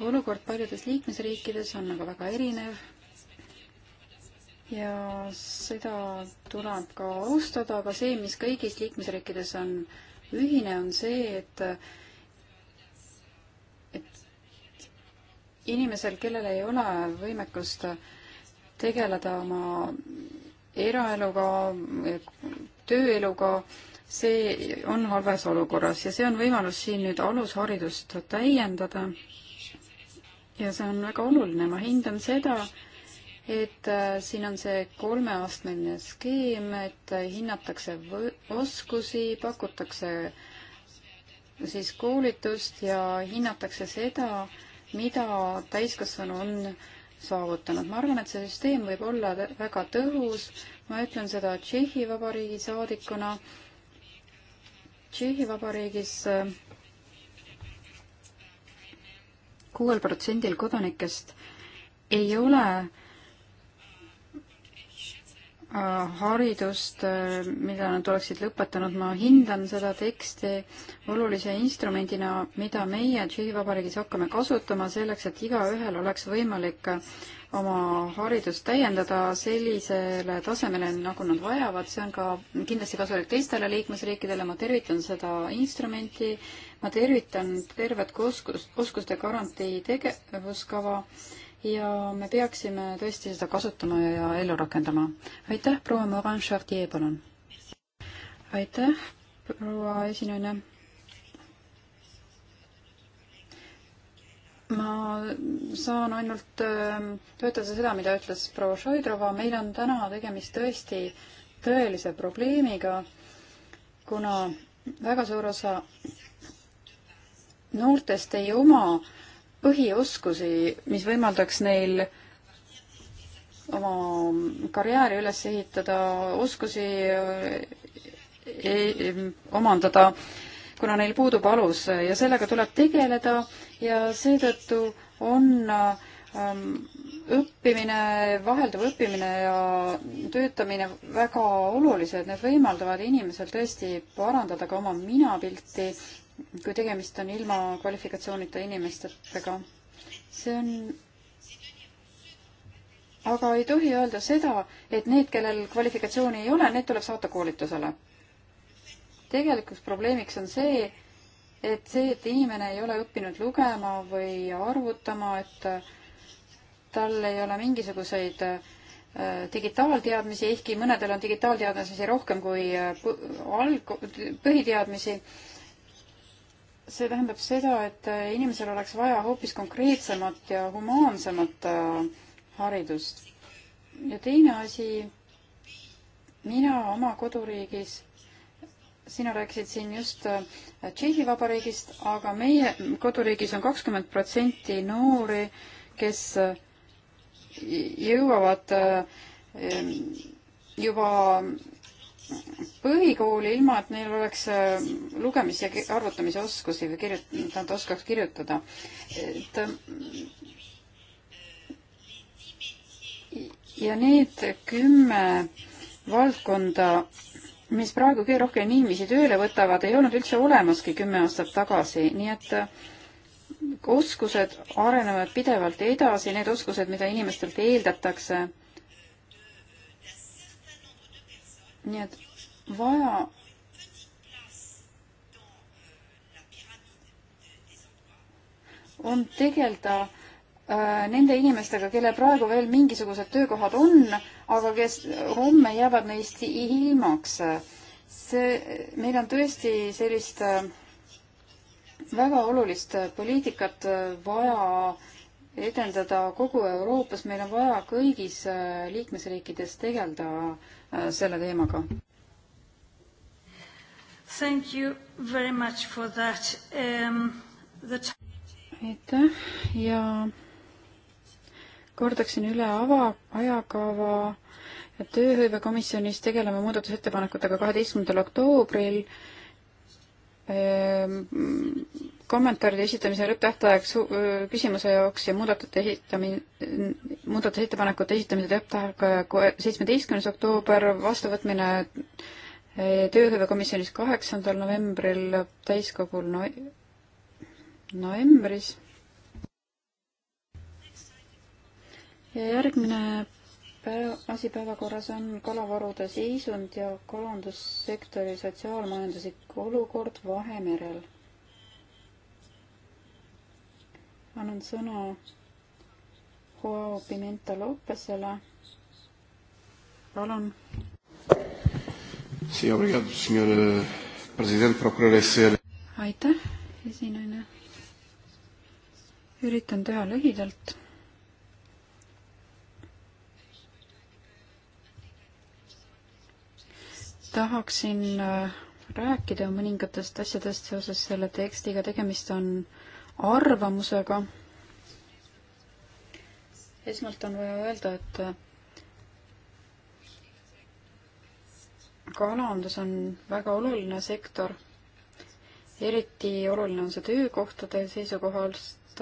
olukord paljudes liikmesriikides on aga väga erinev ja seda tuleb ka austada, aga see, mis kõigis liikmesriikides on äh, ühine, on see, et et inimesel, kellel ei ole võimekust tegeleda oma eraeluga, tööeluga, see on halves olukorras ja see on võimalus siin nüüd alusharidust täiendada. ja see on väga oluline, ma hindan seda, et äh, siin on see kolmeastmeline skeem, et äh, hinnatakse oskusi, pakutakse siis koolitust ja hinnatakse seda, mida täiskasvanu on saavutanud. ma arvan, et see süsteem võib olla väga tõhus, ma ütlen seda Tšehhi Vabariigi saadikuna. Tšehhi Vabariigis äh, kuuel protsendil kodanikest ei ole Äh, haridust, äh, mida nad oleksid lõpetanud, ma hindan seda teksti olulise instrumendina, mida meie Tšehhi Vabariigis hakkame kasutama selleks, et igaühel oleks võimalik oma haridust täiendada sellisele tasemele, nagu nad vajavad, see on ka kindlasti kasulik teistele liikmesriikidele, ma tervitan seda instrumenti, ma tervitan tervet oskust, oskuste garantii tegevuskava, ja me peaksime tõesti seda kasutama ja ellu rakendama. aitäh, proua Morin Chartier, palun. aitäh, proua esinaine. ma saan ainult ähm, toetada seda, mida ütles proua Šoidrova, meil on täna tegemist tõesti tõelise probleemiga, kuna väga suur osa noortest ei oma põhioskusi, mis võimaldaks neil oma karjääri üles ehitada, oskusi e, e, omandada, kuna neil puudub alus ja sellega tuleb tegeleda ja seetõttu on ähm, õppimine, vahelduv õppimine ja töötamine väga olulised, need võimaldavad inimesel tõesti parandada ka oma minapilti kui tegemist on ilma kvalifikatsioonita inimestega. see on aga ei tohi öelda seda, et need, kellel kvalifikatsiooni ei ole, need tuleb saata koolitusele. tegelikuks probleemiks on see, et see, et inimene ei ole õppinud lugema või arvutama, et äh, tal ei ole mingisuguseid äh, digitaalteadmisi, ehkki mõnedel on digitaalteadmisi rohkem kui äh, alg-, põhiteadmisi see tähendab seda, et inimesel oleks vaja hoopis konkreetsemat ja humaansemat äh, haridust. ja teine asi, mina oma koduriigis, sina rääkisid siin just äh, Tšehhi Vabariigist, aga meie koduriigis on kakskümmend protsenti noori, kes äh, jõuavad juba põhikooli ilma, et neil oleks äh, lugemis- ja arvutamise oskusi või kirjut-, nad oskaks kirjutada. et äh, ja need kümme valdkonda, mis praegu kõige rohkem inimesi tööle võtavad, ei olnud üldse olemaski kümme aastat tagasi, nii et äh, oskused arenevad pidevalt edasi, need oskused, mida inimestelt eeldatakse nii et vaja on tegeleda äh, nende inimestega, kellel praegu veel mingisugused töökohad on, aga kes homme jäävad neist ilmaks. see, meil on tõesti sellist äh, väga olulist poliitikat vaja edendada kogu Euroopas, meil on vaja kõigis äh, liikmesriikides tegeleda äh, selle teemaga.
Thank you very much for that um,. The... aitäh ja
kordaksin üle ava, ajakava. tööhõivekomisjonis tegeleme muudatusettepanekutega kaheteistkümnendal oktoobril Ehm, kommentaaride esitamise lõpptähtaeg küsimuse jaoks ja muudatute esitamine, muudatusettepanekute esitamise lõpptähtaeg äh, seitsmeteistkümnes oktoober, vastuvõtmine äh, tööhõivekomisjonis kaheksandal novembril, täiskogul no novembris. ja järgmine päev, asi päevakorras on kalavarude seisund ja kalandussektori sotsiaalmajanduslik olukord Vahemerel. annan sõna Joao Pimenta Lopesele. palun. Eh, aitäh, esinaine. üritan teha lühidalt tahaksin äh, rääkida mõningatest asjadest seoses selle tekstiga, tegemist on arvamusega. esmalt on vaja öelda, et kalandus on väga oluline sektor. eriti oluline on see töökohtade seisukohast,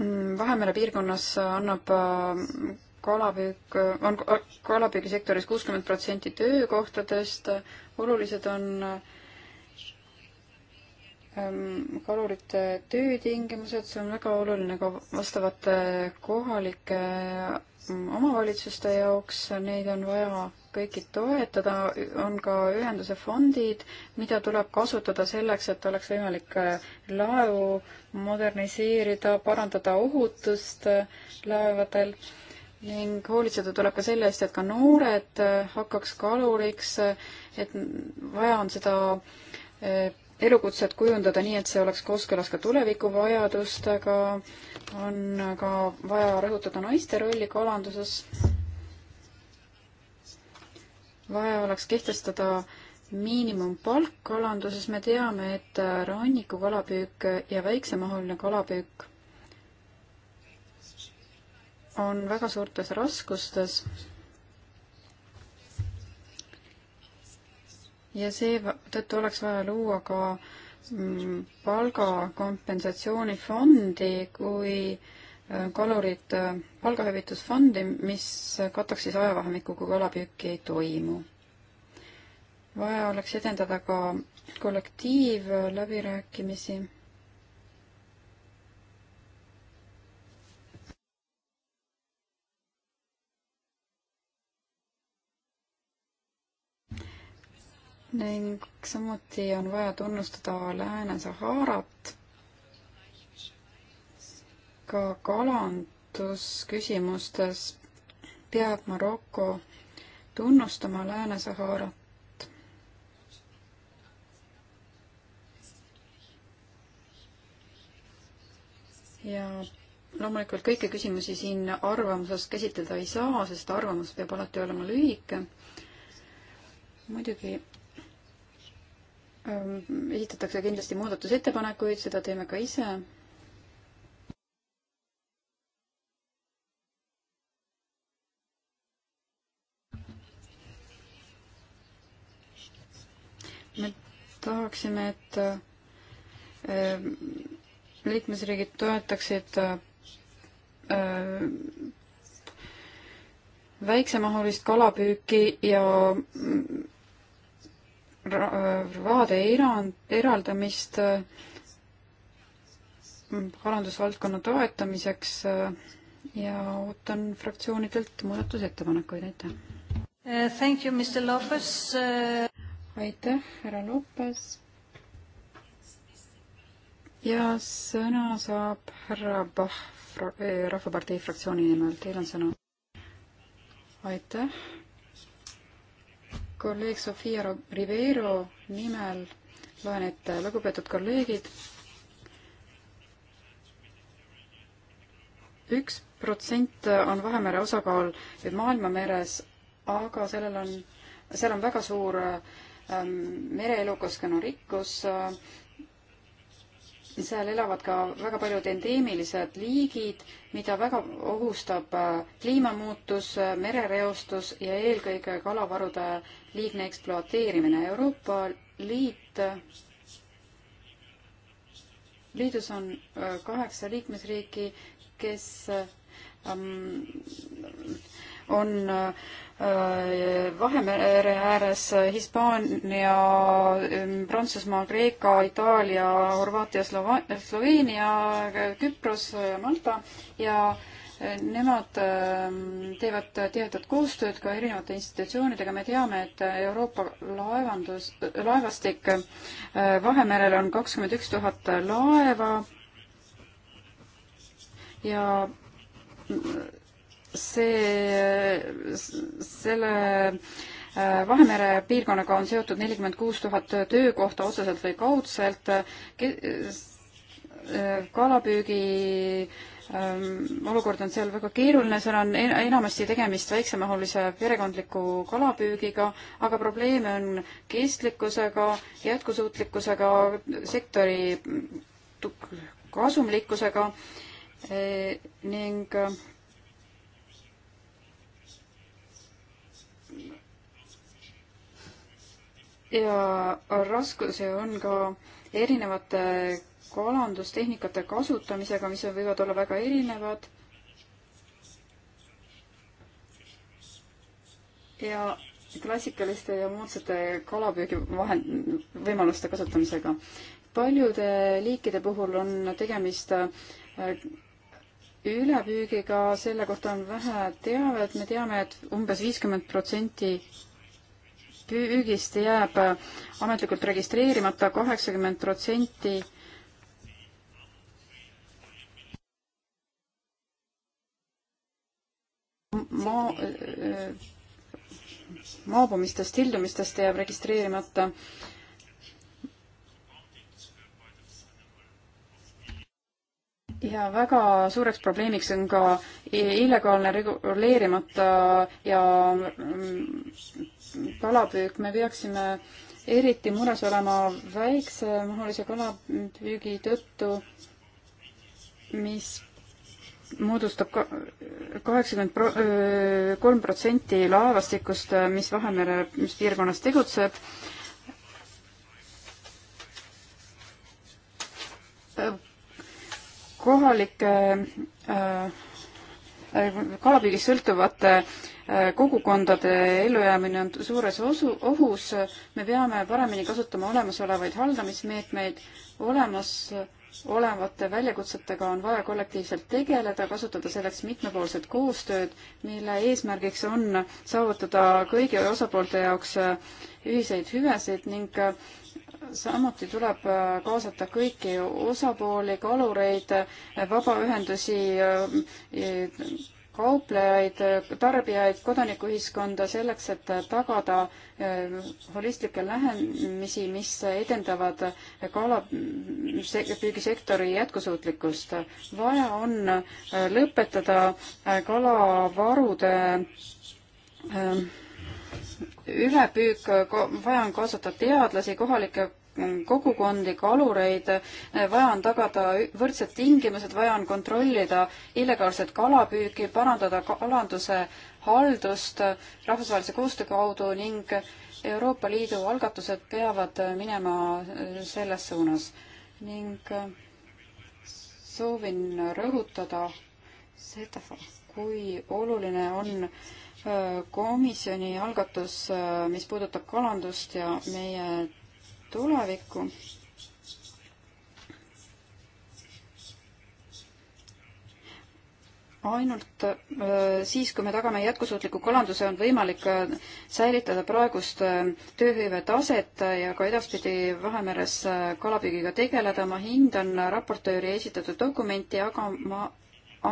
Mm, Vahemere piirkonnas annab äh, kalapüük, äh, on äh, kalapüügisektoris kuuskümmend protsenti töökohtadest, olulised on ähm, kalurite töötingimused, see on väga oluline ka vastavate kohalike omavalitsuste jaoks, neid on vaja kõiki toetada, on ka ühenduse fondid, mida tuleb kasutada selleks, et oleks võimalik äh, laevu moderniseerida, parandada ohutust äh, laevadel ning hoolitseda tuleb ka selle eest, et ka noored äh, hakkaks kaluriks, et vaja on seda elukutset kujundada nii, et see oleks kooskõlas ka tuleviku vajadustega, on ka vaja rõhutada naiste rolli kalanduses. vaja oleks kehtestada miinimumpalk kalanduses, me teame, et rannikukalapüük ja väiksemahuline kalapüük on väga suurtes raskustes ja seetõttu oleks vaja luua ka mm, palgakompensatsioonifondi kui äh, kalurid äh, palgahüvitusfondi, mis kataks siis ajavahemikku, kui kalapüüki ei toimu. vaja oleks edendada ka kollektiivläbirääkimisi ning samuti on vaja tunnustada Lääne-Saharat. ka kalandusküsimustes peab Maroko tunnustama Lääne-Saharat. ja loomulikult kõiki küsimusi siin arvamuses käsitleda ei saa, sest arvamus peab alati olema lühike. muidugi Äh, esitatakse kindlasti muudatusettepanekuid, seda teeme ka ise. me tahaksime, et äh, liikmesriigid toetaksid äh, väiksemahulist kalapüüki ja mm, rahade erand, eraldamist parandusvaldkonna mm, toetamiseks äh, ja ootan fraktsioonidelt muudatusettepanekuid, aitäh!
Uh, thank you, Mr Lopez!
Uh, aitäh, härra Lopez! ja sõna saab härra Bach fra-, eh, Rahvapartei fraktsiooni nimel, teil on sõna. aitäh, kolleeg Sofia Rivero nimel loen ette, lugupeetud kolleegid, üks protsent on Vahemere osakaal maailma meres, aga sellel on, seal on väga suur ähm, mereelukeskkonna rikkus äh,, seal elavad ka väga paljud endeemilised liigid, mida väga ohustab äh, kliimamuutus, äh, merereostus ja eelkõige kalavarude liigne ekspluateerimine. Euroopa Liit, liidus on äh, kaheksa liikmesriiki, kes ähm, on äh, Vahemere ääres Hispaania, ähm, Prantsusmaa, Kreeka, Itaalia, Horvaatia, Sloveenia, Küpros, äh, Malta ja äh, nemad ähm, teevad tihedat koostööd ka erinevate institutsioonidega. me teame, et Euroopa laevandus, laevastik Vahemerel on kakskümmend üks tuhat laeva ja see, selle äh, Vahemere piirkonnaga on seotud nelikümmend kuus tuhat töökohta otseselt või kaudselt, äh, kalapüügi ähm, olukord on seal väga keeruline, seal on enamasti tegemist väiksemahulise perekondliku kalapüügiga, aga probleeme on kestlikkusega, jätkusuutlikkusega, sektori kasumlikkusega eh, ning äh, ja raskusi on ka erinevate kalandustehnikate kasutamisega, mis võivad olla väga erinevad. ja klassikaliste ja moodsate kalapüügivahend, võimaluste kasutamisega. paljude liikide puhul on tegemist äh, ülepüügiga, selle kohta on vähe teavet, me teame, et umbes viiskümmend protsenti püügist jääb äh, ametlikult registreerimata kaheksakümmend protsenti maa, äh, maabumistest, hildumistest jääb registreerimata. ja väga suureks probleemiks on ka illegaalne reguleerimata ja mm, kalapüük, me peaksime eriti mures olema väiksemahulise kalapüügi tõttu, mis moodustab kaheksakümmend kolm protsenti laevastikust, mis Vahemere mis piirkonnas tegutseb. kohalike äh, kalapüügist sõltuvate äh, Äh, kogukondade ellujäämine on suures osu, ohus, me peame paremini kasutama olemasolevaid haldamismeetmeid, olemasolevate väljakutsetega on vaja kollektiivselt tegeleda, kasutada selleks mitmepoolset koostööd, mille eesmärgiks on saavutada kõigi osapoolte jaoks ühiseid hüvesid ning samuti tuleb kaasata kõiki osapooli, kalureid, vabaühendusi, kauplejaid, tarbijaid, kodanikuühiskonda selleks, et tagada eh, holistlikke lähenemisi, mis edendavad kalapüügisektori jätkusuutlikkust. vaja on eh, lõpetada eh, kalavarude ülepüük, vaja on kaasata teadlasi, kohalikke kogukondi, kalureid, vaja on tagada võrdsed tingimused, vaja on kontrollida illegaalset kalapüüki, parandada kalanduse haldust rahvusvahelise koostöö kaudu ning Euroopa Liidu algatused peavad minema selles suunas. ning äh, soovin rõhutada seda, kui oluline on äh, komisjoni algatus, äh, mis puudutab kalandust ja meie tulevikku. ainult äh, siis, kui me tagame jätkusuutliku kalanduse, on võimalik äh, säilitada praegust äh, tööhõive taset ja ka edaspidi Vahemeres kalapüügiga tegeleda. ma hindan raportööri esitatud dokumenti, aga ma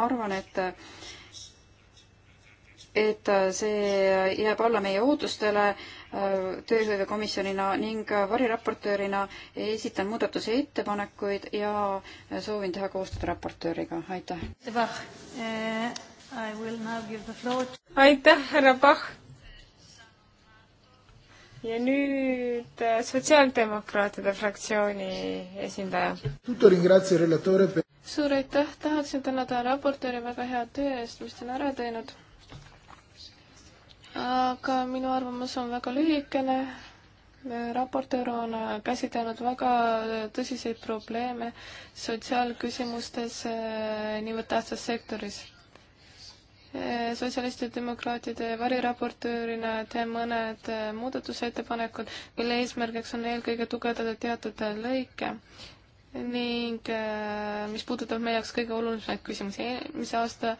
arvan, et et äh, see jääb alla meie ootustele äh, tööhõivekomisjonina ning äh, variraportöörina esitan muudatuse ettepanekuid ja soovin teha koostööd raportööriga, aitäh.
aitäh, härra Pahh.
ja nüüd Sotsiaaldemokraatide fraktsiooni
esindaja. suur aitäh, tahaksin tänada raportööri väga hea töö eest, mis ta on ära teinud aga minu arvamus on väga lühikene. raportöör on käsitlenud väga tõsiseid probleeme sotsiaalküsimustes eh, niivõrd tähtsas sektoris. Eh, sotsialistide demokraatide variraportöörina teen mõned eh, muudatusettepanekud, mille eesmärgiks on eelkõige tugevdada teatud lõike ning mis puudutab meie jaoks kõige olulisemaid küsimusi, eelmise aasta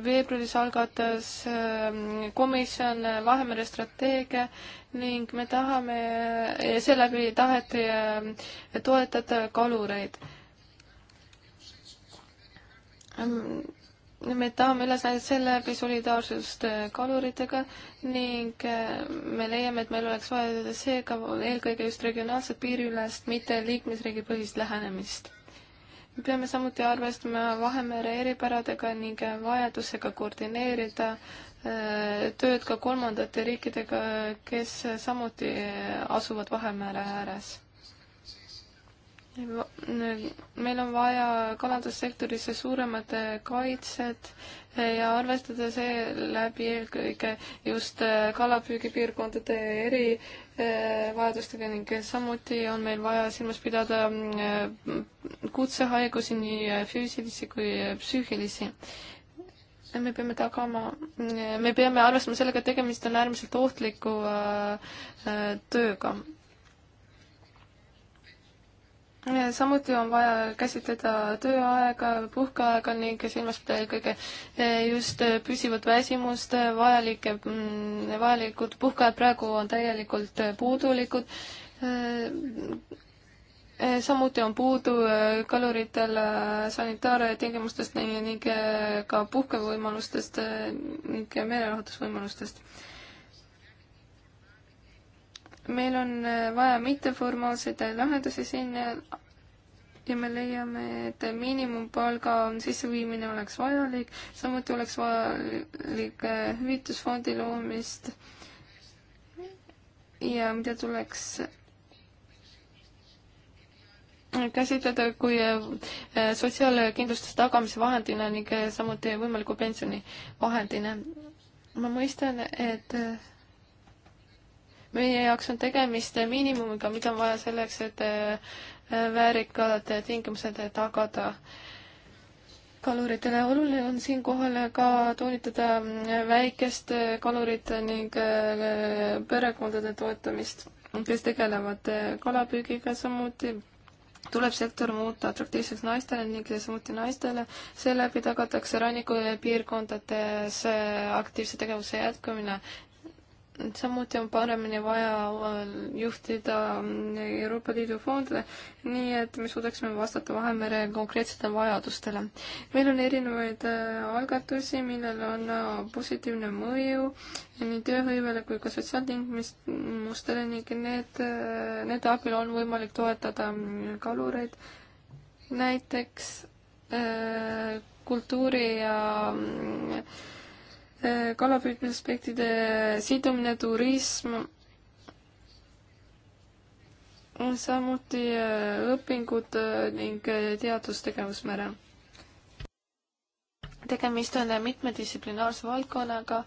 veebruaris algatas ähm, komisjon Vahemere strateegia ning me tahame, seeläbi taheti ähm, toetada kalureid. Ähm, me tahame üles näidata seeläbi solidaarsust äh, kaluritega ning äh, me leiame, et meil oleks vaja seega eelkõige just regionaalset piiriülest, mitte liikmesriigi põhist lähenemist me peame samuti arvestama Vahemere eripäradega ning vajadusega koordineerida äh, tööd ka kolmandate riikidega, kes samuti äh, asuvad Vahemere ääres meil on vaja kalandussektorisse suuremat kaitset ja arvestada seeläbi eelkõige just kalapüügipiirkondade eri eh, vajadustega ning samuti on meil vaja silmas pidada mm, kutsehaigusi, nii füüsilisi kui psüühilisi. me peame tagama, me peame arvestama sellega, et tegemist on äärmiselt ohtliku eh, eh, tööga samuti on vaja käsitleda tööaega, puhkeaega ning silmas pidada eelkõige e, just püsivat väsimust, vajalike, mm, vajalikud puhkeajad praegu on täielikult puudulikud. E, e, samuti on puudu kaluritel sanitaartingimustest ning ka puhkevõimalustest ning meelelahutusvõimalustest meil on äh, vaja mitteformaalseid lahendusi siin ja me leiame, et miinimumpalga sisseviimine oleks vajalik, samuti oleks vajalik äh, hüvitusfondi loomist ja mida tuleks äh, käsitleda kui sotsiaalkindlustuse tagamise vahendina ning samuti võimaliku pensioni vahendina. ma mõistan, et meie jaoks on tegemist miinimumiga, mida on vaja selleks, et äh, väärikad tingimused tagada kaluritele. oluline on siinkohal ka toonitada äh, väikest äh, kalurite ning perekondade toetamist, kes tegelevad kalapüügiga samuti tuleb sektor muuta atraktiivseks naistele ning samuti naistele, seeläbi tagatakse rannikupiirkondades aktiivse tegevuse jätkumine samuti on paremini vaja äh, juhtida mm, Euroopa Liidu fonde, nii et me suudaksime vastata Vahemere konkreetsetele vajadustele. meil on erinevaid äh, algatusi, millel on äh, positiivne mõju nii tööhõivele kui ka sotsiaaltingimustele ning need, nende abil on võimalik toetada mm, kalureid, näiteks kultuuri ja äh, kalapüüdmisaspektide sidumine, turism, samuti äh, õpingud äh, ning äh, teadustegevus merel. tegemist on mitmedistsiplinaarse valdkonnaga.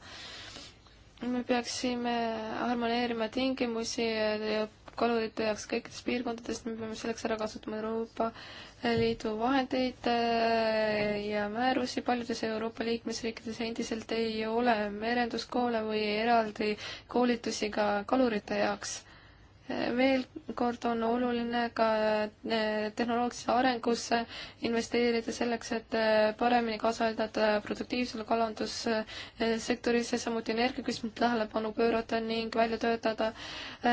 me peaksime harmoneerima tingimusi ja kalurite jaoks kõikidest piirkondadest, me peame selleks ära kasutama Euroopa Liidu vahendeid äh, ja määrusi paljudes Euroopa liikmesriikides endiselt ei ole merenduskoole või eraldi koolitusi ka kalurite jaoks veel kord on oluline ka eh, tehnoloogilisse arengusse investeerida selleks, et eh, paremini kaasa aidata produktiivsele kalandussektorisse, samuti energiaküsimusele tähelepanu pöörata ning välja töötada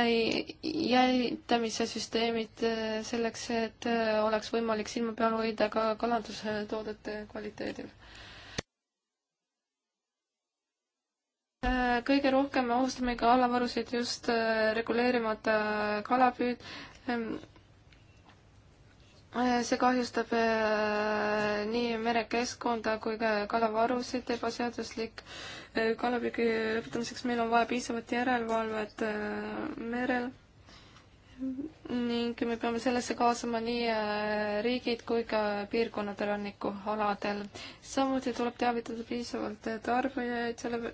eh, jälitamise süsteemid selleks, et oleks võimalik silma peal hoida ka kalandustoodete kvaliteedil. Äh, kõige rohkem me ohustame ka alavarusid just äh, reguleerimata äh, kalapüüd. Ähm, see kahjustab nii merekeskkonda kui ka kalavarusid, ebaseaduslik kalapüügi lõpetamiseks meil on vaja piisavat järelevalvet merel ning me peame sellesse kaasama nii äh, riigid kui ka piirkonnad elanikualadel. samuti tuleb teavitada piisavalt tarbijaid selle,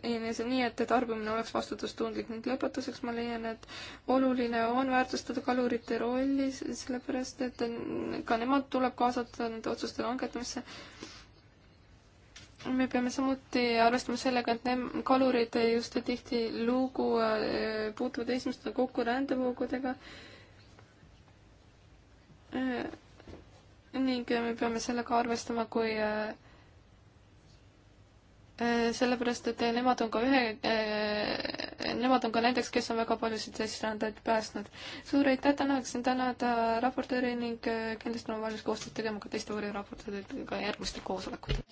nii et tarbimine oleks vastutustundlik ning lõpetuseks ma leian, et oluline on väärtustada kalurite rolli, sellepärast et ka nemad tuleb kaasata nende otsuste langetamisse me peame samuti arvestama sellega, et need kalurid just tihtilugu äh, puutuvad esimestel kokku rändevoogudega Äh, ning äh, me peame sellega arvestama, kui äh, sellepärast, et nemad on ka ühe, nemad on ka näiteks, kes on väga paljusid sisserändajaid päästnud. suur aitäh, tahaksin tänada raportööri ning kindlasti olen valmis koostööd tegema ka teiste variraportööridega järgmistel
koosolekutel.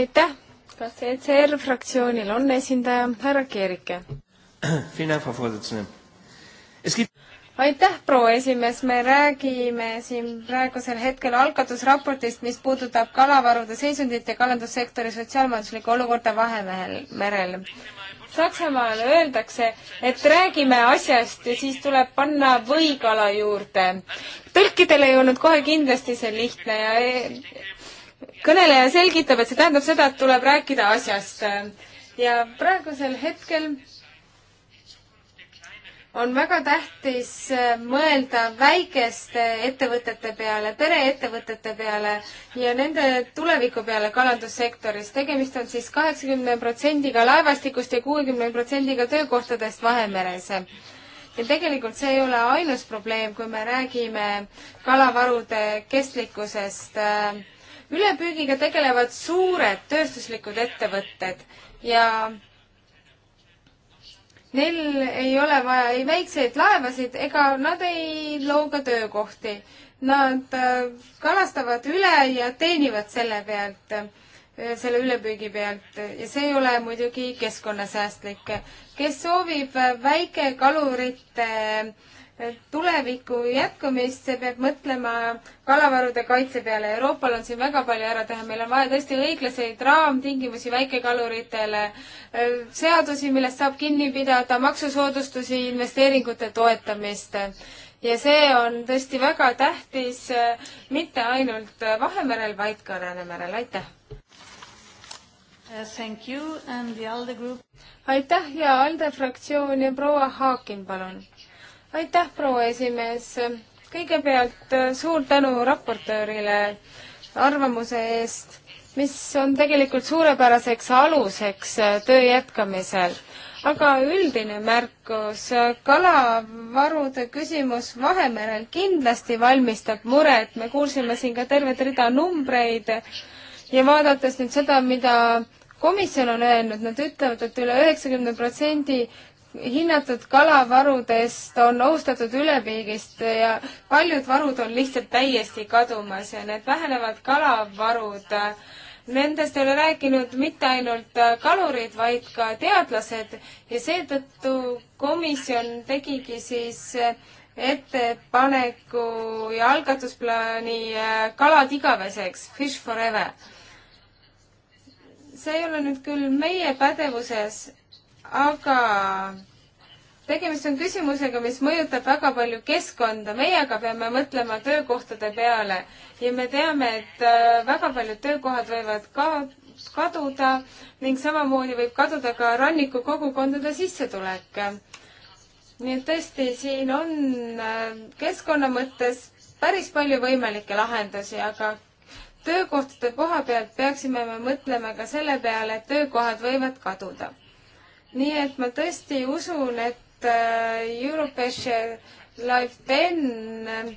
aitäh, kas ECR fraktsioonil on esindaja, härra Keerike? aitäh, proua esimees, me räägime siin praegusel hetkel algatusraportist, mis puudutab kalavarude seisundit ja kalandussektori sotsiaalmajanduslikku olukorda Vahemehel, merel. Saksamaal öeldakse, et räägime asjast ja siis tuleb panna võikala juurde. tõlkidel ei olnud kohe kindlasti see lihtne ja e-, kõneleja selgitab, et see tähendab seda, et tuleb rääkida asjast. ja praegusel hetkel on väga tähtis äh, mõelda väikeste ettevõtete peale, pereettevõtete peale ja nende tuleviku peale kalandussektoris. tegemist on siis kaheksakümne protsendiga laevastikust ja kuuekümne protsendiga töökohtadest Vahemeres. ja tegelikult see ei ole ainus probleem, kui me räägime kalavarude kestlikkusest. ülepüügiga tegelevad suured tööstuslikud ettevõtted ja Neil ei ole vaja ei väikseid laevasid ega nad ei loo ka töökohti. Nad äh, kalastavad üle ja teenivad selle pealt, äh, selle ülepüügi pealt ja see ei ole muidugi keskkonnasäästlik. kes soovib äh, väikekalurite äh, tuleviku jätkumist, see peab mõtlema kalavarude kaitse peale. Euroopal on siin väga palju ära teha, meil on vaja tõesti õiglaseid raamtingimusi väikekaluritele, äh, seadusi, millest saab kinni pidada, maksusoodustusi, investeeringute toetamist. ja see on tõesti väga tähtis äh, mitte ainult Vahemerel, vaid ka Läänemerel, aitäh!
Uh, thank you and the ALDE
group. aitäh ja ALDE fraktsioon ja proua Haakin, palun aitäh, proua esimees. kõigepealt äh, suur tänu raportöörile arvamuse eest, mis on tegelikult suurepäraseks aluseks äh, töö jätkamisel. aga üldine märkus, äh, kalavarude küsimus Vahemerel kindlasti valmistab muret, me kuulsime siin ka tervet rida numbreid ja vaadates nüüd seda, mida komisjon on öelnud, nad ütlevad et, et üle üheksakümne protsendi hinnatud kalavarudest on ohustatud ülepiigist ja paljud varud on lihtsalt täiesti kadumas ja need vähenevad kalavarud, nendest ei ole rääkinud mitte ainult kalurid, vaid ka teadlased ja seetõttu komisjon tegigi siis ettepaneku ja algatusplaani äh, Kalad igaveseks, Fish Forever. see ei ole nüüd küll meie pädevuses, aga tegemist on küsimusega, mis mõjutab väga palju keskkonda, meie aga peame mõtlema töökohtade peale ja me teame, et äh, väga paljud töökohad võivad ka kaduda ning samamoodi võib kaduda ka rannikukogukondade sissetulek. nii et tõesti, siin on äh, keskkonna mõttes päris palju võimalikke lahendusi, aga töökohtade koha pealt peaksime me mõtlema ka selle peale, et töökohad võivad kaduda nii et ma tõesti usun, et äh, European Life Ben äh,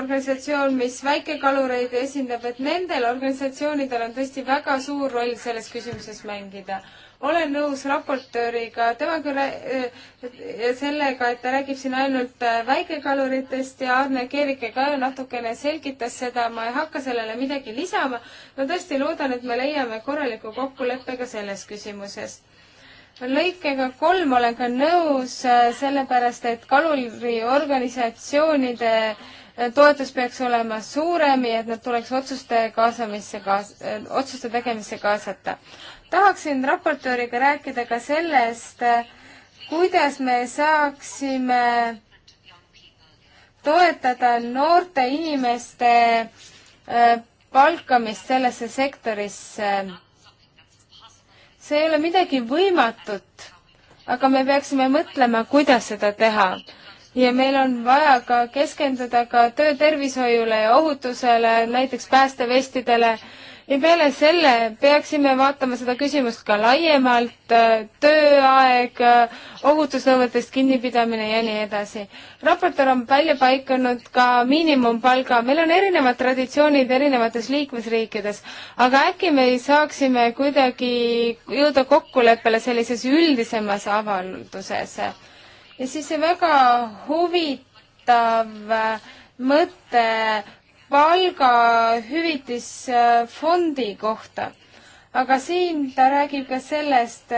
organisatsioon, mis väikekalureid esindab, et nendel organisatsioonidel on tõesti väga suur roll selles küsimuses mängida. olen nõus raportööriga, tema küll äh, sellega, et ta räägib siin ainult väikekaluritest ja Arne Keerike ka ju natukene selgitas seda, ma ei hakka sellele midagi lisama. ma tõesti loodan, et me leiame korraliku kokkuleppe ka selles küsimuses lõikega kolm olen ka nõus, äh, sellepärast et kaluriorganisatsioonide äh, toetus peaks olema suurem ja et nad tuleks otsuste kaasamisse kaas-, äh, otsuste tegemisse kaasata. tahaksin raportööriga rääkida ka sellest, kuidas me saaksime toetada noorte inimeste palkamist sellesse sektorisse see ei ole midagi võimatut, aga me peaksime mõtlema, kuidas seda teha. ja meil on vaja ka keskenduda ka töötervishoiule ja ohutusele, näiteks päästevestidele ja peale selle peaksime vaatama seda küsimust ka laiemalt, äh, tööaeg, äh, ohutusnõuetest kinnipidamine ja nii edasi. raportöör on välja paikanud ka miinimumpalga, meil on erinevad traditsioonid erinevates liikmesriikides, aga äkki me saaksime kuidagi jõuda kokkuleppele sellises üldisemas avalduses. ja siis see väga huvitav mõte palgahüvitisfondi kohta. aga siin ta räägib ka sellest,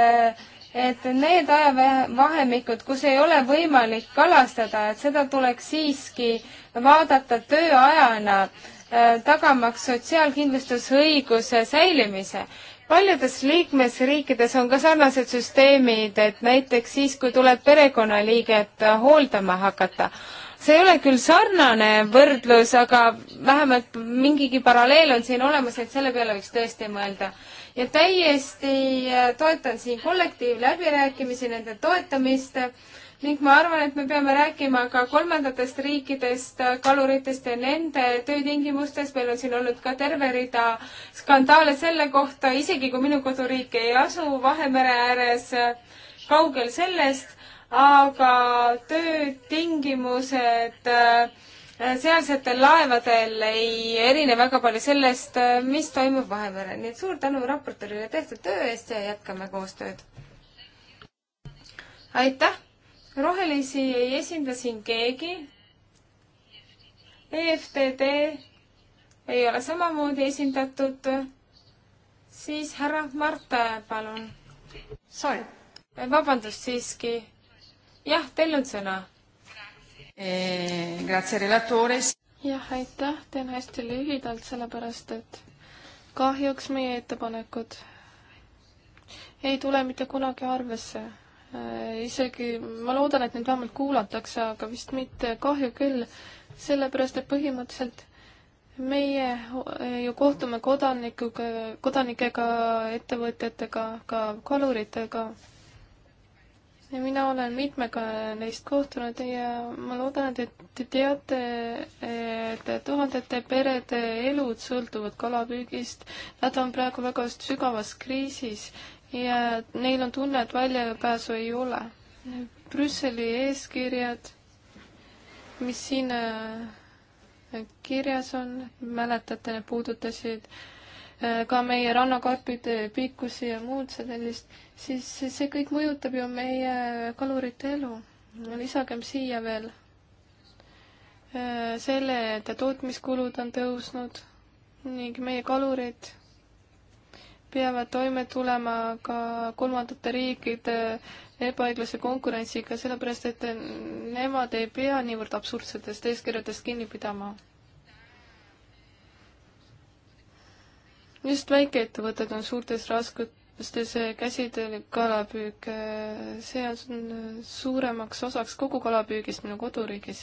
et need ajavahemikud, kus ei ole võimalik kalastada, et seda tuleks siiski vaadata tööajana, äh, tagamaks sotsiaalkindlustusõiguse säilimise. paljudes liikmesriikides on ka sarnased süsteemid, et näiteks siis, kui tuleb perekonnaliiget hooldama hakata see ei ole küll sarnane võrdlus, aga vähemalt mingigi paralleel on siin olemas, et selle peale võiks tõesti mõelda. ja täiesti äh, toetan siin kollektiivläbirääkimisi, nende toetamist ning ma arvan, et me peame rääkima ka kolmandatest riikidest, äh, kaluritest ja nende töötingimustest. meil on siin olnud ka terve rida skandaale selle kohta, isegi kui minu koduriik ei asu Vahemere ääres äh, kaugel sellest, aga töötingimused äh, sealsetel laevadel ei erine väga palju sellest, äh, mis toimub Vahemerel. nii et suur tänu raportöörile tehtud töö eest ja jätkame koostööd. aitäh! rohelisi ei esinda siin keegi. EFTD ei ole samamoodi esindatud. siis härra Marte, palun. vabandust siiski jah, teil on sõna. Eh,
jah, aitäh, teen hästi lühidalt, sellepärast et kahjuks meie ettepanekud ei tule mitte kunagi arvesse. Eh, isegi ma loodan, et neid vähemalt kuulatakse, aga vist mitte, kahju küll, sellepärast et põhimõtteliselt meie eh, ju kohtume kodanikuga, kodanikega, ettevõtjatega, ka kaluritega ka ja mina olen mitmega neist kohtunud ja ma loodan, et te teate, et tuhandete perede elud sõltuvad kalapüügist. Nad on praegu väga sügavas kriisis ja neil on tunne, et väljapääsu ei ole. Brüsseli eeskirjad, mis siin äh, kirjas on, mäletate, need puudutasid äh, Äh, ka meie rannakarpide pikkusi ja muud sellist, siis see kõik mõjutab ju meie kalurite elu. lisagem siia veel äh, selle, et tootmiskulud on tõusnud ning meie kalurid peavad toime tulema ka kolmandate riikide ebaõiglase konkurentsiga, sellepärast et nemad ei pea niivõrd absurdsetest eeskirjadest kinni pidama just väikeettevõtted on suurtes raskustes, käsitöölik kalapüük, äh, see on suuremaks osaks kogu kalapüügist minu koduriigis.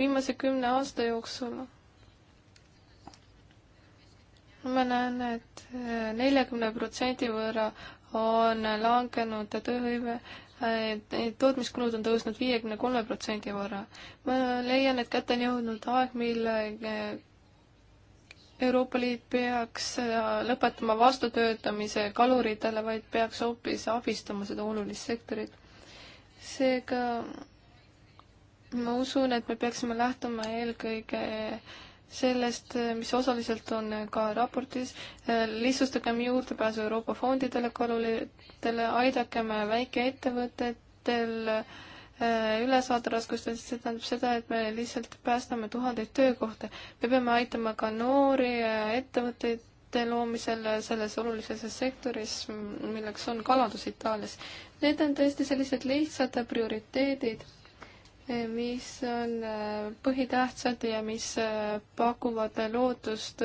viimase kümne aasta jooksul ma näen et, et äh, neljakümne protsendi võrra on langenud tööhõive, tootmiskulud on tõusnud viiekümne kolme protsendi võrra. ma leian, et kätte on jõudnud aeg, mil äh, Euroopa Liit peaks äh, lõpetama vastutöötamise kaluritele, vaid peaks hoopis abistama seda olulist sektorit. seega ma usun, et me peaksime lähtuma eelkõige sellest, mis osaliselt on ka raportis, äh, lihtsustagem juurdepääsu Euroopa fondidele, kaluritele, aidakem väikeettevõtetel et Äh, üle saada raskustest, see tähendab seda, et me lihtsalt päästame tuhandeid töökohti. me peame aitama ka noori äh, ettevõtteid loomisel äh, selles olulises sektoris, milleks on kalandus Itaalias. Need on tõesti sellised lihtsad prioriteedid, mis on põhitähtsad ja mis pakuvad lootust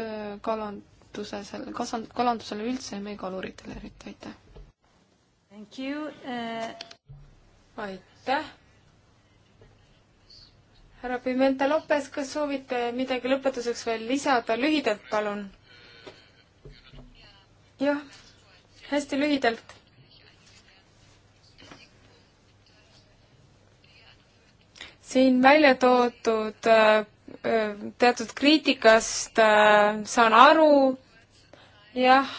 kalanduse, selle, kalandusele üldse ja meie kaluritele eriti, aitäh!
Thank you uh.... aitäh!
härra Pimenta Lopes, kas soovite midagi lõpetuseks veel lisada, lühidalt palun? jah, hästi lühidalt siin välja toodud äh, äh, teatud kriitikast äh, saan aru, jah,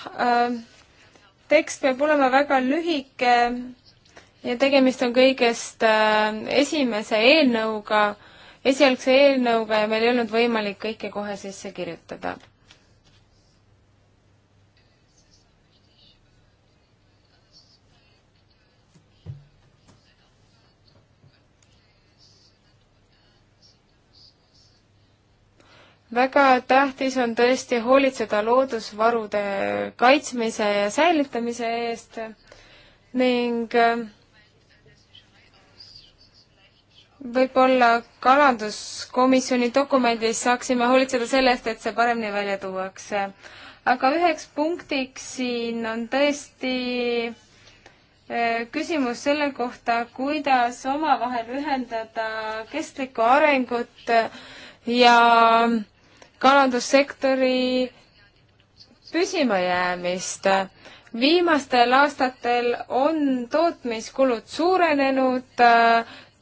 tekst peab olema väga lühike ja tegemist on kõigest esimese eelnõuga esialgse eelnõuga ja meil ei olnud võimalik kõike kohe sisse kirjutada. väga tähtis on tõesti hoolitseda loodusvarude kaitsmise ja säilitamise eest ning äh, võib-olla kalanduskomisjoni dokumendis saaksime hoolitseda selle eest, et see paremini välja tuuakse. aga üheks punktiks siin on tõesti e, küsimus selle kohta, kuidas omavahel ühendada kestlikku arengut ja kalandussektori püsimajäämist. viimastel aastatel on tootmiskulud suurenenud,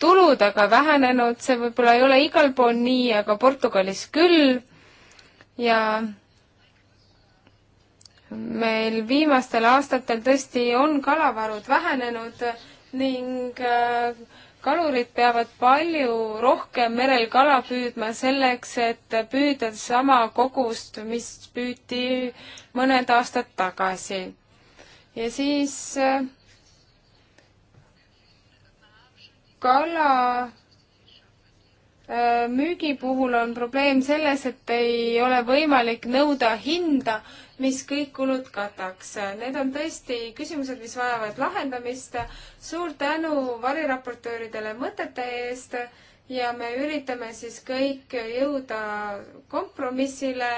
tulud aga vähenenud, see võib-olla ei ole igal pool nii, aga Portugalis küll ja meil viimastel aastatel tõesti on kalavarud vähenenud ning äh, kalurid peavad palju rohkem merel kala püüdma selleks, et püüda sama kogust, mis püüti mõned aastad tagasi. ja siis äh, kala äh, müügi puhul on probleem selles, et ei ole võimalik nõuda hinda, mis kõik kulud kataks. Need on tõesti küsimused, mis vajavad lahendamist. suur tänu variraportööridele mõtete eest ja me üritame siis kõik jõuda kompromissile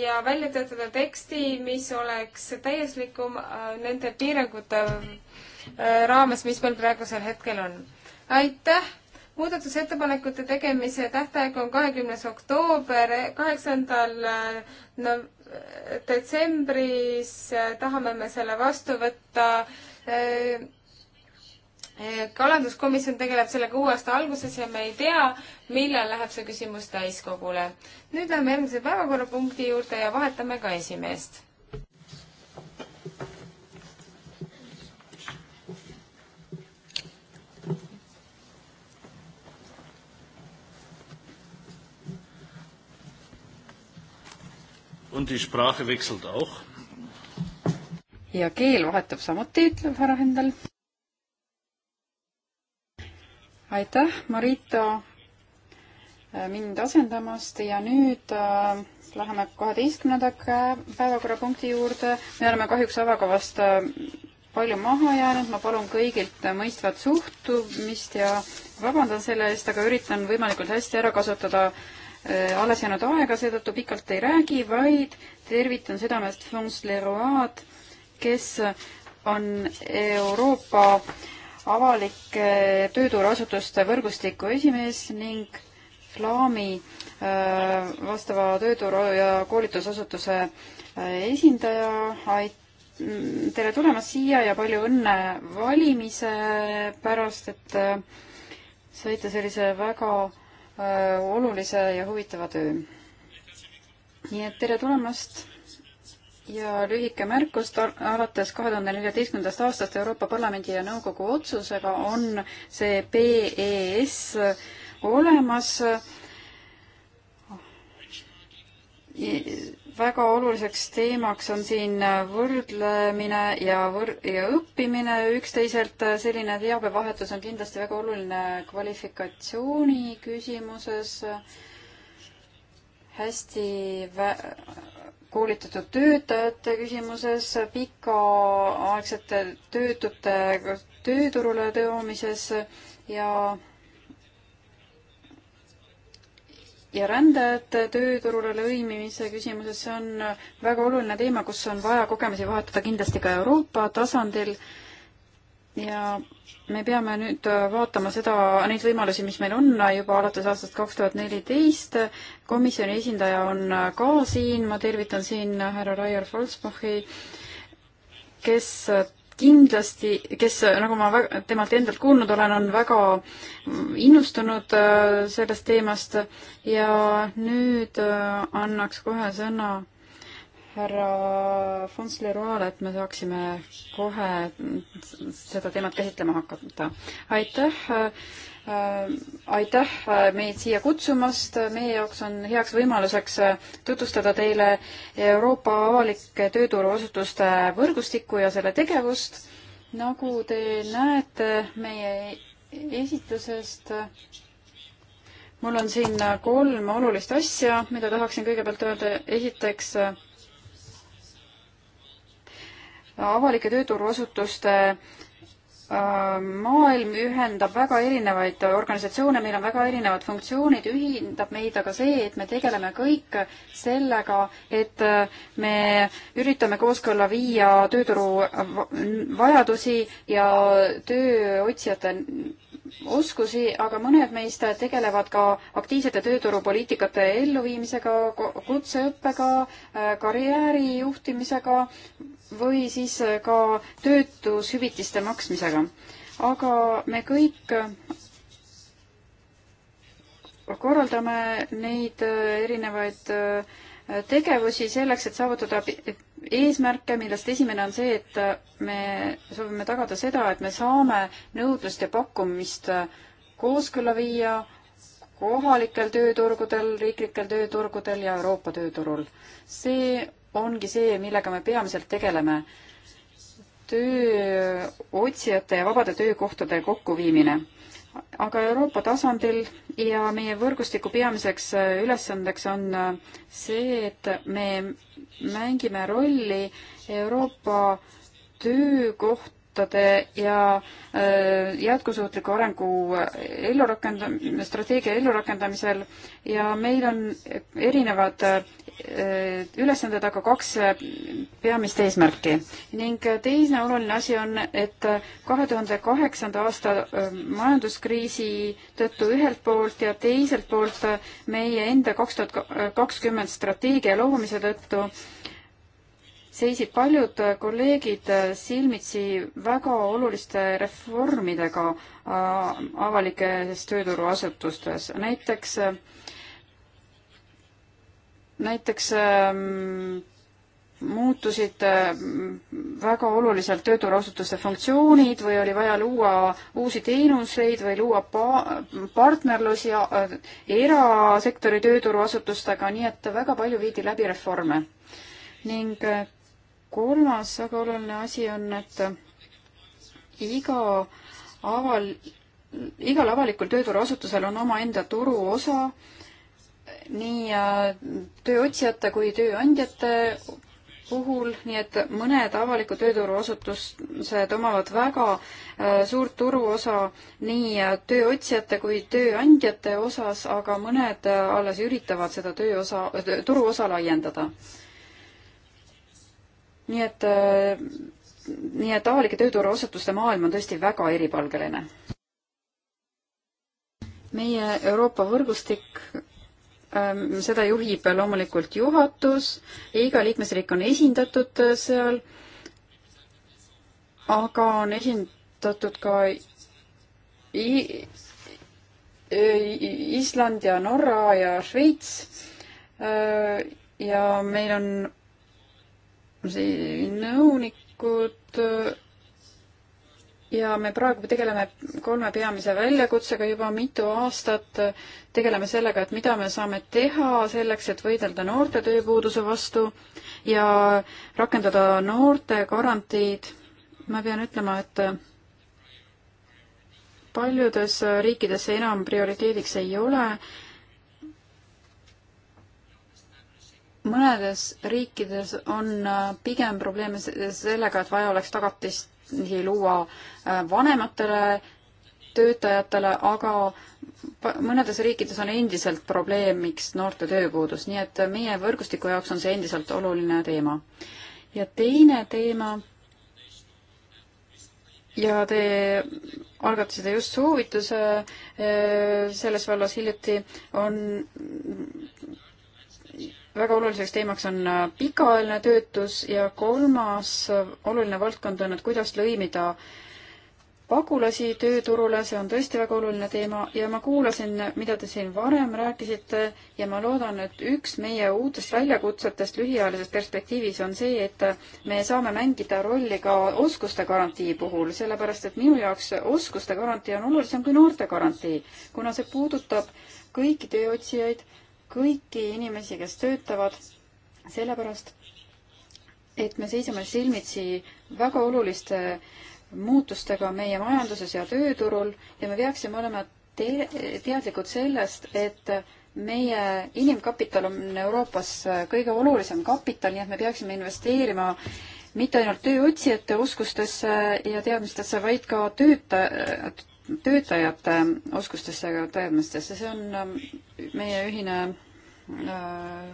ja välja töötada teksti, mis oleks täiuslikum äh, nende piirangute äh, raames, mis meil praegusel hetkel on aitäh! muudatusettepanekute tegemise tähtaeg on kahekümnes oktoober, kaheksandal eh, no, eh, detsembris eh, tahame me selle vastu võtta. kalanduskomisjon tegeleb sellega uue aasta alguses ja me ei tea, millal läheb see küsimus täiskogule. nüüd läheme järgmise päevakorrapunkti juurde ja vahetame ka esimeest
Und die Sprache wechselt auch.
ja keel vahetub samuti, ütleb härra Hendel. aitäh, Marita, äh, mind asendamast ja nüüd äh, läheme kaheteistkümnenda päevakorrapunkti juurde. me oleme kahjuks avakavast äh, palju maha jäänud, ma palun kõigilt äh, mõistvat suhtumist ja vabandan selle eest, aga üritan võimalikult hästi ära kasutada äh, Äh, alles jäänud aega, seetõttu pikalt ei räägi, vaid tervitan südamest Fons Leroy'd, kes on Euroopa avalike tööturuasutuste võrgustiku esimees ning Flaami äh, vastava tööturu ja koolitusasutuse äh, esindaja. Mm, tere tulemast siia ja palju õnne valimise pärast, et saite sellise väga Äh, olulise ja huvitava töö. nii et tere tulemast ja lühike märkus, alates kahe tuhande neljateistkümnendast aastast Euroopa Parlamendi ja Nõukogu otsusega on see PES olemas väga oluliseks teemaks on siin võrdlemine ja võr-, ja õppimine üksteiselt, äh, selline teabevahetus on kindlasti väga oluline kvalifikatsiooni küsimuses, hästi vä-, koolitatud töötajate küsimuses, pikaaegsete töötute tööturule toomises ja ja rändajate tööturule lõimimise küsimuses, see on väga oluline teema, kus on vaja kogemusi vahetada kindlasti ka Euroopa tasandil ja me peame nüüd vaatama seda, neid võimalusi, mis meil on juba alates aastast kaks tuhat neliteist. komisjoni esindaja on ka siin, ma tervitan siin härra Raier Volsbachi, kes kindlasti, kes, nagu ma väga, temalt endalt kuulnud olen, on väga innustunud äh, sellest teemast ja nüüd äh, annaks kohe sõna härra Fons Leroyale, et me saaksime kohe seda teemat käsitlema hakata. aitäh äh, aitäh äh, meid siia kutsumast, meie jaoks on heaks võimaluseks äh, tutvustada teile Euroopa avalike tööturuasutuste võrgustikku ja selle tegevust. nagu te näete meie esitlusest, mul on siin kolm olulist asja, mida tahaksin kõigepealt öelda. esiteks äh, avalike tööturuasutuste Äh, maailm ühendab väga erinevaid organisatsioone, meil on väga erinevad funktsioonid, ühendab meid aga see, et me tegeleme kõik sellega, et äh, me üritame kooskõlla viia tööturu äh, vajadusi ja tööotsijate oskusi, aga mõned meist tegelevad ka aktiivsete tööturupoliitikate elluviimisega, kutseõppega, äh, karjääri juhtimisega või siis äh, ka töötushüvitiste maksmisega. aga me kõik korraldame neid äh, erinevaid äh, tegevusi selleks, et saavutada eesmärke, millest esimene on see, et äh, me soovime tagada seda, et me saame nõudlust ja pakkumist äh, kooskõlla viia kohalikel tööturgudel, riiklikel tööturgudel ja Euroopa tööturul. see ongi see, millega me peamiselt tegeleme. tööotsijate ja vabade töökohtade kokkuviimine aga Euroopa tasandil ja meie võrgustiku peamiseks äh, ülesandeks on äh, see, et me mängime rolli Euroopa töökohtade ja äh, jätkusuutliku arengu ellurakendam-, strateegia ellurakendamisel ja meil on erinevad Äh, ülesande taga kaks äh, peamist eesmärki ning äh, teine oluline asi on, et kahe tuhande kaheksanda aasta majanduskriisi tõttu ühelt poolt ja teiselt poolt meie enda kaks tuhat kakskümmend strateegia loomise tõttu seisid paljud kolleegid silmitsi väga oluliste reformidega avalikes tööturuasutustes. näiteks näiteks ähm, muutusid ähm, väga oluliselt tööturuasutuste funktsioonid või oli vaja luua uusi teenuseid või luua pa-, partnerlusi äh, erasektori tööturuasutustega, nii et väga palju viidi läbi reforme. ning äh, kolmas väga oluline asi on, et äh, iga aval, igal avalikul tööturuasutusel on omaenda turuosa, nii tööotsijate kui tööandjate puhul, nii et mõned avaliku tööturu asutused omavad väga äh, suurt turuosa nii äh, tööotsijate kui tööandjate osas, aga mõned äh, alles üritavad seda tööosa, turuosa laiendada. nii et, nii et avalike tööturu asutuste maailm on tõesti väga eripalgeline. meie Euroopa võrgustik Ähm, seda juhib loomulikult juhatus ja iga liikmesriik on esindatud äh, seal, aga on esindatud ka äh, Island ja Norra ja Šveits äh, ja meil on siin nõunikud ja me praegu tegeleme kolme peamise väljakutsega juba mitu aastat. tegeleme sellega, et mida me saame teha selleks, et võidelda noorte tööpuuduse vastu ja rakendada noorte garantiid. ma pean ütlema, et paljudes riikides see enam prioriteediks ei ole. mõnedes riikides on pigem probleeme sellega, et vaja oleks tagatist luua äh, vanematele töötajatele, aga mõnedes riikides on endiselt probleemiks noorte tööpuudus, nii et meie võrgustiku jaoks on see endiselt oluline teema. ja teine teema, ja te algatasite just soovituse äh, selles vallas hiljuti, on väga oluliseks teemaks on äh, pikaajaline töötus ja kolmas äh, oluline valdkond on, et kuidas lõimida pagulasi tööturule, see on tõesti väga oluline teema ja ma kuulasin, mida te siin varem rääkisite ja ma loodan, et üks meie uutest väljakutsetest lühiajalises perspektiivis on see, et me saame mängida rolli ka oskuste garantii puhul, sellepärast et minu jaoks oskuste garantii on olulisem kui noorte garantii, kuna see puudutab kõiki tööotsijaid kõiki inimesi, kes töötavad, sellepärast et me seisame silmitsi väga oluliste muutustega meie majanduses ja tööturul ja me peaksime olema te teadlikud sellest, et meie inimkapital on Euroopas kõige olulisem kapital, nii et me peaksime investeerima mitte ainult tööotsijate oskustesse ja teadmistesse, vaid ka tööta-, töötajate äh, oskustesse ja teadmistesse, see on ähm, meie ühine äh,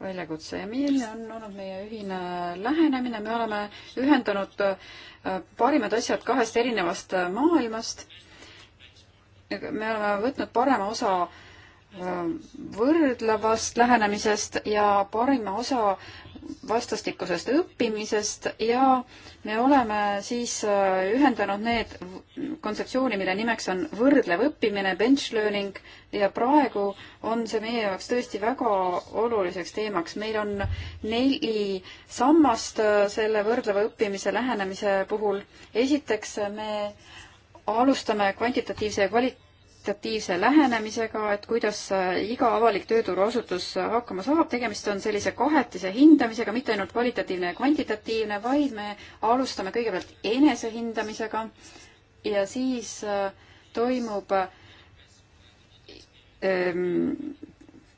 väljakutse ja milline on olnud meie ühine lähenemine, me oleme ühendanud äh, parimad asjad kahest erinevast maailmast. me oleme võtnud parema osa võrdlevast lähenemisest ja parima osa vastastikusest õppimisest ja me oleme siis äh, ühendanud need kontseptsiooni, mille nimeks on võrdlev õppimine, bench learning ja praegu on see meie jaoks tõesti väga oluliseks teemaks. meil on neli sammast äh, selle võrdleva õppimise lähenemise puhul. esiteks me alustame kvantitatiivse ja kvali-, kvantitatiivse lähenemisega, et kuidas äh, iga avalik tööturuasutus äh, hakkama saab. tegemist on sellise kahetise hindamisega, mitte ainult kvalitatiivne ja kvantitatiivne, vaid me alustame kõigepealt enesehindamisega ja siis äh, toimub ähm,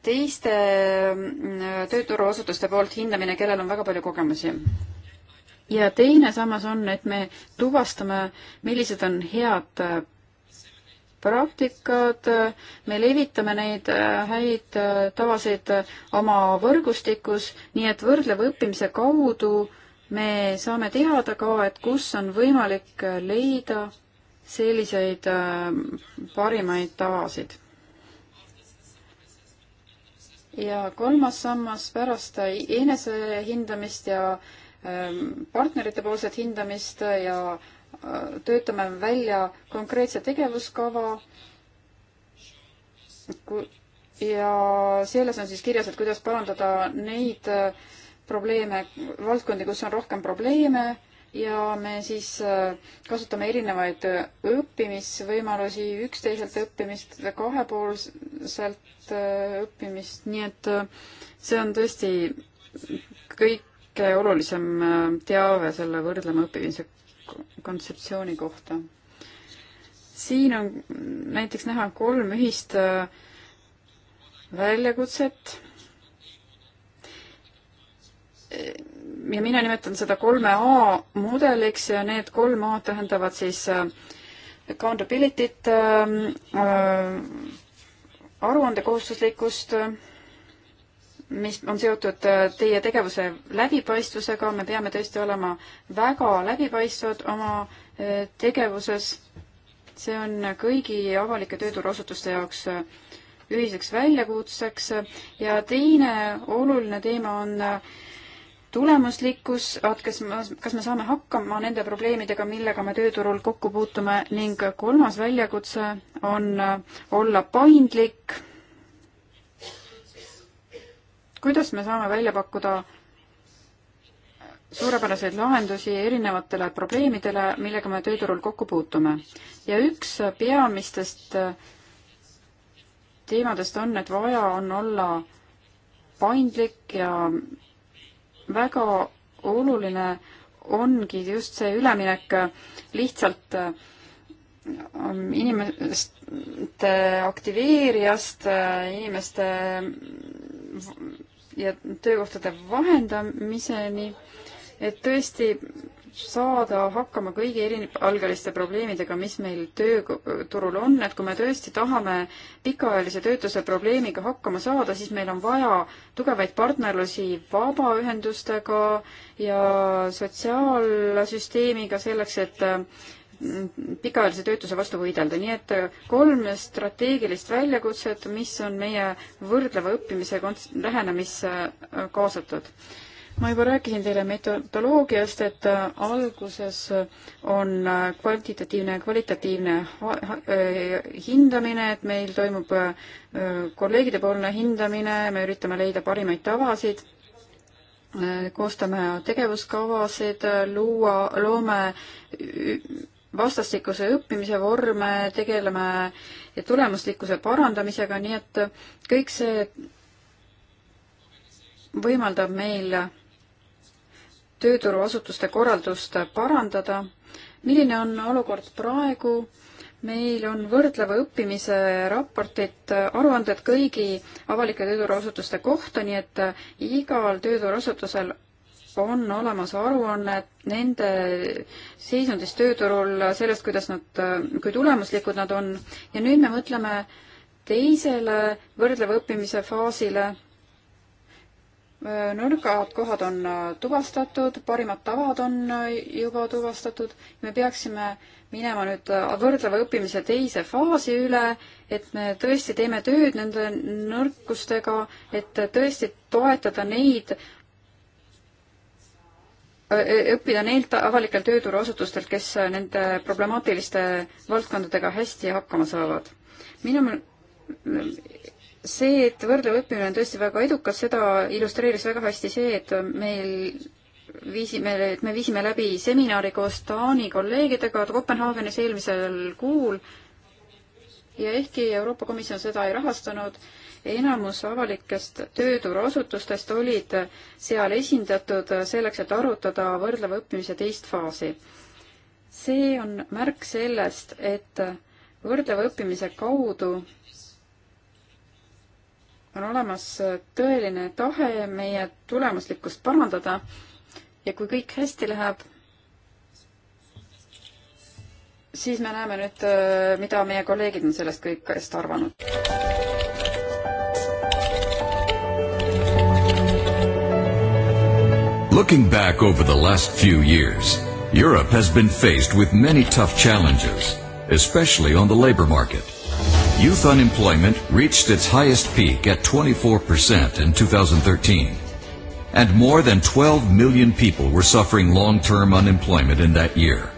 teiste mm, tööturuasutuste poolt hindamine, kellel on väga palju kogemusi ja teine sammas on, et me tuvastame, millised on head praktikad, me levitame neid äh, häid äh, tavasid äh, oma võrgustikus, nii et võrdleva õppimise kaudu me saame teada ka, et kus on võimalik leida selliseid parimaid tavasid. ja kolmas sammas pärast enesehindamist ja ähm, partneritepoolset hindamist ja töötame välja konkreetse tegevuskava ja selles on siis kirjas, et kuidas parandada neid äh, probleeme, valdkondi, kus on rohkem probleeme ja me siis äh, kasutame erinevaid äh, õppimisvõimalusi, üksteiselt õppimist, kahepoolselt õppimist, nii et see on tõesti kõige olulisem teave selle võrdlema õppimise kontseptsiooni kohta. siin on näiteks näha kolm ühist äh, väljakutset. Äh, ja mina nimetan seda kolme A mudeliks ja need kolm A tähendavad siis äh, accountability't, aruandekohustuslikkust äh,, mis on seotud äh, teie tegevuse läbipaistvusega, me peame tõesti olema väga läbipaistvad oma äh, tegevuses. see on kõigi avalike tööturuasutuste jaoks äh, ühiseks väljakutseks ja teine oluline teema on tulemuslikkus, et kas me, kas me saame hakkama nende probleemidega, millega me tööturul kokku puutume ning kolmas väljakutse on olla paindlik kuidas me saame välja pakkuda suurepäraseid lahendusi erinevatele probleemidele, millega me tööturul kokku puutume. ja üks peamistest teemadest on, et vaja on olla paindlik ja väga oluline ongi just see üleminek lihtsalt ähm, inimeste aktiveerijast, äh, inimeste ja töökohtade vahendamiseni, et tõesti saada hakkama kõigi eripalgeliste probleemidega, mis meil tööturul on, et kui me tõesti tahame pikaajalise töötuse probleemiga hakkama saada, siis meil on vaja tugevaid partnerlusi vabaühendustega ja sotsiaalsüsteemiga selleks, et pikaajalise töötuse vastu võidelda, nii et kolm strateegilist väljakutset, mis on meie võrdleva õppimise lähenemisse äh, kaasatud. ma juba rääkisin teile metodoloogiast, et äh, alguses on äh, kvantitatiivne ja kvalitatiivne hindamine, et meil toimub kolleegidepoolne hindamine, me üritame leida parimaid tavasid koostame tegevuskavasid, luua, loome vastastikuse õppimise vorme, tegeleme tulemuslikkuse parandamisega, nii et kõik see võimaldab meil tööturuasutuste korraldust parandada. milline on olukord praegu? meil on võrdleva õppimise raportid, aruanded kõigi avalike tööturuasutuste kohta, nii et igal tööturuasutusel on olemas aruanne nende seisundist tööturul, sellest, kuidas nad, kui tulemuslikud nad on ja nüüd me mõtleme teisele võrdleva õppimise faasile. nõrgad kohad on tuvastatud, parimad tavad on juba tuvastatud, me peaksime minema nüüd võrdleva õppimise teise faasi üle, et me tõesti teeme tööd nende nõrkustega, et tõesti toetada neid Äh, äh, õppida neilt avalikelt tööturuasutustelt, kes äh, nende problemaatiliste valdkondadega hästi hakkama saavad. minu see, et võrdlev õppimine on tõesti väga edukas, seda illustreeris väga hästi see, et meil viisime, et me viisime läbi seminari koos Taani kolleegidega Kopenhaagenis eelmisel kuul ja ehkki Euroopa Komisjon seda ei rahastanud, enamus avalikest tööturuasutustest olid seal esindatud selleks, et arutada võrdleva õppimise teist faasi. see on märk sellest, et võrdleva õppimise kaudu on olemas tõeline tahe meie tulemuslikkust parandada ja kui kõik hästi läheb, siis me näeme nüüd, äh, mida meie kolleegid on sellest kõigest arvanud.
Looking back over the last few years, Europe has been faced with many tough challenges, especially on the labor market. Youth unemployment reached its highest peak at 24% in 2013, and more than 12 million people were suffering long-term unemployment in that year.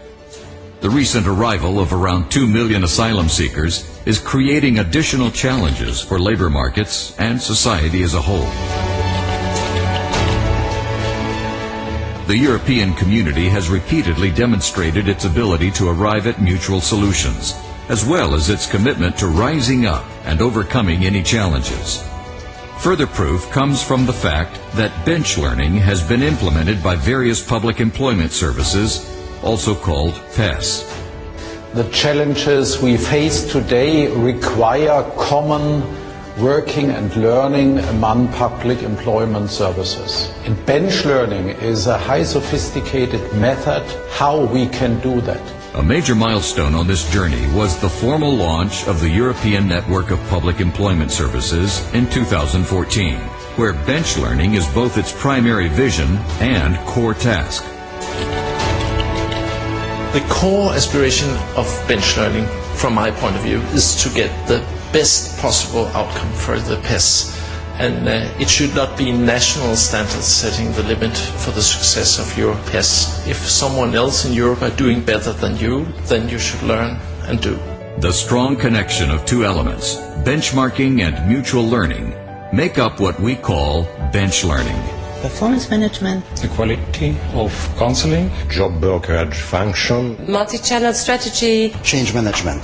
The recent arrival of around 2 million asylum seekers is creating additional challenges for labor markets and society as a whole. the European community has repeatedly demonstrated its ability to arrive at mutual solutions, as well as its commitment to rising up and overcoming any challenges. Further proof comes from the fact that bench learning has been implemented by various public employment services, also called PES. The challenges we face today require common working and learning among public employment services. And bench learning is a high sophisticated method how we can do that. A major milestone on this journey was the formal launch of the European Network of Public Employment Services in 2014, where bench learning is both its primary vision and core task. The core aspiration of bench learning from my point of view, is to get the best possible outcome for the pests. And uh, it should not be national standards setting the limit for the success of your pests. If someone else in Europe are doing better than you, then you should learn and do. The strong connection of two elements, benchmarking and mutual learning, make up what we call bench learning
performance management,
the quality of counseling, job brokerage function,
multi-channel strategy,
change management.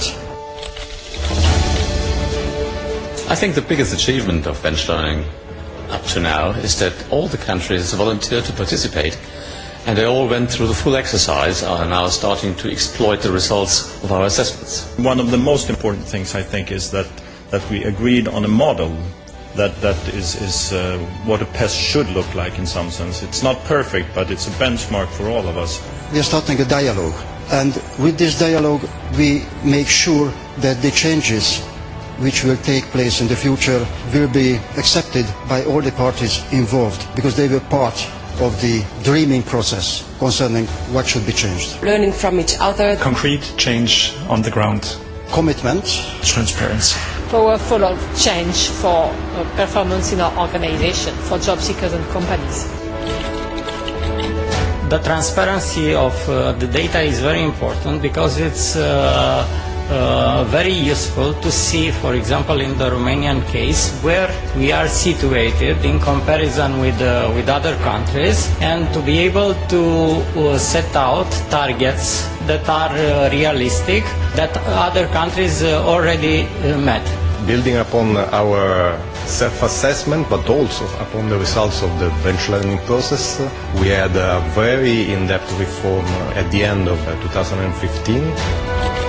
I think the biggest achievement of benchlearning up to now is that all the countries volunteered to participate and they all went through the full exercise and are now starting to exploit the results of our assessments. One of the most important things I think is that, that we agreed on a model that that is, is uh, what a pest should look like in some sense. It's not perfect, but it's a benchmark for all of us. We are starting a dialogue, and
with this dialogue, we make sure that the changes which will take place in the future will be accepted by all the parties involved because they were part
of the dreaming process concerning what should be changed.
Learning from each other.
Concrete change on the ground. Commitment. Transparency
powerful of change for uh, performance in our organization, for job seekers and companies.
The transparency of uh, the data is very important because it's uh, uh, very useful to see, for example, in the
Romanian case, where we are situated in comparison with, uh, with other countries, and to be able to uh, set out targets that are uh, realistic that other countries uh, already uh, met building
upon our self-assessment, but also upon the results of the bench learning
process. Uh, we had a very in-depth reform at the end of 2015. Uh,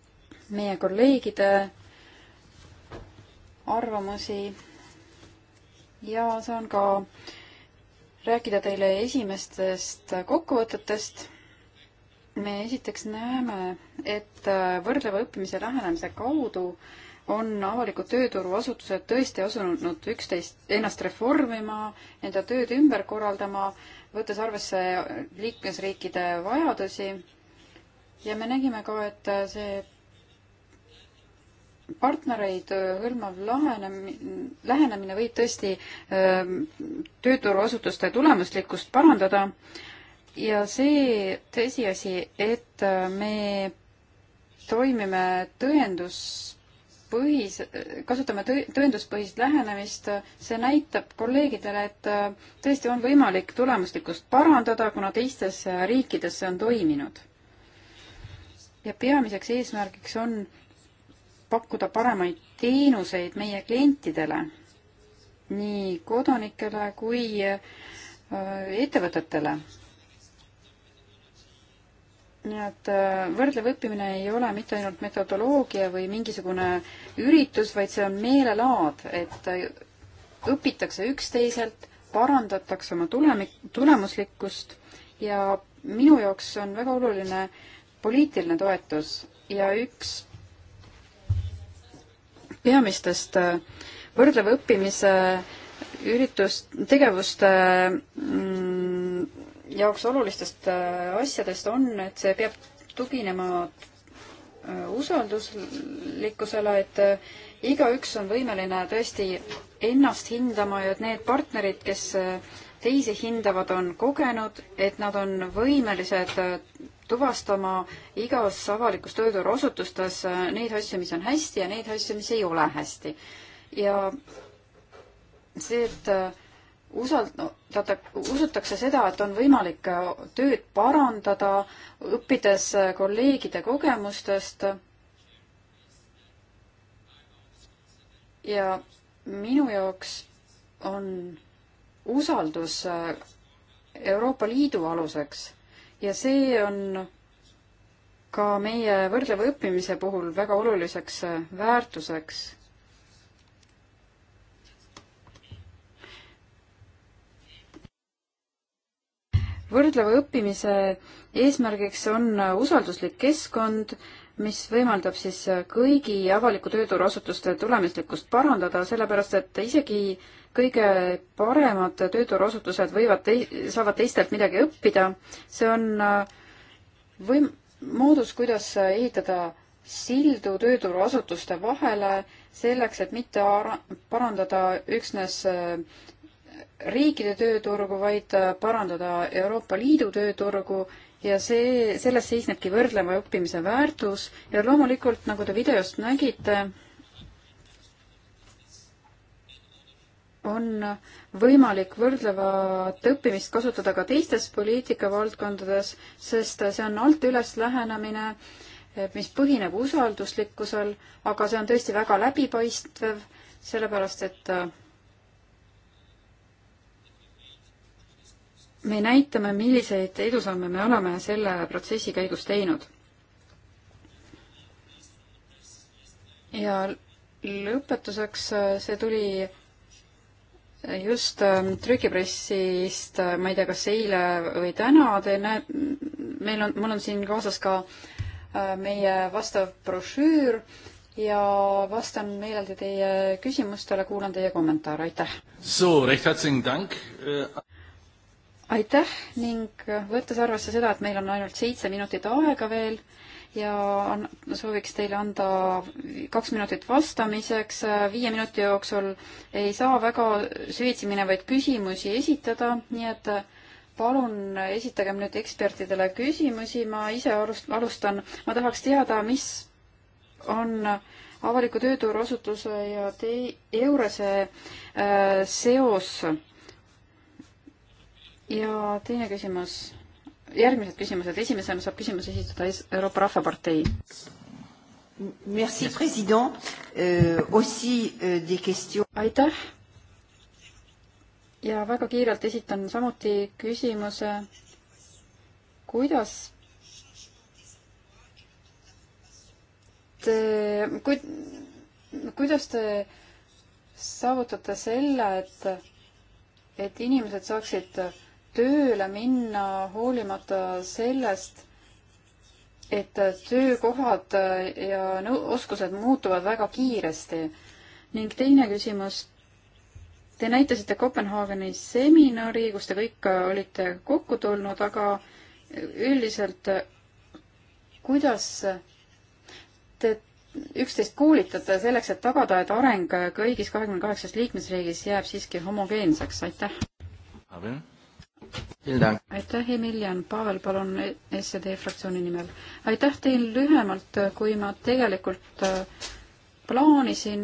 meie kolleegide arvamusi ja saan ka rääkida teile esimestest kokkuvõtetest. me esiteks näeme, et võrdleva õppimise lähenemise kaudu on avalikud tööturuasutused tõesti asunud üksteist, ennast reformima, enda tööd ümber korraldama, võttes arvesse liikmesriikide vajadusi. ja me nägime ka, et see partnereid äh, hõlmav lahenemine, lähenemine võib tõesti ähm, tööturuasutuste tulemuslikkust parandada ja see tõsiasi, et äh, me toimime tõenduspõhis, kasutame tõenduspõhist lähenemist, see näitab kolleegidele, et äh, tõesti on võimalik tulemuslikkust parandada, kuna teistes riikides see on toiminud. ja peamiseks eesmärgiks on äh, pakkuda paremaid teenuseid meie klientidele, nii kodanikele kui äh, ettevõtetele. nii et äh, võrdlev õppimine ei ole mitte ainult metodoloogia või mingisugune üritus, vaid see on meelelaad, et äh, õpitakse üksteiselt, parandatakse oma tulemik, tulemuslikkust ja minu jaoks on väga oluline poliitiline toetus ja üks peamistest äh, võrdleva õppimise üritust, tegevuste mm, jaoks olulistest äh, asjadest on, et see peab tuginema äh, usalduslikkusele, et igaüks on võimeline tõesti ennast hindama ja et need partnerid, kes teisi hindavad, on kogenud, et nad on võimelised tuvastama igas avalikus tööturuasutustes äh, neid asju, mis on hästi ja neid asju, mis ei ole hästi. ja see, et äh, usaldada, usutakse seda, et on võimalik äh, tööd parandada, õppides kolleegide kogemustest. ja minu jaoks on usaldus Euroopa Liidu aluseks ja see on ka meie võrdleva õppimise puhul väga oluliseks äh, väärtuseks. võrdleva õppimise eesmärgiks on usalduslik keskkond, mis võimaldab siis kõigi avaliku tööturu asutuste tulemuslikkust parandada, sellepärast et isegi kõige paremad tööturu asutused võivad tei-, saavad teistelt midagi õppida, see on äh, võim-, moodus, kuidas ehitada sildu tööturu asutuste vahele, selleks et mitte ara-, parandada üksnes äh, riikide tööturgu, vaid äh, parandada Euroopa Liidu tööturgu ja see, selles seisnebki võrdleva õppimise väärtus ja loomulikult, nagu te videost nägite, on võimalik võrdlevat õppimist kasutada ka teistes poliitikavaldkondades, sest see on alt üles lähenemine, mis põhineb usalduslikkusel, aga see on tõesti väga läbipaistev, sellepärast et me näitame, milliseid edusamme me oleme selle protsessi käigus teinud. ja lõpetuseks, see tuli just ähm, trükipressist, äh, ma ei tea, kas eile või täna, te näe-, meil on, mul on siin kaasas ka äh, meie vastav brošüür ja vastan meeleldi teie küsimustele, kuulan teie kommentaare, aitäh! aitäh ning äh, võttes arvesse seda, et meil on ainult seitse minutit aega veel ja sooviks teile anda kaks minutit vastamiseks. Äh, viie minuti jooksul ei saa väga süvitsi minevaid küsimusi esitada, nii et äh, palun esitagem nüüd ekspertidele küsimusi. ma ise alustan, ma tahaks teada, mis on avaliku tööturu asutuse ja te-, Eurose seos ja teine küsimus, järgmised küsimused, esimesena saab küsimuse esitada Euroopa Rahvapartei. Merci, president uh,, aussi uh, des questions. aitäh. ja väga kiirelt esitan samuti küsimuse, kuidas te, kui, kuidas te saavutate selle, et, et inimesed saaksid tööle minna hoolimata sellest, et töökohad ja oskused muutuvad väga kiiresti. ning teine küsimus. Te näitasite Kopenhaageni seminari, kus te kõik olite kokku tulnud, aga üldiselt kuidas te üksteist koolitate selleks, et tagada, et areng kõigis kahekümne kaheksas liikmesriigis jääb siiski homogeenseks, aitäh! aitäh, Emilian, Pavel, palun SED fraktsiooni nimel. aitäh teil lühemalt, kui ma tegelikult äh, plaanisin.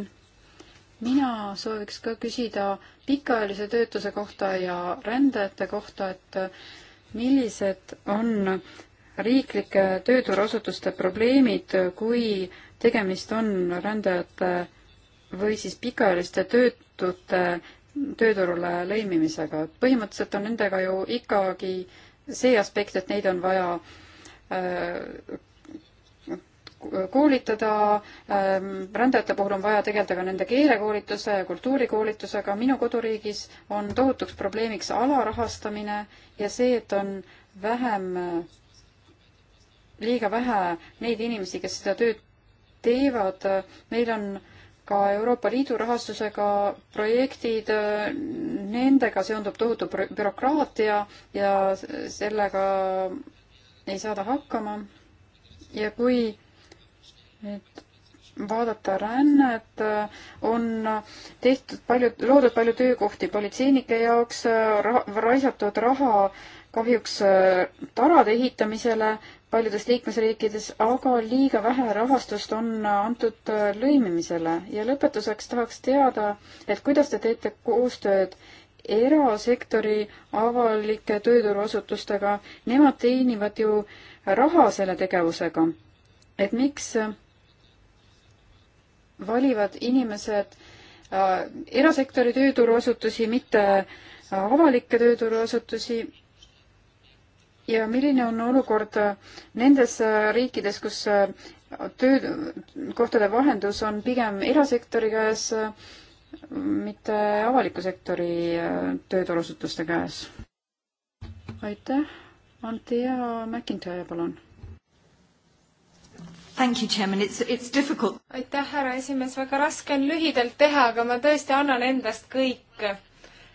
mina sooviks ka küsida pikaajalise töötuse kohta ja rändajate kohta, et äh, millised on riiklike tööturuasutuste probleemid, kui tegemist on rändajate või siis pikaajaliste töötute tööturule lõimimisega, et põhimõtteliselt on nendega ju ikkagi see aspekt, et neid on vaja äh, koolitada, ähm, rändajate puhul on vaja tegeleda ka nende keelekoolituse ja kultuurikoolitusega, minu koduriigis on tohutuks probleemiks alarahastamine ja see, et on vähem, liiga vähe neid inimesi, kes seda tööd teevad, meil on äh, ka Euroopa Liidu rahastusega projektid, nendega seondub tohutu bürokraatia ja sellega ei saada hakkama. ja kui nüüd vaadata rännet, on tehtud palju, loodud palju töökohti politseinike jaoks, raisatud raha kahjuks tarade ehitamisele paljudes liikmesriikides, aga liiga vähe rahastust on antud äh, lõimimisele. ja lõpetuseks tahaks teada, et kuidas te teete koostööd erasektori avalike tööturuasutustega, nemad teenivad ju raha selle tegevusega. et miks äh, valivad inimesed äh, erasektori tööturuasutusi, mitte äh, avalikke tööturuasutusi ja milline on olukord äh, nendes äh, riikides, kus äh, töökohtade vahendus on pigem erasektori käes, mitte avaliku sektori tööturusutuste käes? aitäh, Anti ja McIntyre, palun Thank you, Chairman.
It's, it's difficult. aitäh, härra esimees, väga raske on lühidalt teha, aga ma tõesti annan endast kõik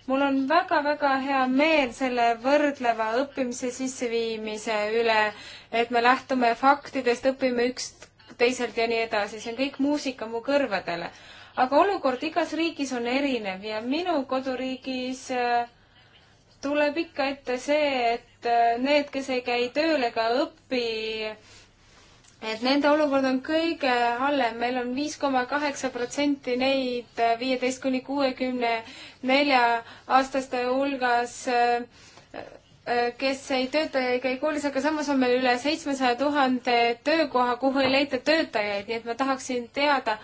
mul on väga-väga hea meel selle võrdleva õppimise sisseviimise üle, et me lähtume faktidest, õpime üksteiselt ja nii edasi, see on kõik muusika mu kõrvadele. aga olukord igas riigis on erinev ja minu koduriigis äh, tuleb ikka ette see, et äh, need, kes ei käi tööl ega õpi, et nende olukord on kõige halvem, meil on viis koma kaheksa protsenti neid viieteist kuni kuuekümne nelja aastaste hulgas, äh, äh, kes ei tööta ja ei käi koolis, aga samas on meil üle seitsmesaja tuhande töökoha, kuhu ei leita töötajaid, nii et ma tahaksin teada,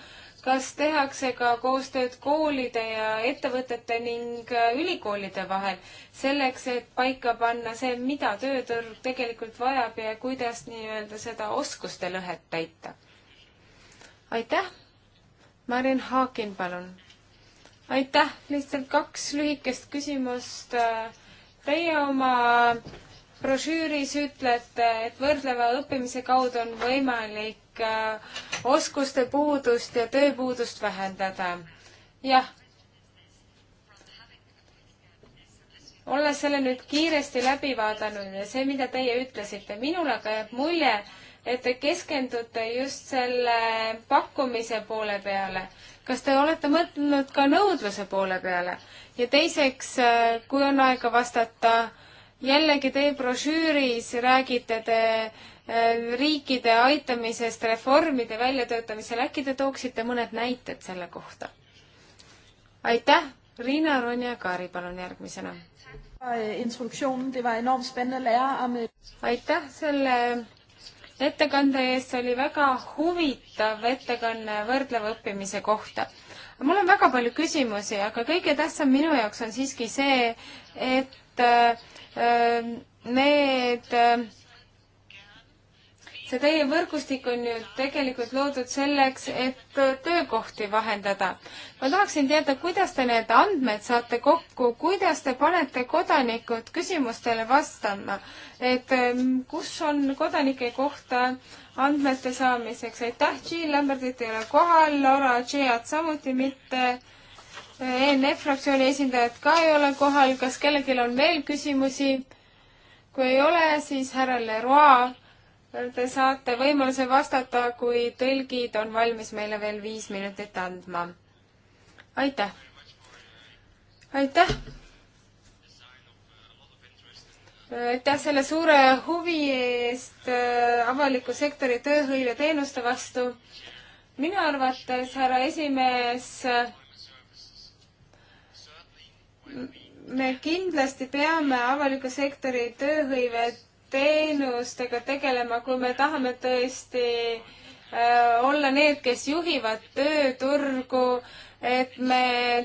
kas tehakse ka koostööd koolide ja ettevõtete ning äh, ülikoolide vahel selleks, et paika panna see, mida tööturg tegelikult vajab ja kuidas nii-öelda seda oskuste lõhet täita? aitäh, Marin Haakin, palun. aitäh, lihtsalt kaks lühikest küsimust. Teie oma brošüüris ütlete, et võrdleva õppimise kaudu on võimalik Äh, oskuste puudust ja tööpuudust vähendada. jah. olles selle nüüd kiiresti läbi vaadanud ja see, mida teie ütlesite, minul aga jääb mulje, et te keskendute just selle pakkumise poole peale. kas te olete mõtelnud ka nõudluse poole peale? ja teiseks, äh, kui on aega vastata, jällegi teie brošüüris räägite te äh, riikide aitamisest reformide väljatöötamisel, äkki te tooksite mõned näited selle kohta? aitäh, Riina Ronja Kaari, palun järgmisena. Øh, aitäh selle ettekande eest, see oli väga huvitav ettekanne võrdleva õppimise kohta. mul on väga palju küsimusi, aga kõige tähtsam minu jaoks on siiski see, et äh, äh need äh, see teie võrgustik on ju tegelikult loodud selleks, et töökohti vahendada. ma tahaksin teada, kuidas te need andmed saate kokku, kuidas te panete kodanikud küsimustele vastama, et mm, kus on kodanike kohta andmete saamiseks, aitäh, Jean Lambertit ei ole kohal, Laura Tšead samuti mitte. ENF fraktsiooni esindajad ka ei ole kohal, kas kellelgi on veel küsimusi? kui ei ole, siis härra Leroy Te saate võimaluse vastata, kui tõlgid on valmis meile veel viis minutit andma. aitäh! aitäh! aitäh selle suure huvi eest äh, avaliku sektori tööhõive teenuste vastu. minu arvates, härra esimees, me kindlasti peame avaliku sektori tööhõivet teenustega tegelema, kui me tahame tõesti äh, olla need, kes juhivad tööturgu, et me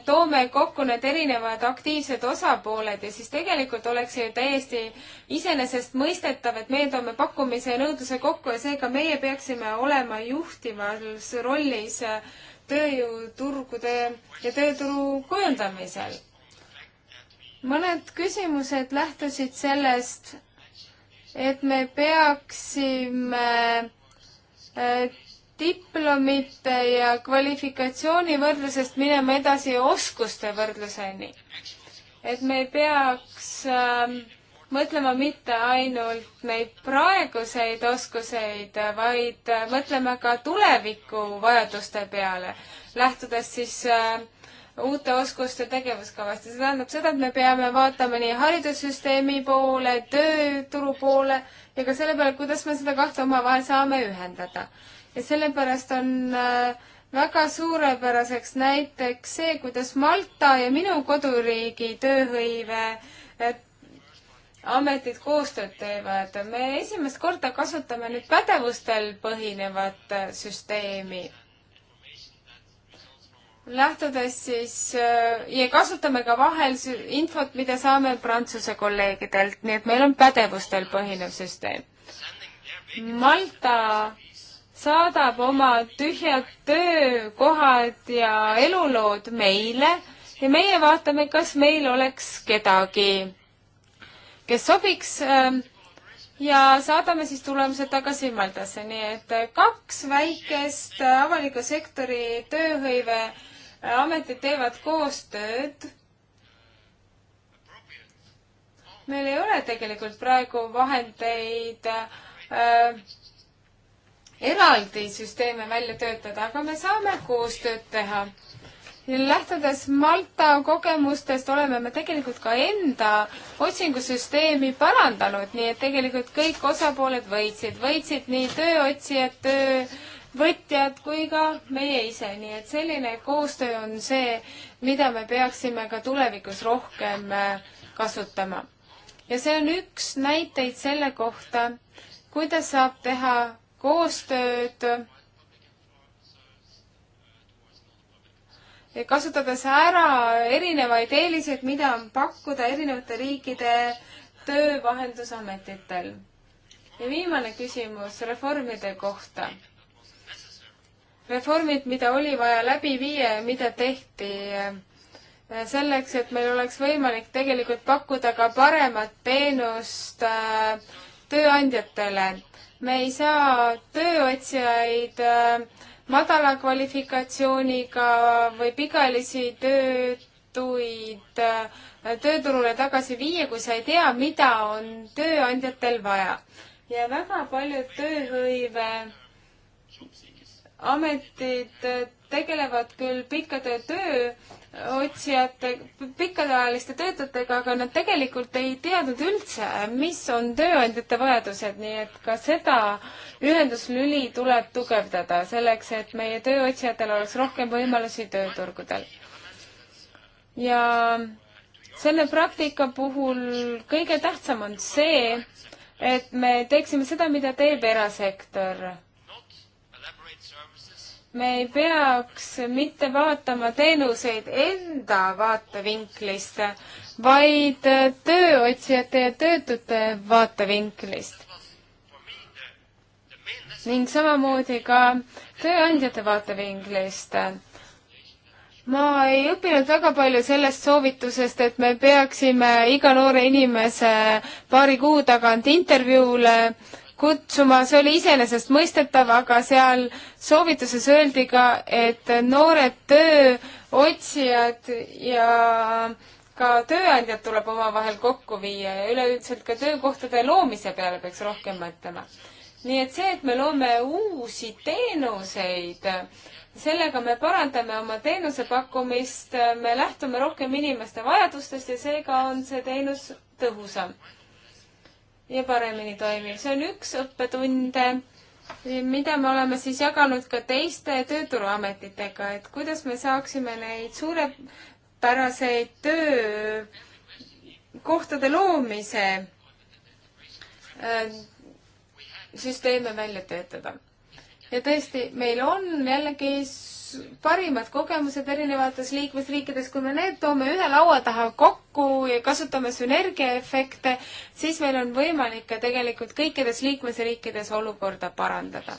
toome kokku need erinevad aktiivsed osapooled ja siis tegelikult oleks ju täiesti iseenesestmõistetav, et meie toome pakkumise ja nõudluse kokku ja seega meie peaksime olema juhtivas rollis tööjõuturgude ja tööturu kujundamisel mõned küsimused lähtusid sellest, et me peaksime äh, diplomite ja kvalifikatsiooni võrdlusest minema edasi oskuste võrdluseni. et me ei peaks äh, mõtlema mitte ainult neid praeguseid oskuseid, vaid äh, mõtlema ka tuleviku vajaduste peale, lähtudes siis äh, uute oskuste tegevuskavast ja see tähendab seda, et me peame vaatama nii haridussüsteemi poole, tööturu poole ja ka selle peale, kuidas me seda kahte omavahel saame ühendada. ja sellepärast on äh, väga suurepäraseks näiteks see, kuidas Malta ja minu koduriigi tööhõive äh, ametid koostööd teevad. me esimest korda kasutame nüüd pädevustel põhinevat äh, süsteemi lähtudes siis äh, ja kasutame ka vahel infot, mida saame Prantsuse kolleegidelt, nii et meil on pädevustel põhinev süsteem. Malta saadab oma tühjad töökohad ja elulood meile ja meie vaatame, kas meil oleks kedagi, kes sobiks ähm, ja saadame siis tulemused tagasi Maldasse, nii et äh, kaks väikest äh, avaliku sektori tööhõive ametid teevad koostööd. meil ei ole tegelikult praegu vahendeid äh, eraldi süsteeme välja töötada, aga me saame koostööd teha. lähtudes Malta kogemustest oleme me tegelikult ka enda otsingusüsteemi parandanud, nii et tegelikult kõik osapooled võitsid, võitsid nii tööotsijad, töö võtjad kui ka meie ise, nii et selline koostöö on see, mida me peaksime ka tulevikus rohkem äh, kasutama. ja see on üks näiteid selle kohta, kuidas saab teha koostööd kasutades ära erinevaid eeliseid, mida on pakkuda erinevate riikide töövahendusametitel. ja viimane küsimus reformide kohta reformid, mida oli vaja läbi viia ja mida tehti selleks, et meil oleks võimalik tegelikult pakkuda ka paremat teenust äh, tööandjatele. me ei saa tööotsijaid äh, madala kvalifikatsiooniga või pikaajalisi töötuid äh, tööturule tagasi viia, kui sa ei tea, mida on tööandjatel vaja. ja väga paljud tööhõive ametid tegelevad küll pikkade tööotsijate, pikaajaliste töötajatega, aga nad tegelikult ei teadnud üldse, mis on tööandjate vajadused, nii et ka seda ühenduslüli tuleb tugevdada selleks, et meie tööotsijatel oleks rohkem võimalusi tööturgudel. ja selle praktika puhul kõige tähtsam on see, et me teeksime seda, mida teeb erasektor me ei peaks mitte vaatama teenuseid enda vaatevinklist, vaid tööotsijate ja töötute vaatevinklist. ning samamoodi ka tööandjate vaatevinklist. ma ei õppinud väga palju sellest soovitusest, et me peaksime iga noore inimese paari kuu tagant intervjuule äh, kutsuma, see oli iseenesestmõistetav, aga seal soovituses öeldi ka, et noored tööotsijad ja ka tööandjad tuleb omavahel kokku viia ja üleüldiselt ka töökohtade loomise peale peaks rohkem mõtlema. nii et see, et me loome uusi teenuseid, sellega me parandame oma teenuse pakkumist, me lähtume rohkem inimeste vajadustest ja seega on see teenus tõhusam ja paremini toimiv. see on üks õppetunde, mida me oleme siis jaganud ka teiste tööturuametitega, et kuidas me saaksime neid suurepäraseid töökohtade loomise äh, süsteeme välja töötada. ja tõesti, meil on jällegi parimad kogemused erinevates liikmesriikides, kui me need toome ühe laua taha kokku ja kasutame sünergiaefekte, siis meil on võimalik ka tegelikult kõikides liikmesriikides olukorda parandada.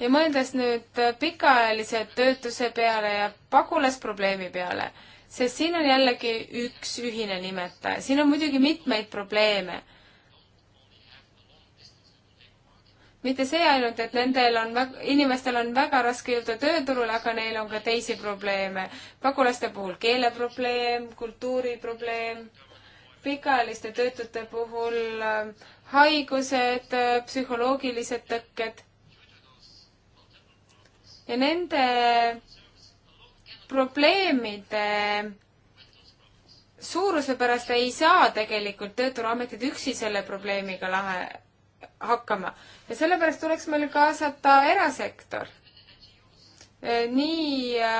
ja mõeldes nüüd pikaajalise töötuse peale ja pagulasprobleemi peale, sest siin on jällegi üks ühine nimetaja, siin on muidugi mitmeid probleeme mitte see ainult, et nendel on väga, inimestel on väga raske jõuda tööturule, aga neil on ka teisi probleeme. pagulaste puhul keeleprobleem, kultuuriprobleem, pikaajaliste töötute puhul äh, haigused, äh, psühholoogilised tõkked. ja nende probleemide suuruse pärast ei saa tegelikult Tööturuametid üksi selle probleemiga lahe, hakkama ja sellepärast tuleks meil kaasata erasektor. E, nii e,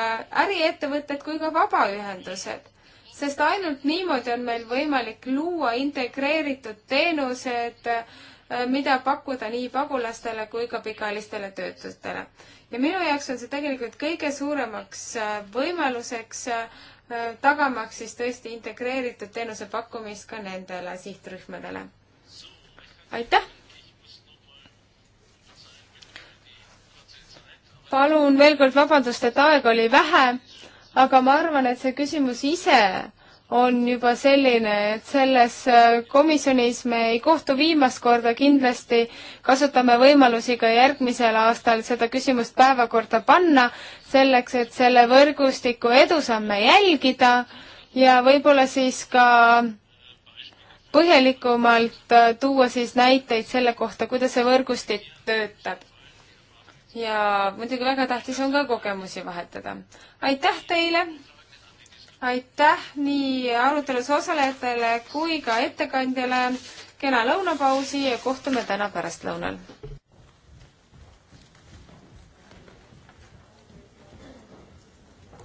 äriettevõtted kui ka vabaühendused, sest ainult niimoodi on meil võimalik luua integreeritud teenused, e, mida pakkuda nii pagulastele kui ka pikaajalistele töötutele. ja minu jaoks on see tegelikult kõige suuremaks võimaluseks tagamaks siis tõesti integreeritud teenuse pakkumist ka nendele sihtrühmadele. aitäh! palun veel kord vabandust, et aega oli vähe, aga ma arvan, et see küsimus ise on juba selline, et selles äh, komisjonis me ei kohtu viimast korda, kindlasti kasutame võimalusi ka järgmisel aastal seda küsimust päevakorda panna, selleks et selle võrgustiku edusamme jälgida ja võib-olla siis ka põhjalikumalt äh, tuua siis näiteid selle kohta, kuidas see võrgustik töötab ja muidugi väga tähtis on ka kogemusi vahetada. aitäh teile! aitäh nii arutelus osalejatele kui ka ettekandjale, kena lõunapausi ja kohtume täna
pärastlõunal!